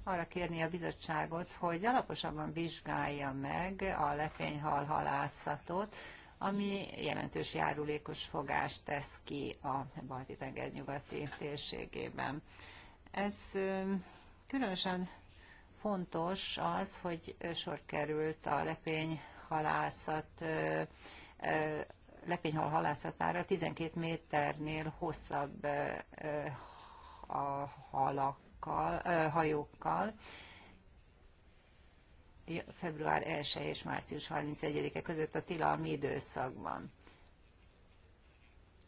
[SPEAKER 2] arra kérni a bizottságot, hogy alaposabban vizsgálja meg a lepényhal halászatot, ami jelentős járulékos fogást tesz ki a Balti-tenger nyugati térségében. Ez különösen fontos az, hogy sor került a lepényhalászat lepényhal halászatára 12 méternél hosszabb a halakkal, hajókkal, február 1 -e és március 31-e között a tilalmi időszakban.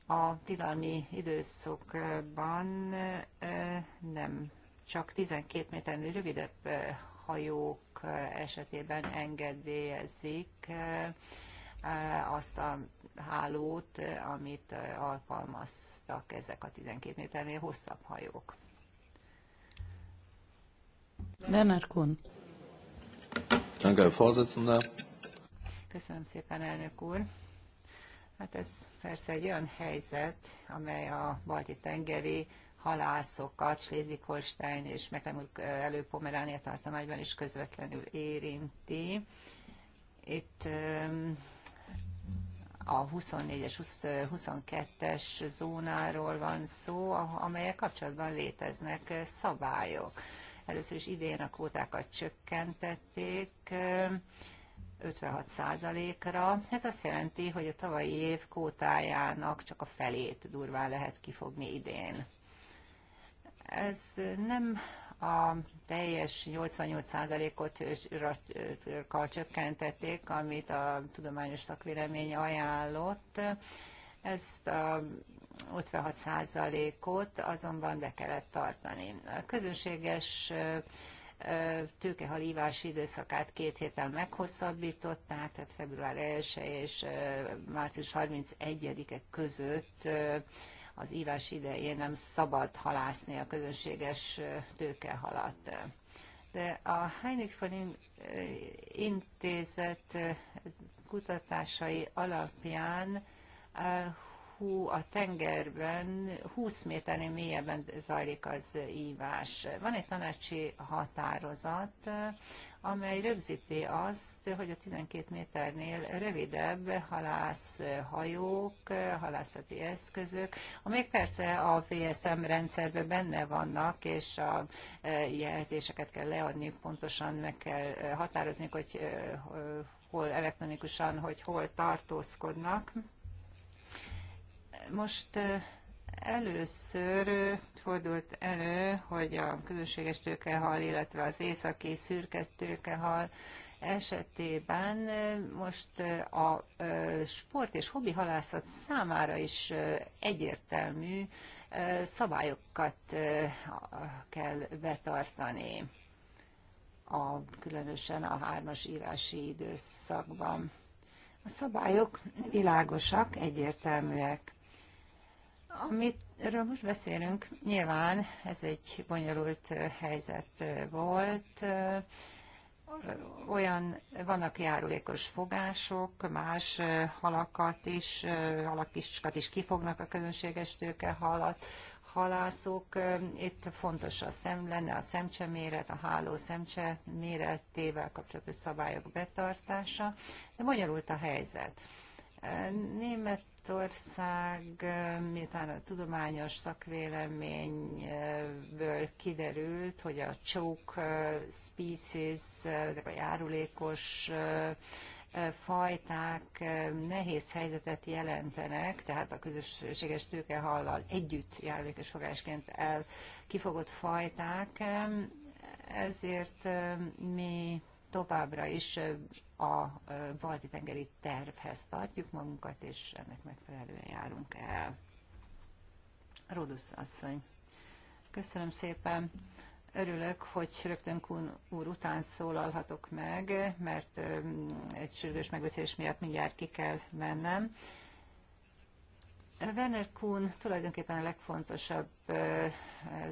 [SPEAKER 2] A tilalmi időszakban nem csak 12 méternél rövidebb hajók esetében engedélyezik azt a hálót, amit alkalmaztak ezek a 12 méternél hosszabb hajók.
[SPEAKER 3] Bernard Kuhn.
[SPEAKER 1] Danke, Herr Vorsitzender.
[SPEAKER 2] Köszönöm szépen, elnök úr. Hát ez persze egy olyan helyzet, amely a balti tengeri halászokat Schleswig-Holstein és Mecklenburg előpomeránia tartományban is közvetlenül érinti. Itt a 24-es, 22-es zónáról van szó, amelyek kapcsolatban léteznek szabályok. Először is idén a kvótákat csökkentették 56 százalékra. Ez azt jelenti, hogy a tavalyi év kvótájának csak a felét durván lehet kifogni idén. Ez nem a teljes 88%-ot csökkentették, amit a tudományos szakvélemény ajánlott. Ezt a 56%-ot azonban be kellett tartani. A közönséges tőkehalívási időszakát két héttel meghosszabbították, tehát február 1 -e és március 31-e között az ívás idején nem szabad halászni a közönséges tőkehalat. De a Heinrich von intézet kutatásai alapján hú a tengerben 20 méternél mélyebben zajlik az ívás. Van egy tanácsi határozat, amely rögzíti azt, hogy a 12 méternél rövidebb halászhajók, halászati eszközök, amelyek persze a VSM rendszerben benne vannak, és a e, jelzéseket kell leadni, pontosan meg kell e, határozni, hogy e, hol elektronikusan, hogy hol tartózkodnak, most először fordult elő, hogy a közösséges tőkehal, illetve az északi szürke tőkehal esetében most a sport és hobbi halászat számára is egyértelmű szabályokat kell betartani, a, különösen a hármas írási időszakban. A szabályok világosak, egyértelműek. Amiről most beszélünk, nyilván ez egy bonyolult helyzet volt, olyan, vannak járulékos fogások, más halakat is, halakiskat is kifognak a közönséges tőke halat, halászok. Itt fontos a szem lenne, a szemcseméret, a háló szemcse méretével kapcsolatos szabályok betartása, de bonyolult a helyzet. Német Németország, miután a tudományos szakvéleményből kiderült, hogy a choke species, ezek a járulékos fajták nehéz helyzetet jelentenek, tehát a közösséges tőkehallal együtt járulékos fogásként el kifogott fajták, ezért mi továbbra is a balti tengeri tervhez tartjuk magunkat, és ennek megfelelően járunk el. Rodusz asszony. Köszönöm szépen. Örülök, hogy rögtön Kun úr után szólalhatok meg, mert egy sürgős megbeszélés miatt mindjárt ki kell mennem. Werner Kuhn tulajdonképpen a legfontosabb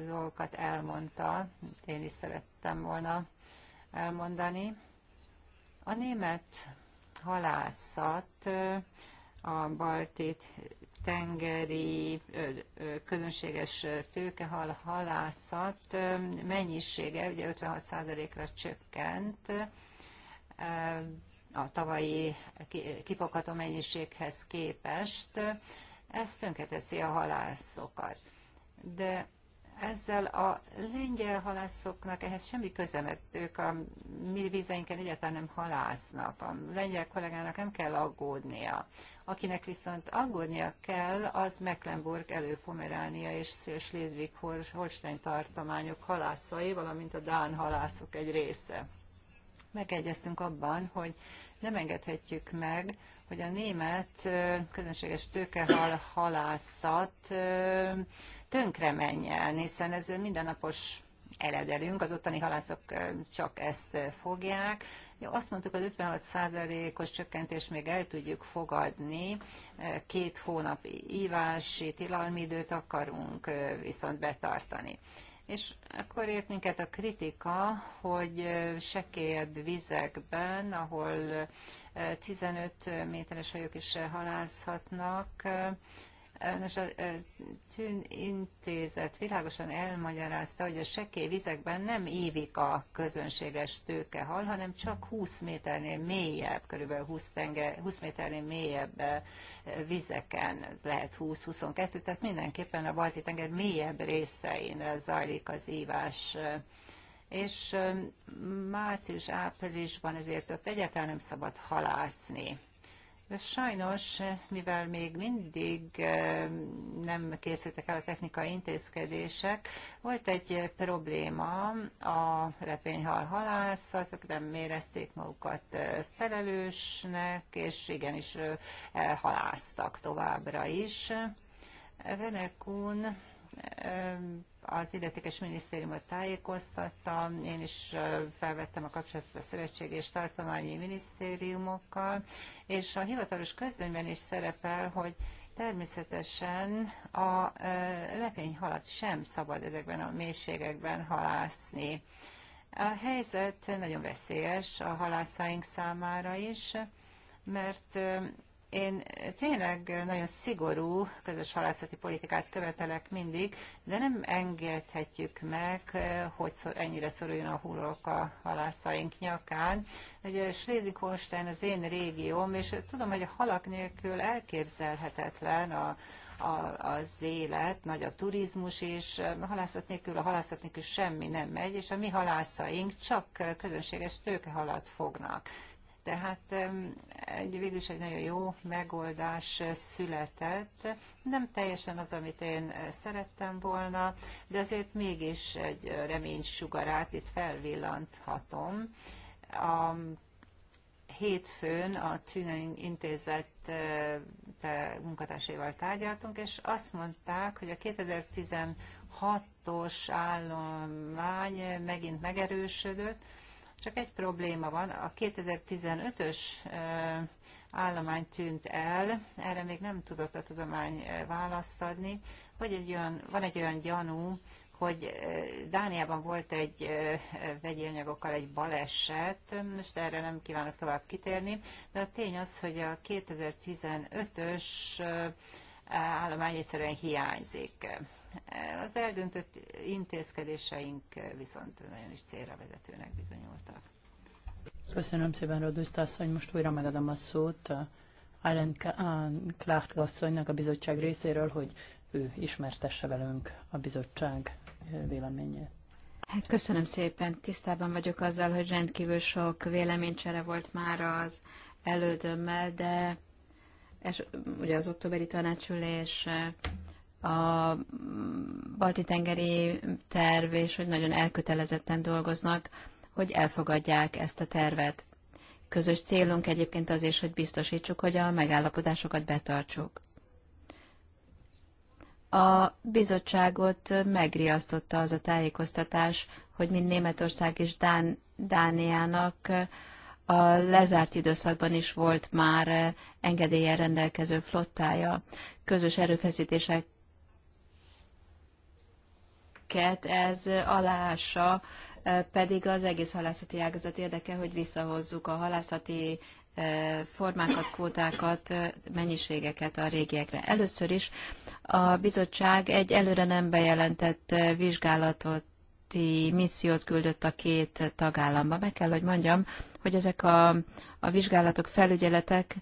[SPEAKER 2] dolgokat elmondta, én is szerettem volna elmondani. A német halászat a balti tengeri közönséges tőkehal halászat mennyisége ugye 56%-ra csökkent a tavalyi kifogható mennyiséghez képest. Ez tönketeszi a halászokat. De ezzel a lengyel halászoknak ehhez semmi köze, mert ők a mi vízeinken egyáltalán nem halásznak. A lengyel kollégának nem kell aggódnia. Akinek viszont aggódnia kell, az Mecklenburg, Előpomeránia és Schleswig-Holstein tartományok halászai, valamint a Dán halászok egy része. Megegyeztünk abban, hogy nem engedhetjük meg, hogy a német közönséges tőkehal halászat tönkre menjen, hiszen ez mindennapos eledelünk, az ottani halászok csak ezt fogják. Jó, azt mondtuk, az 56%-os csökkentést még el tudjuk fogadni, két hónap ívási tilalmi időt akarunk viszont betartani. És akkor ért minket a kritika, hogy sekélyebb vizekben, ahol 15 méteres hajók is halászhatnak, Nos, a Tűn intézet világosan elmagyarázta, hogy a sekély vizekben nem ívik a közönséges tőkehal, hanem csak 20 méternél mélyebb, körülbelül 20, tenge, 20 méternél mélyebb vizeken lehet 20-22, tehát mindenképpen a balti tenger mélyebb részein zajlik az ívás és március-áprilisban ezért ott egyáltalán nem szabad halászni de sajnos, mivel még mindig eh, nem készültek el a technikai intézkedések, volt egy probléma a lepényhal halászatok, nem mérezték magukat eh, felelősnek, és igenis eh, elhaláztak továbbra is. Venekun az illetékes minisztériumot tájékoztatta, én is felvettem a kapcsolatot a szövetség és tartományi minisztériumokkal, és a hivatalos közönyben is szerepel, hogy természetesen a lepényhalat sem szabad ezekben a mélységekben halászni. A helyzet nagyon veszélyes a halászaink számára is, mert én tényleg nagyon szigorú közös halászati politikát követelek mindig, de nem engedhetjük meg, hogy ennyire szoruljon a hullók a halászaink nyakán. Ugye Schleswig-Holstein az én régióm, és tudom, hogy a halak nélkül elképzelhetetlen a, a, az élet, nagy a turizmus, is, a halászat nélkül, a halászat nélkül semmi nem megy, és a mi halászaink csak közönséges tőkehalat fognak. Tehát egy, végülis egy nagyon jó megoldás született. Nem teljesen az, amit én szerettem volna, de azért mégis egy remény sugarát itt felvillanthatom. A hétfőn a Tüning intézet munkatársaival tárgyaltunk, és azt mondták, hogy a 2016-os állomány megint megerősödött, csak egy probléma van, a 2015-ös állomány tűnt el, erre még nem tudott a tudomány választ adni, vagy egy olyan, van egy olyan gyanú, hogy Dániában volt egy vegyi anyagokkal egy baleset, most erre nem kívánok tovább kitérni, de a tény az, hogy a 2015-ös állomány egyszerűen hiányzik. Az eldöntött intézkedéseink viszont nagyon is célra vezetőnek bizonyultak.
[SPEAKER 3] Köszönöm szépen, Rodusztász, hogy Most újra megadom a szót Allen Clark asszonynak a bizottság részéről, hogy ő ismertesse velünk a bizottság véleményét.
[SPEAKER 4] Hát köszönöm szépen. Tisztában vagyok azzal, hogy rendkívül sok véleménycsere volt már az elődömmel, de ez ugye az októberi tanácsülés a mm, balti-tengeri terv, és hogy nagyon elkötelezetten dolgoznak, hogy elfogadják ezt a tervet. Közös célunk egyébként az is, hogy biztosítsuk, hogy a megállapodásokat betartsuk. A bizottságot megriasztotta az a tájékoztatás, hogy mind Németország és Dán- Dániának a lezárt időszakban is volt már engedélyen rendelkező flottája. Közös erőfeszítések őket ez alása, e, pedig az egész halászati ágazat érdeke, hogy visszahozzuk a halászati e, formákat, kvótákat, e, mennyiségeket a régiekre. Először is a bizottság egy előre nem bejelentett vizsgálatot missziót küldött a két tagállamba. Meg kell, hogy mondjam, hogy ezek a, a vizsgálatok, felügyeletek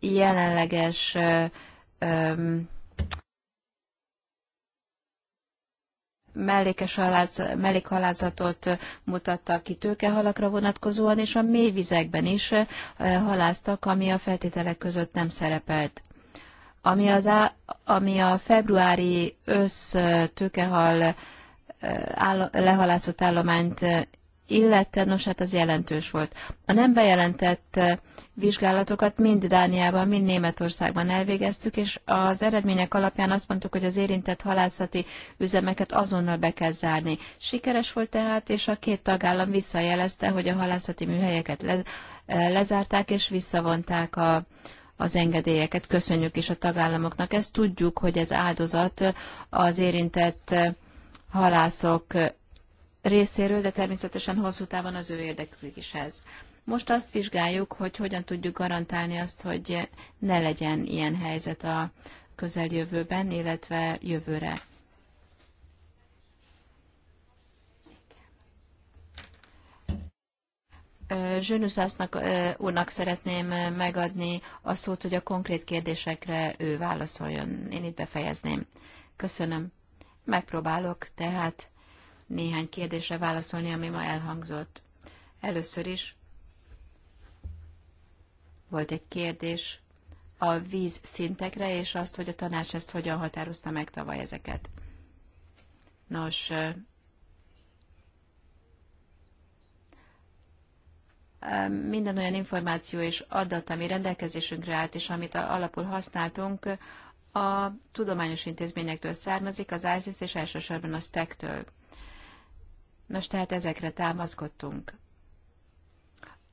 [SPEAKER 4] jelenleges ö, ö, mellékes haláz, mellékhalázatot mutatta ki tőkehalakra vonatkozóan, és a mély vizekben is eh, haláztak, ami a feltételek között nem szerepelt. Ami, az á, ami a februári össz eh, tőkehal eh, áll, lehalászott állományt illette, nos hát az jelentős volt. A nem bejelentett eh, vizsgálatokat mind Dániában, mind Németországban elvégeztük, és az eredmények alapján azt mondtuk, hogy az érintett halászati üzemeket azonnal be kell zárni. Sikeres volt tehát, és a két tagállam visszajelezte, hogy a halászati műhelyeket le, eh, lezárták és visszavonták a, az engedélyeket. Köszönjük is a tagállamoknak. Ezt tudjuk, hogy ez áldozat az érintett eh, halászok részéről, de természetesen hosszú távon az ő érdekük is ez. Most azt vizsgáljuk, hogy hogyan tudjuk garantálni azt, hogy ne legyen ilyen helyzet a közeljövőben, illetve jövőre. Zsönüszásznak úrnak szeretném megadni a szót, hogy a konkrét kérdésekre ő válaszoljon. Én itt befejezném. Köszönöm. Megpróbálok tehát néhány kérdésre válaszolni, ami ma elhangzott. Először is volt egy kérdés a víz szintekre, és azt, hogy a tanács ezt hogyan határozta meg tavaly ezeket. Nos, minden olyan információ és adat, ami rendelkezésünkre állt, és amit alapul használtunk, a tudományos intézményektől származik, az ISIS és elsősorban a STEC-től. Nos, tehát ezekre támaszkodtunk.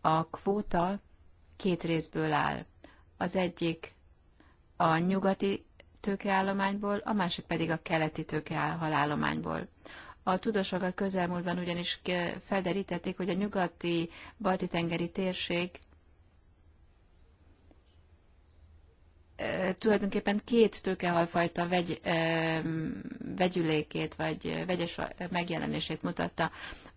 [SPEAKER 4] A kvóta két részből áll. Az egyik a nyugati tőkeállományból, a másik pedig a keleti tőkeállományból. A tudósok a közelmúltban ugyanis felderítették, hogy a nyugati balti-tengeri térség tulajdonképpen két tőkehalfajta vegy, vegyülékét, vagy vegyes megjelenését mutatta.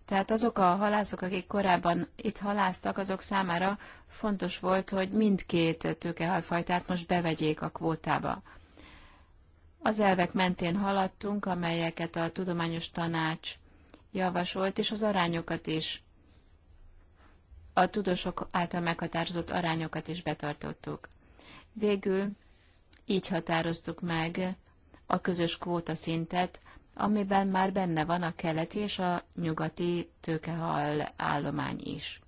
[SPEAKER 4] Tehát azok a halászok, akik korábban itt haláztak, azok számára fontos volt, hogy mindkét tőkehalfajtát most bevegyék a kvótába. Az elvek mentén haladtunk, amelyeket a tudományos tanács javasolt, és az arányokat is, a tudósok által meghatározott arányokat is betartottuk. Végül így határoztuk meg a közös kvóta szintet, amiben már benne van a keleti és a nyugati tőkehal állomány is.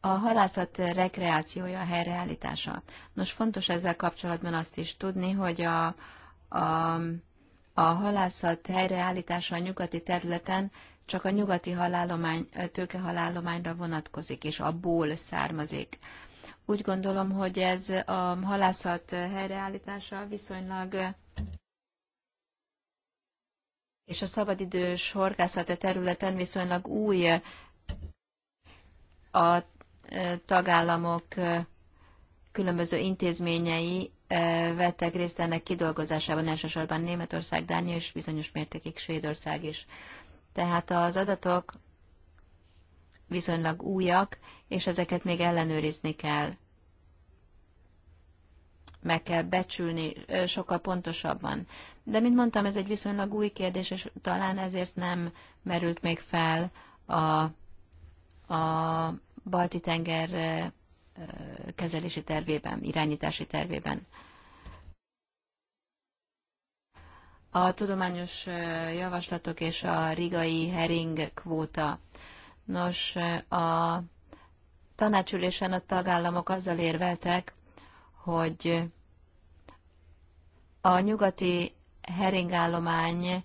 [SPEAKER 4] A halászat rekreációja, a helyreállítása. Nos, fontos ezzel kapcsolatban azt is tudni, hogy a, a, a halászat helyreállítása a nyugati területen csak a nyugati halállomány, tőkehalállományra vonatkozik, és abból származik. Úgy gondolom, hogy ez a halászat helyreállítása viszonylag és a szabadidős horgászati területen viszonylag új a e, tagállamok e, különböző intézményei e, vettek részt ennek kidolgozásában, elsősorban Németország, Dánia és bizonyos mértékig Svédország is. Tehát az adatok viszonylag újak, és ezeket még ellenőrizni kell. Meg kell becsülni sokkal pontosabban. De, mint mondtam, ez egy viszonylag új kérdés, és talán ezért nem merült még fel a, a balti tenger kezelési tervében, irányítási tervében. A tudományos javaslatok és a rigai hering kvóta Nos, a tanácsülésen a tagállamok azzal érveltek, hogy a nyugati heringállomány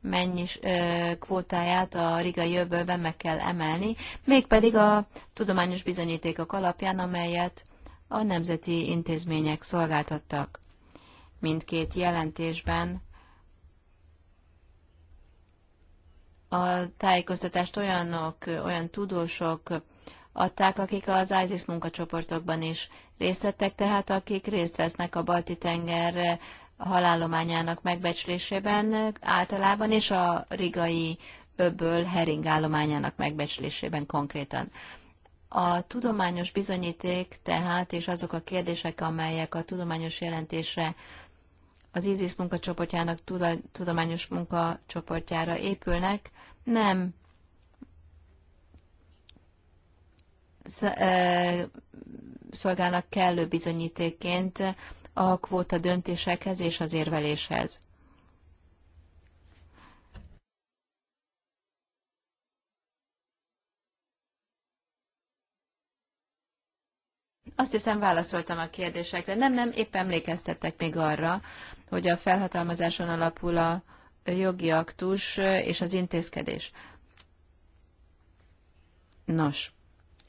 [SPEAKER 4] mennyis ö, kvótáját a rigai jövőben meg kell emelni, mégpedig a tudományos bizonyítékok alapján, amelyet a nemzeti intézmények szolgáltattak. Mindkét jelentésben a tájékoztatást olyanok, olyan tudósok adták, akik az ISIS munkacsoportokban is részt vettek, tehát akik részt vesznek a Balti-tenger halállományának megbecslésében általában, és a rigai öbből hering állományának megbecslésében konkrétan. A tudományos bizonyíték tehát, és azok a kérdések, amelyek a tudományos jelentésre az ISIS munkacsoportjának tudományos munkacsoportjára épülnek, nem szolgálnak kellő bizonyítéként a kvóta döntésekhez és az érveléshez. Azt hiszem válaszoltam a kérdésekre. Nem, nem, épp emlékeztettek még arra, hogy a felhatalmazáson alapul a jogi aktus és az intézkedés. Nos,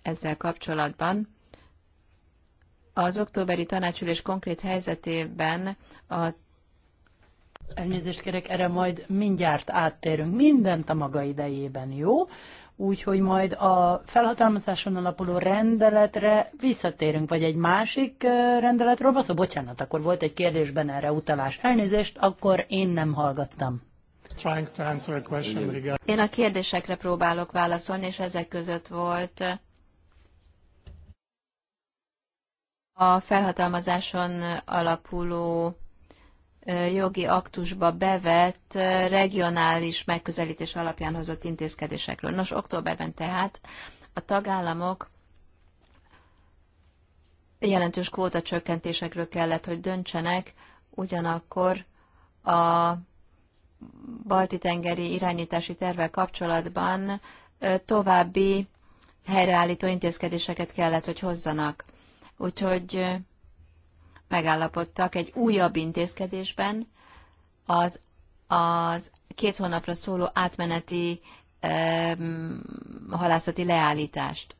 [SPEAKER 4] ezzel kapcsolatban az októberi tanácsülés konkrét helyzetében a
[SPEAKER 3] Elnézést kérek, erre majd mindjárt áttérünk. Mindent a maga idejében, jó? úgyhogy majd a felhatalmazáson alapuló rendeletre visszatérünk, vagy egy másik rendeletről, baszó, bocsánat, akkor volt egy kérdésben erre utalás. Elnézést, akkor én nem hallgattam.
[SPEAKER 4] Én a kérdésekre próbálok válaszolni, és ezek között volt a felhatalmazáson alapuló jogi aktusba bevett regionális megközelítés alapján hozott intézkedésekről. Nos, októberben tehát a tagállamok jelentős kvóta csökkentésekről kellett, hogy döntsenek, ugyanakkor a balti-tengeri irányítási tervvel kapcsolatban további helyreállító intézkedéseket kellett, hogy hozzanak. Úgyhogy megállapodtak egy újabb intézkedésben az, az két hónapra szóló átmeneti um, halászati leállítást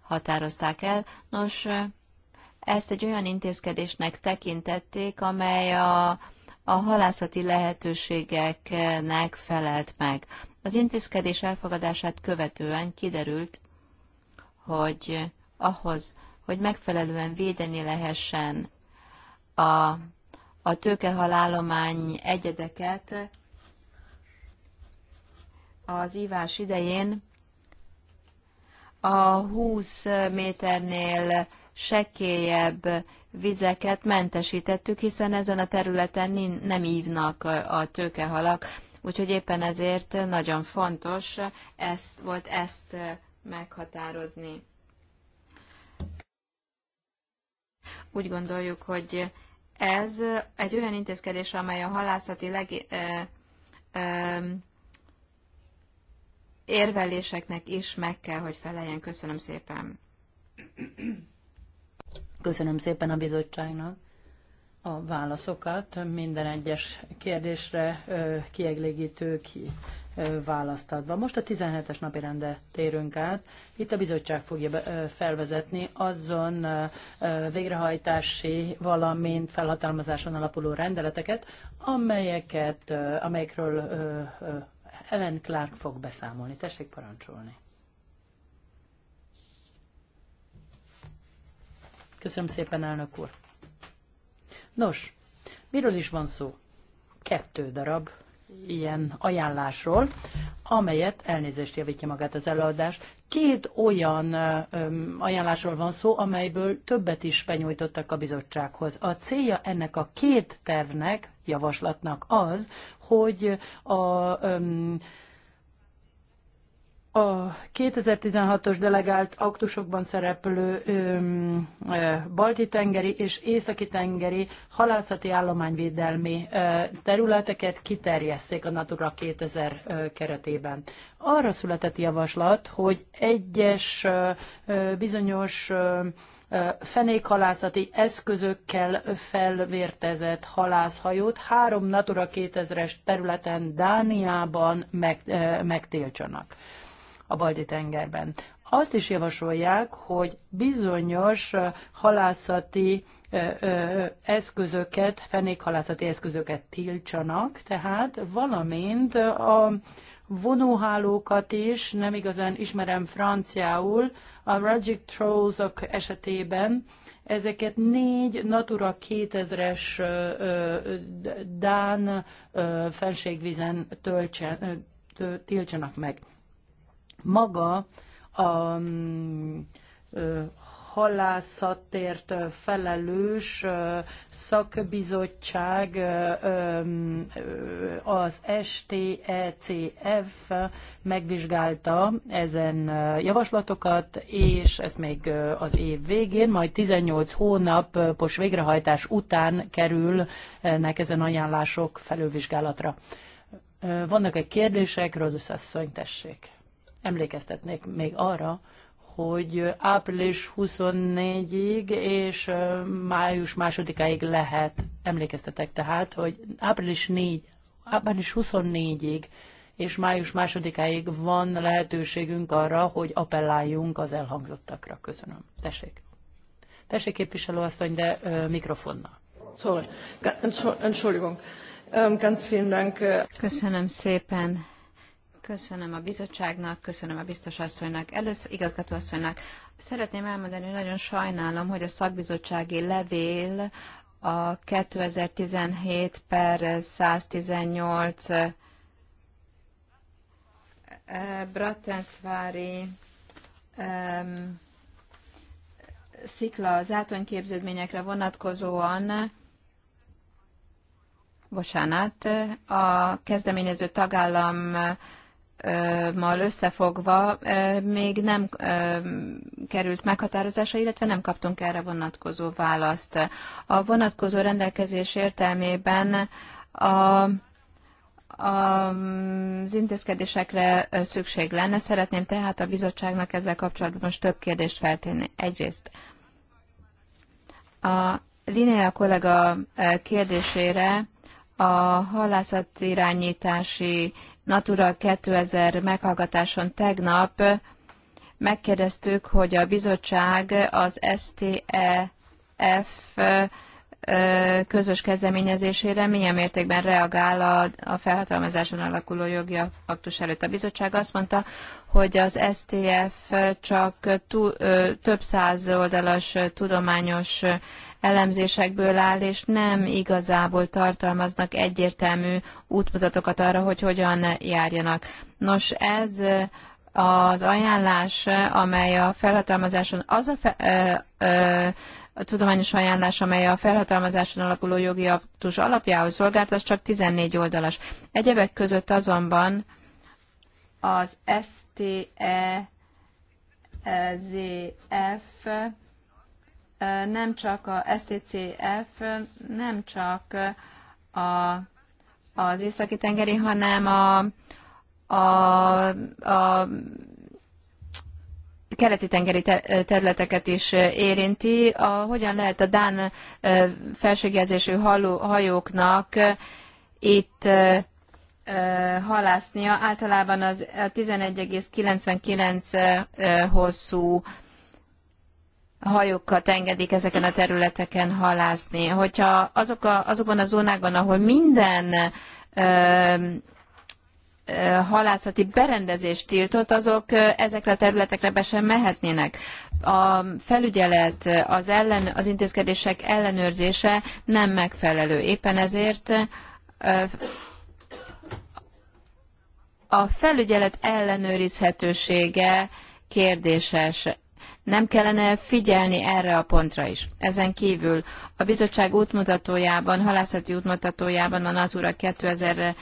[SPEAKER 4] határozták el. Nos, ezt egy olyan intézkedésnek tekintették, amely a, a halászati lehetőségeknek felelt meg. Az intézkedés elfogadását követően kiderült, hogy ahhoz, hogy megfelelően védeni lehessen a, a tőkehalállomány egyedeket az ívás idején a 20 méternél sekélyebb vizeket mentesítettük, hiszen ezen a területen nem ívnak a tőkehalak, úgyhogy éppen ezért nagyon fontos ezt, volt ezt meghatározni. Úgy gondoljuk, hogy ez egy olyan intézkedés, amely a halászati leg, ö, ö, érveléseknek is meg kell, hogy feleljen. Köszönöm szépen.
[SPEAKER 3] Köszönöm szépen a bizottságnak a válaszokat, minden egyes kérdésre kiegélítő ki választ adva. Most a 17-es napi rende térünk át. Itt a bizottság fogja felvezetni azon végrehajtási, valamint felhatalmazáson alapuló rendeleteket, amelyeket, amelyekről Ellen Clark fog beszámolni. Tessék parancsolni. Köszönöm szépen, elnök úr. Nos, miről is van szó? Kettő darab ilyen ajánlásról, amelyet elnézést javítja magát az előadás. Két olyan öm, ajánlásról van szó, amelyből többet is benyújtottak a bizottsághoz. A célja ennek a két tervnek, javaslatnak az, hogy a öm, a 2016-os delegált aktusokban szereplő öm, ö, balti-tengeri és északi-tengeri halászati állományvédelmi ö, területeket kiterjesszék a Natura 2000 ö, keretében. Arra született javaslat, hogy egyes ö, ö, bizonyos ö, fenékhalászati eszközökkel felvértezett halászhajót három Natura 2000-es területen Dániában meg, megtiltsanak a balti tengerben. Azt is javasolják, hogy bizonyos halászati eszközöket, fenékhalászati eszközöket tiltsanak, tehát valamint a vonóhálókat is, nem igazán ismerem franciául, a Rajic trolls -ok esetében ezeket négy Natura 2000-es Dán fenségvizen töltsen, tiltsanak meg maga a mm, halászatért felelős szakbizottság, mm, az STECF megvizsgálta ezen javaslatokat, és ez még az év végén, majd 18 hónapos végrehajtás után kerülnek ezen ajánlások felülvizsgálatra. Vannak-e kérdések? Rózusz asszony, tessék. Emlékeztetnék még arra, hogy április 24-ig és május másodikáig lehet, emlékeztetek tehát, hogy április 4, április 24-ig és május másodikáig van lehetőségünk arra, hogy appelláljunk az elhangzottakra. Köszönöm. Tessék. Tessék képviselőasszony, de ö, mikrofonnal.
[SPEAKER 4] Sorry. Entschuldigung. Ähm, ganz vielen Dank. Äh, Köszönöm szépen, Köszönöm a bizottságnak, köszönöm a biztos asszonynak, először igazgató asszonynak. Szeretném elmondani, hogy nagyon sajnálom, hogy a szakbizottsági levél a 2017 per 118 eh, Bratensvári um, szikla zátonyképződményekre vonatkozóan bocsánat, a kezdeményező tagállam mal összefogva még nem került meghatározása, illetve nem kaptunk erre vonatkozó választ. A vonatkozó rendelkezés értelmében a az intézkedésekre szükség lenne. Szeretném tehát a bizottságnak ezzel kapcsolatban most több kérdést feltenni. Egyrészt a Linea kollega kérdésére a halászat irányítási Natura 2000 meghallgatáson tegnap megkérdeztük, hogy a bizottság az STEF közös kezdeményezésére milyen mértékben reagál a, a felhatalmazáson alakuló jogi aktus előtt. A bizottság azt mondta, hogy az STF e csak több száz oldalas tudományos elemzésekből áll, és nem igazából tartalmaznak egyértelmű útmutatókat arra, hogy hogyan járjanak. Nos, ez az ajánlás, amely a felhatalmazáson, az a fe, ö, ö, a tudományos ajánlás, amely a felhatalmazáson alapuló jogi aktus alapjául szolgált, az csak 14 oldalas. Egyebek között azonban az STEZF nem csak a STCF, nem csak a, az északi tengeri, hanem a, a, a keleti tengeri területeket is érinti. A, hogyan lehet a Dán felségjelzésű hajóknak itt halásznia? Általában az 11,99 hosszú hajókat engedik ezeken a területeken halászni. Hogyha azok a, azokban a zónákban, ahol minden ö, halászati berendezést tiltott, azok ezekre a területekre be sem mehetnének. A felügyelet, az, ellen, az intézkedések ellenőrzése nem megfelelő. Éppen ezért a felügyelet ellenőrizhetősége kérdéses. Nem kellene figyelni erre a pontra is. Ezen kívül a bizottság útmutatójában, halászati útmutatójában a Natura 2000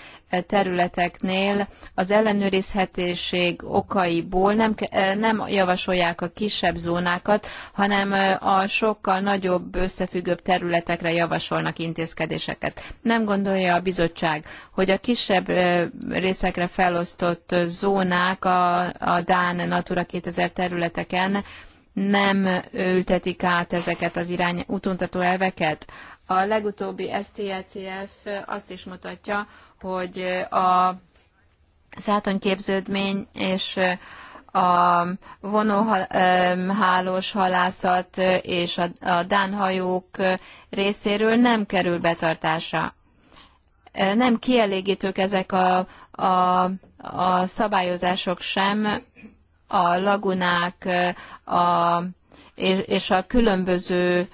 [SPEAKER 4] területeknél az ellenőrizhetőség okaiból nem, eh, nem javasolják a kisebb zónákat, hanem eh, a sokkal nagyobb, összefüggőbb területekre javasolnak intézkedéseket. Nem gondolja a bizottság, hogy a kisebb eh, részekre felosztott zónák a, a Dán Natura 2000 területeken nem ültetik át ezeket az irány utuntató elveket. A legutóbbi STLCF azt is mutatja, hogy a szátonyképződmény és a vonóhálós halászat és a dánhajók részéről nem kerül betartásra. Nem kielégítők ezek a, a, a szabályozások sem, a lagunák a, és a különböző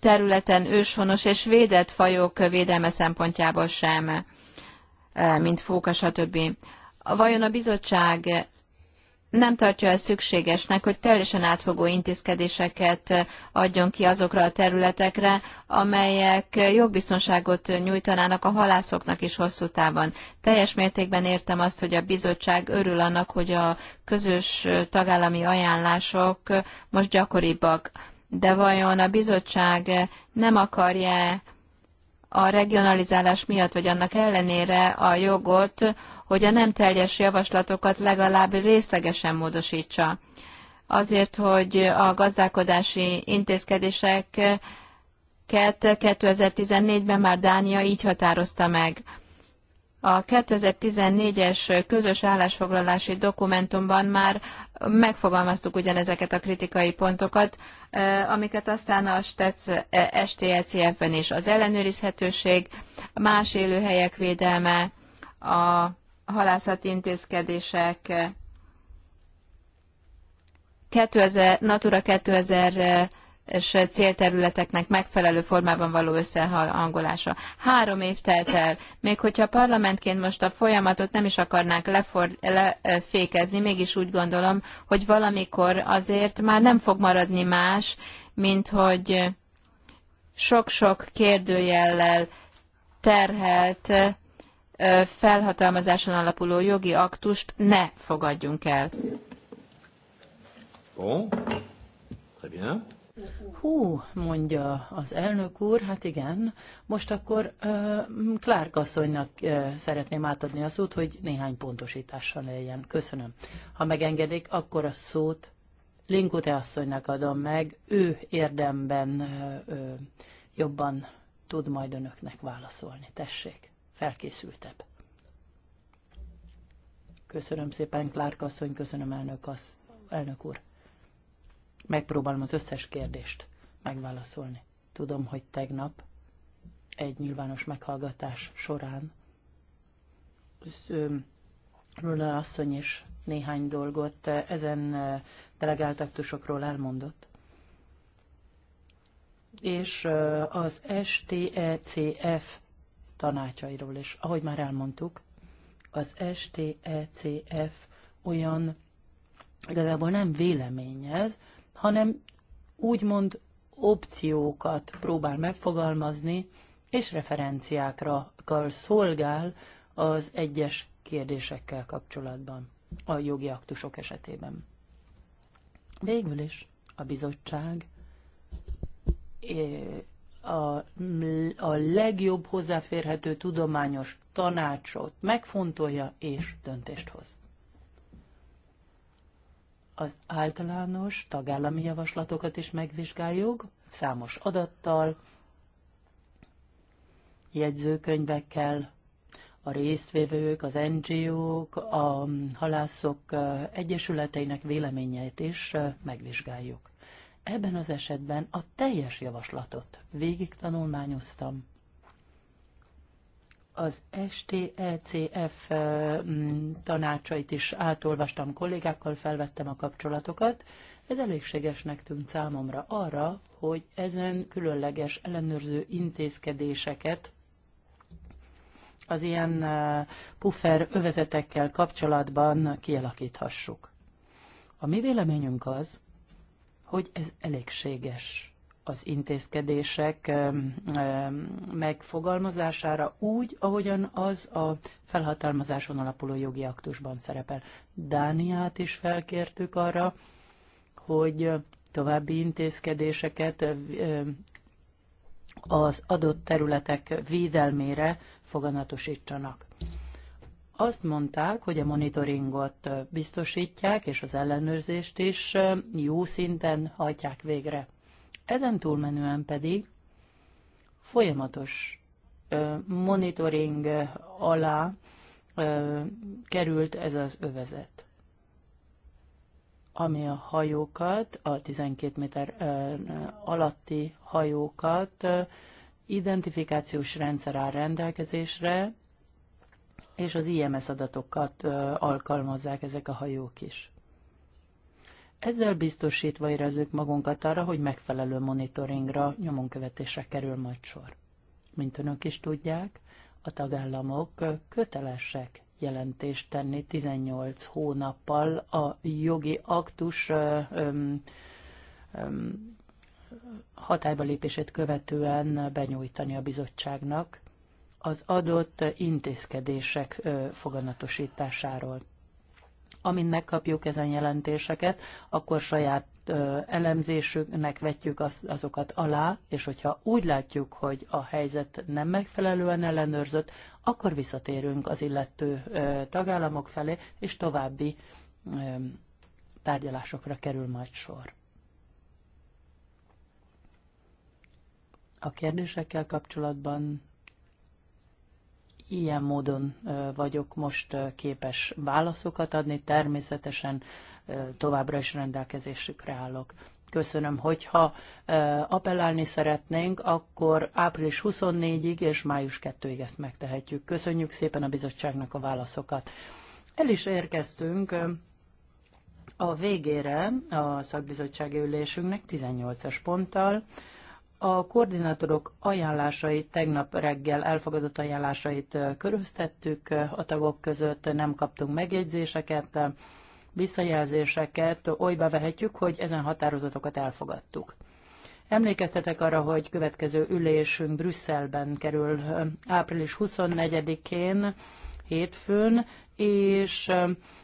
[SPEAKER 4] területen őshonos és védett fajok védelme szempontjából sem, mint fóka, stb. Vajon a bizottság nem tartja ezt szükségesnek, hogy teljesen átfogó intézkedéseket adjon ki azokra a területekre, amelyek jogbiztonságot nyújtanának a halászoknak is hosszú távon. Teljes mértékben értem azt, hogy a bizottság örül annak, hogy a közös tagállami ajánlások most gyakoribbak. De vajon a bizottság nem akarja a regionalizálás miatt, vagy annak ellenére a jogot, hogy a nem teljes javaslatokat legalább részlegesen módosítsa. Azért, hogy a gazdálkodási intézkedéseket 2014-ben már Dánia így határozta meg a 2014-es közös állásfoglalási dokumentumban már megfogalmaztuk ugyanezeket a kritikai pontokat, eh, amiket aztán a STLCF-ben eh, is az ellenőrizhetőség, más élőhelyek védelme, a halászati intézkedések, 2000, eh, Natura 2000 és célterületeknek megfelelő formában való összehangolása. Három év telt el, még hogyha parlamentként most a folyamatot nem is akarnánk lefor, lefékezni, mégis úgy gondolom, hogy valamikor azért már nem fog maradni más, mint hogy sok-sok kérdőjellel terhelt felhatalmazáson alapuló jogi aktust ne fogadjunk el.
[SPEAKER 1] Bon, très bien.
[SPEAKER 4] Hú,
[SPEAKER 3] mondja az elnök úr, hát igen, most akkor uh, Clark asszonynak uh, szeretném átadni az út, hogy néhány pontosítással éljen. Köszönöm. Ha megengedik, akkor a szót Linkute asszonynak adom meg, ő érdemben uh, uh, jobban tud majd önöknek válaszolni. Tessék, felkészültebb. Köszönöm szépen, Clark asszony, köszönöm elnök, az, elnök úr megpróbálom az összes kérdést megválaszolni. Tudom, hogy tegnap egy nyilvános meghallgatás során Rula asszony is néhány dolgot eh, ezen eh, delegáltaktusokról elmondott. És eh, az STECF tanácsairól is, ahogy már elmondtuk, az STECF olyan igazából nem véleményez, hanem úgymond opciókat próbál megfogalmazni, és referenciákra szolgál az egyes kérdésekkel kapcsolatban a jogi aktusok esetében. Végül is a bizottság a, a legjobb hozzáférhető tudományos tanácsot megfontolja és döntést hoz az általános tagállami javaslatokat is megvizsgáljuk, számos adattal, jegyzőkönyvekkel, a résztvevők, az NGO-k, a halászok egyesületeinek véleményeit is megvizsgáljuk. Ebben az esetben a teljes javaslatot végig tanulmányoztam, az STECF tanácsait is átolvastam kollégákkal, felvettem a kapcsolatokat. Ez elégségesnek tűnt számomra arra, hogy ezen különleges ellenőrző intézkedéseket az ilyen puffer övezetekkel kapcsolatban kialakíthassuk. A mi véleményünk az, hogy ez elégséges az intézkedések megfogalmazására úgy, ahogyan az a felhatalmazáson alapuló jogi aktusban szerepel. Dániát is felkértük arra, hogy további intézkedéseket az adott területek védelmére foganatosítsanak. Azt mondták, hogy a monitoringot biztosítják, és az ellenőrzést is jó szinten hajtják végre. Ezen túlmenően pedig folyamatos monitoring alá került ez az övezet ami a hajókat, a 12 méter alatti hajókat identifikációs rendszer áll rendelkezésre, és az IMS adatokat alkalmazzák ezek a hajók is ezzel biztosítva érezzük magunkat arra, hogy megfelelő monitoringra, nyomonkövetésre kerül majd sor. Mint önök is tudják, a tagállamok kötelesek jelentést tenni 18 hónappal a jogi aktus öm, öm, hatályba lépését követően benyújtani a bizottságnak az adott intézkedések foganatosításáról amint megkapjuk ezen jelentéseket, akkor saját ö, elemzésünknek vetjük az, azokat alá, és hogyha úgy látjuk, hogy a helyzet nem megfelelően ellenőrzött, akkor visszatérünk az illető ö, tagállamok felé, és további ö, tárgyalásokra kerül majd sor. A kérdésekkel kapcsolatban ilyen módon vagyok most képes válaszokat adni, természetesen továbbra is rendelkezésükre állok. Köszönöm, hogyha appellálni szeretnénk, akkor április 24-ig és május 2-ig ezt megtehetjük. Köszönjük szépen a bizottságnak a válaszokat. El is érkeztünk a végére a szakbizottsági ülésünknek 18-as ponttal a koordinátorok ajánlásait, tegnap reggel elfogadott ajánlásait köröztettük a tagok között, nem kaptunk megjegyzéseket, visszajelzéseket, olyba vehetjük, hogy ezen határozatokat elfogadtuk. Emlékeztetek arra, hogy következő ülésünk Brüsszelben kerül április 24-én, hétfőn, és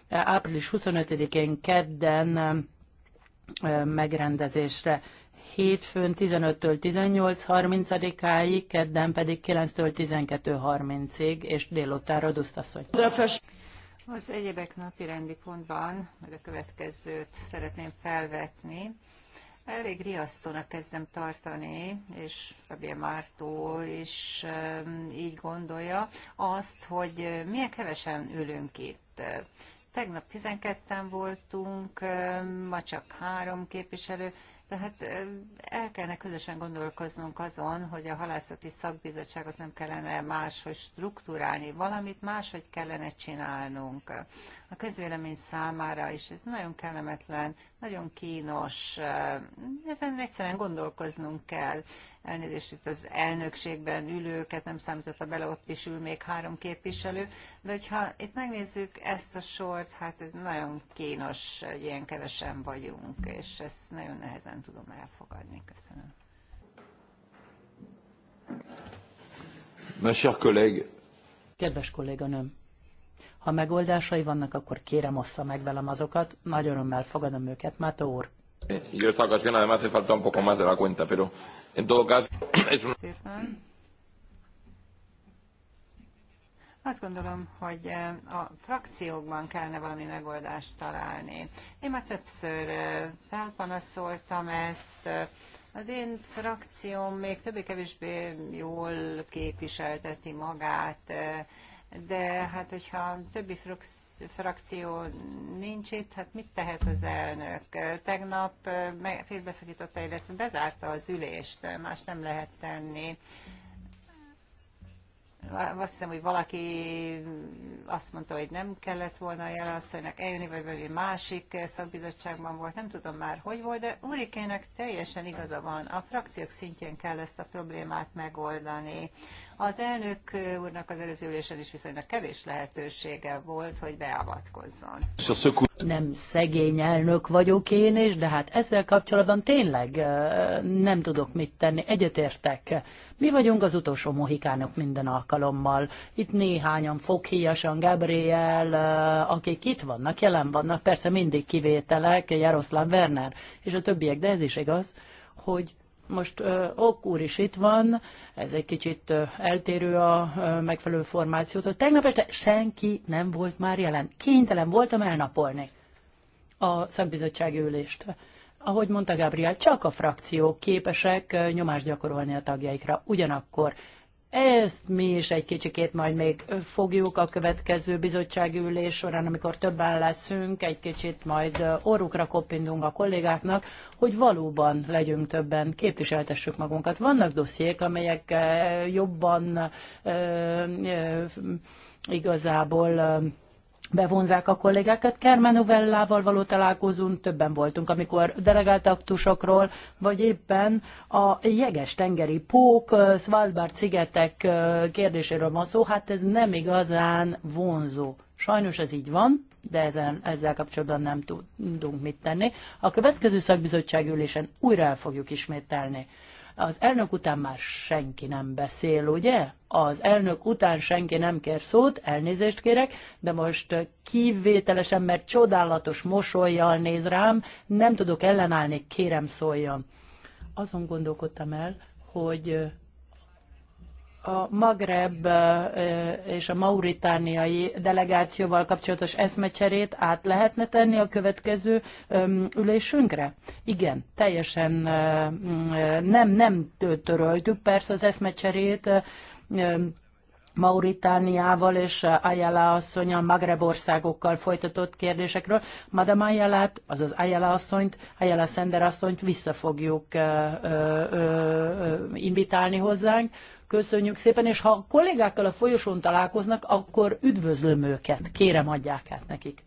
[SPEAKER 3] április 25-én kedden megrendezésre hétfőn 15-től 18.30-áig, kedden pedig 9-től 12.30-ig, és délután Dusztasszony.
[SPEAKER 2] Az egyebek napi rendi pontban, meg a következőt szeretném felvetni. Elég riasztónak kezdem tartani, és Rabia Mártó is így gondolja, azt, hogy milyen kevesen ülünk itt. Tegnap 12-en voltunk, ma csak három képviselő, tehát el kellene közösen gondolkoznunk azon, hogy a halászati szakbizottságot nem kellene máshogy struktúrálni, valamit máshogy kellene csinálnunk a közvélemény számára is. Ez nagyon kellemetlen, nagyon kínos. Ezen egyszerűen gondolkoznunk kell. Elnézést itt az elnökségben ülőket nem számította bele, ott is ül még három képviselő. De hogyha itt megnézzük ezt a sort, hát ez nagyon kínos, hogy ilyen kevesen vagyunk, és ezt nagyon nehezen tudom elfogadni. Köszönöm.
[SPEAKER 1] Ma chère collègue.
[SPEAKER 3] Kedves kolléganőm! Ha megoldásai vannak, akkor kérem ossza meg velem azokat, nagy örömmel fogadom őket, Mátó úr.
[SPEAKER 1] Yo esta ocasión además he faltado un poco más de la cuenta, pero en todo caso es un...
[SPEAKER 2] Azt gondolom, hogy eh, a frakciókban kellene valami megoldást találni. Én már többször eh, felpanaszoltam ezt, az én frakcióm még többé-kevésbé jól képviselteti magát, eh, de hát hogyha többi frakció nincs itt, hát mit tehet az elnök? Tegnap félbeszakította, illetve bezárta az ülést, más nem lehet tenni. Azt hiszem, hogy valaki azt mondta, hogy nem kellett volna a jelasszonynak eljönni, vagy valami másik szakbizottságban volt, nem tudom már, hogy volt, de Urikének teljesen igaza van. A frakciók szintjén kell ezt a problémát megoldani az elnök úrnak az előző ülésen is viszonylag kevés lehetősége volt, hogy beavatkozzon.
[SPEAKER 3] Nem szegény elnök vagyok én is, de hát ezzel kapcsolatban tényleg nem tudok mit tenni. Egyetértek. Mi vagyunk az utolsó mohikánok minden alkalommal. Itt néhányan foghíjasan, Gabriel, akik itt vannak, jelen vannak, persze mindig kivételek, Jaroszlán Werner és a többiek, de ez is igaz, hogy most ö, Ok úr is itt van, ez egy kicsit ö, eltérő a ö, megfelelő formációtól. Tegnap este senki nem volt már jelen. Kénytelen voltam elnapolni a szakbizottsági ülést. Ahogy mondta Gabriel, csak a frakciók képesek nyomást gyakorolni a tagjaikra. Ugyanakkor ezt mi is egy kicsikét majd még fogjuk a következő bizottsági ülés során, amikor többen leszünk, egy kicsit majd orrukra koppindunk a kollégáknak, hogy valóban legyünk többen, képviseltessük magunkat. Vannak dossziék, amelyek eh, jobban eh, eh, igazából bevonzák a kollégákat. Kermenovellával való találkozón többen voltunk, amikor delegált aktusokról, vagy éppen a jeges tengeri pók, Svalbard szigetek kérdéséről van szó, hát ez nem igazán vonzó. Sajnos ez így van, de ezen, ezzel kapcsolatban nem tudunk mit tenni. A következő szakbizottság ülésen újra el fogjuk ismételni az elnök után már senki nem beszél, ugye? Az elnök után senki nem kér szót, elnézést kérek, de most kivételesen, mert csodálatos mosolyjal néz rám, nem tudok ellenállni, kérem szóljon. Azon gondolkodtam el, hogy a Magreb és a mauritániai delegációval kapcsolatos eszmecserét át lehetne tenni a következő ülésünkre? Igen, teljesen nem, nem töröltük persze az eszmecserét, Mauritániával és Ayala asszony a Magreb országokkal folytatott kérdésekről. Madame Ayalát, azaz Ayala asszonyt, Ayala Szender asszonyt vissza fogjuk invitálni hozzánk. Köszönjük szépen, és ha a kollégákkal a folyosón találkoznak, akkor üdvözlöm őket, kérem adják át nekik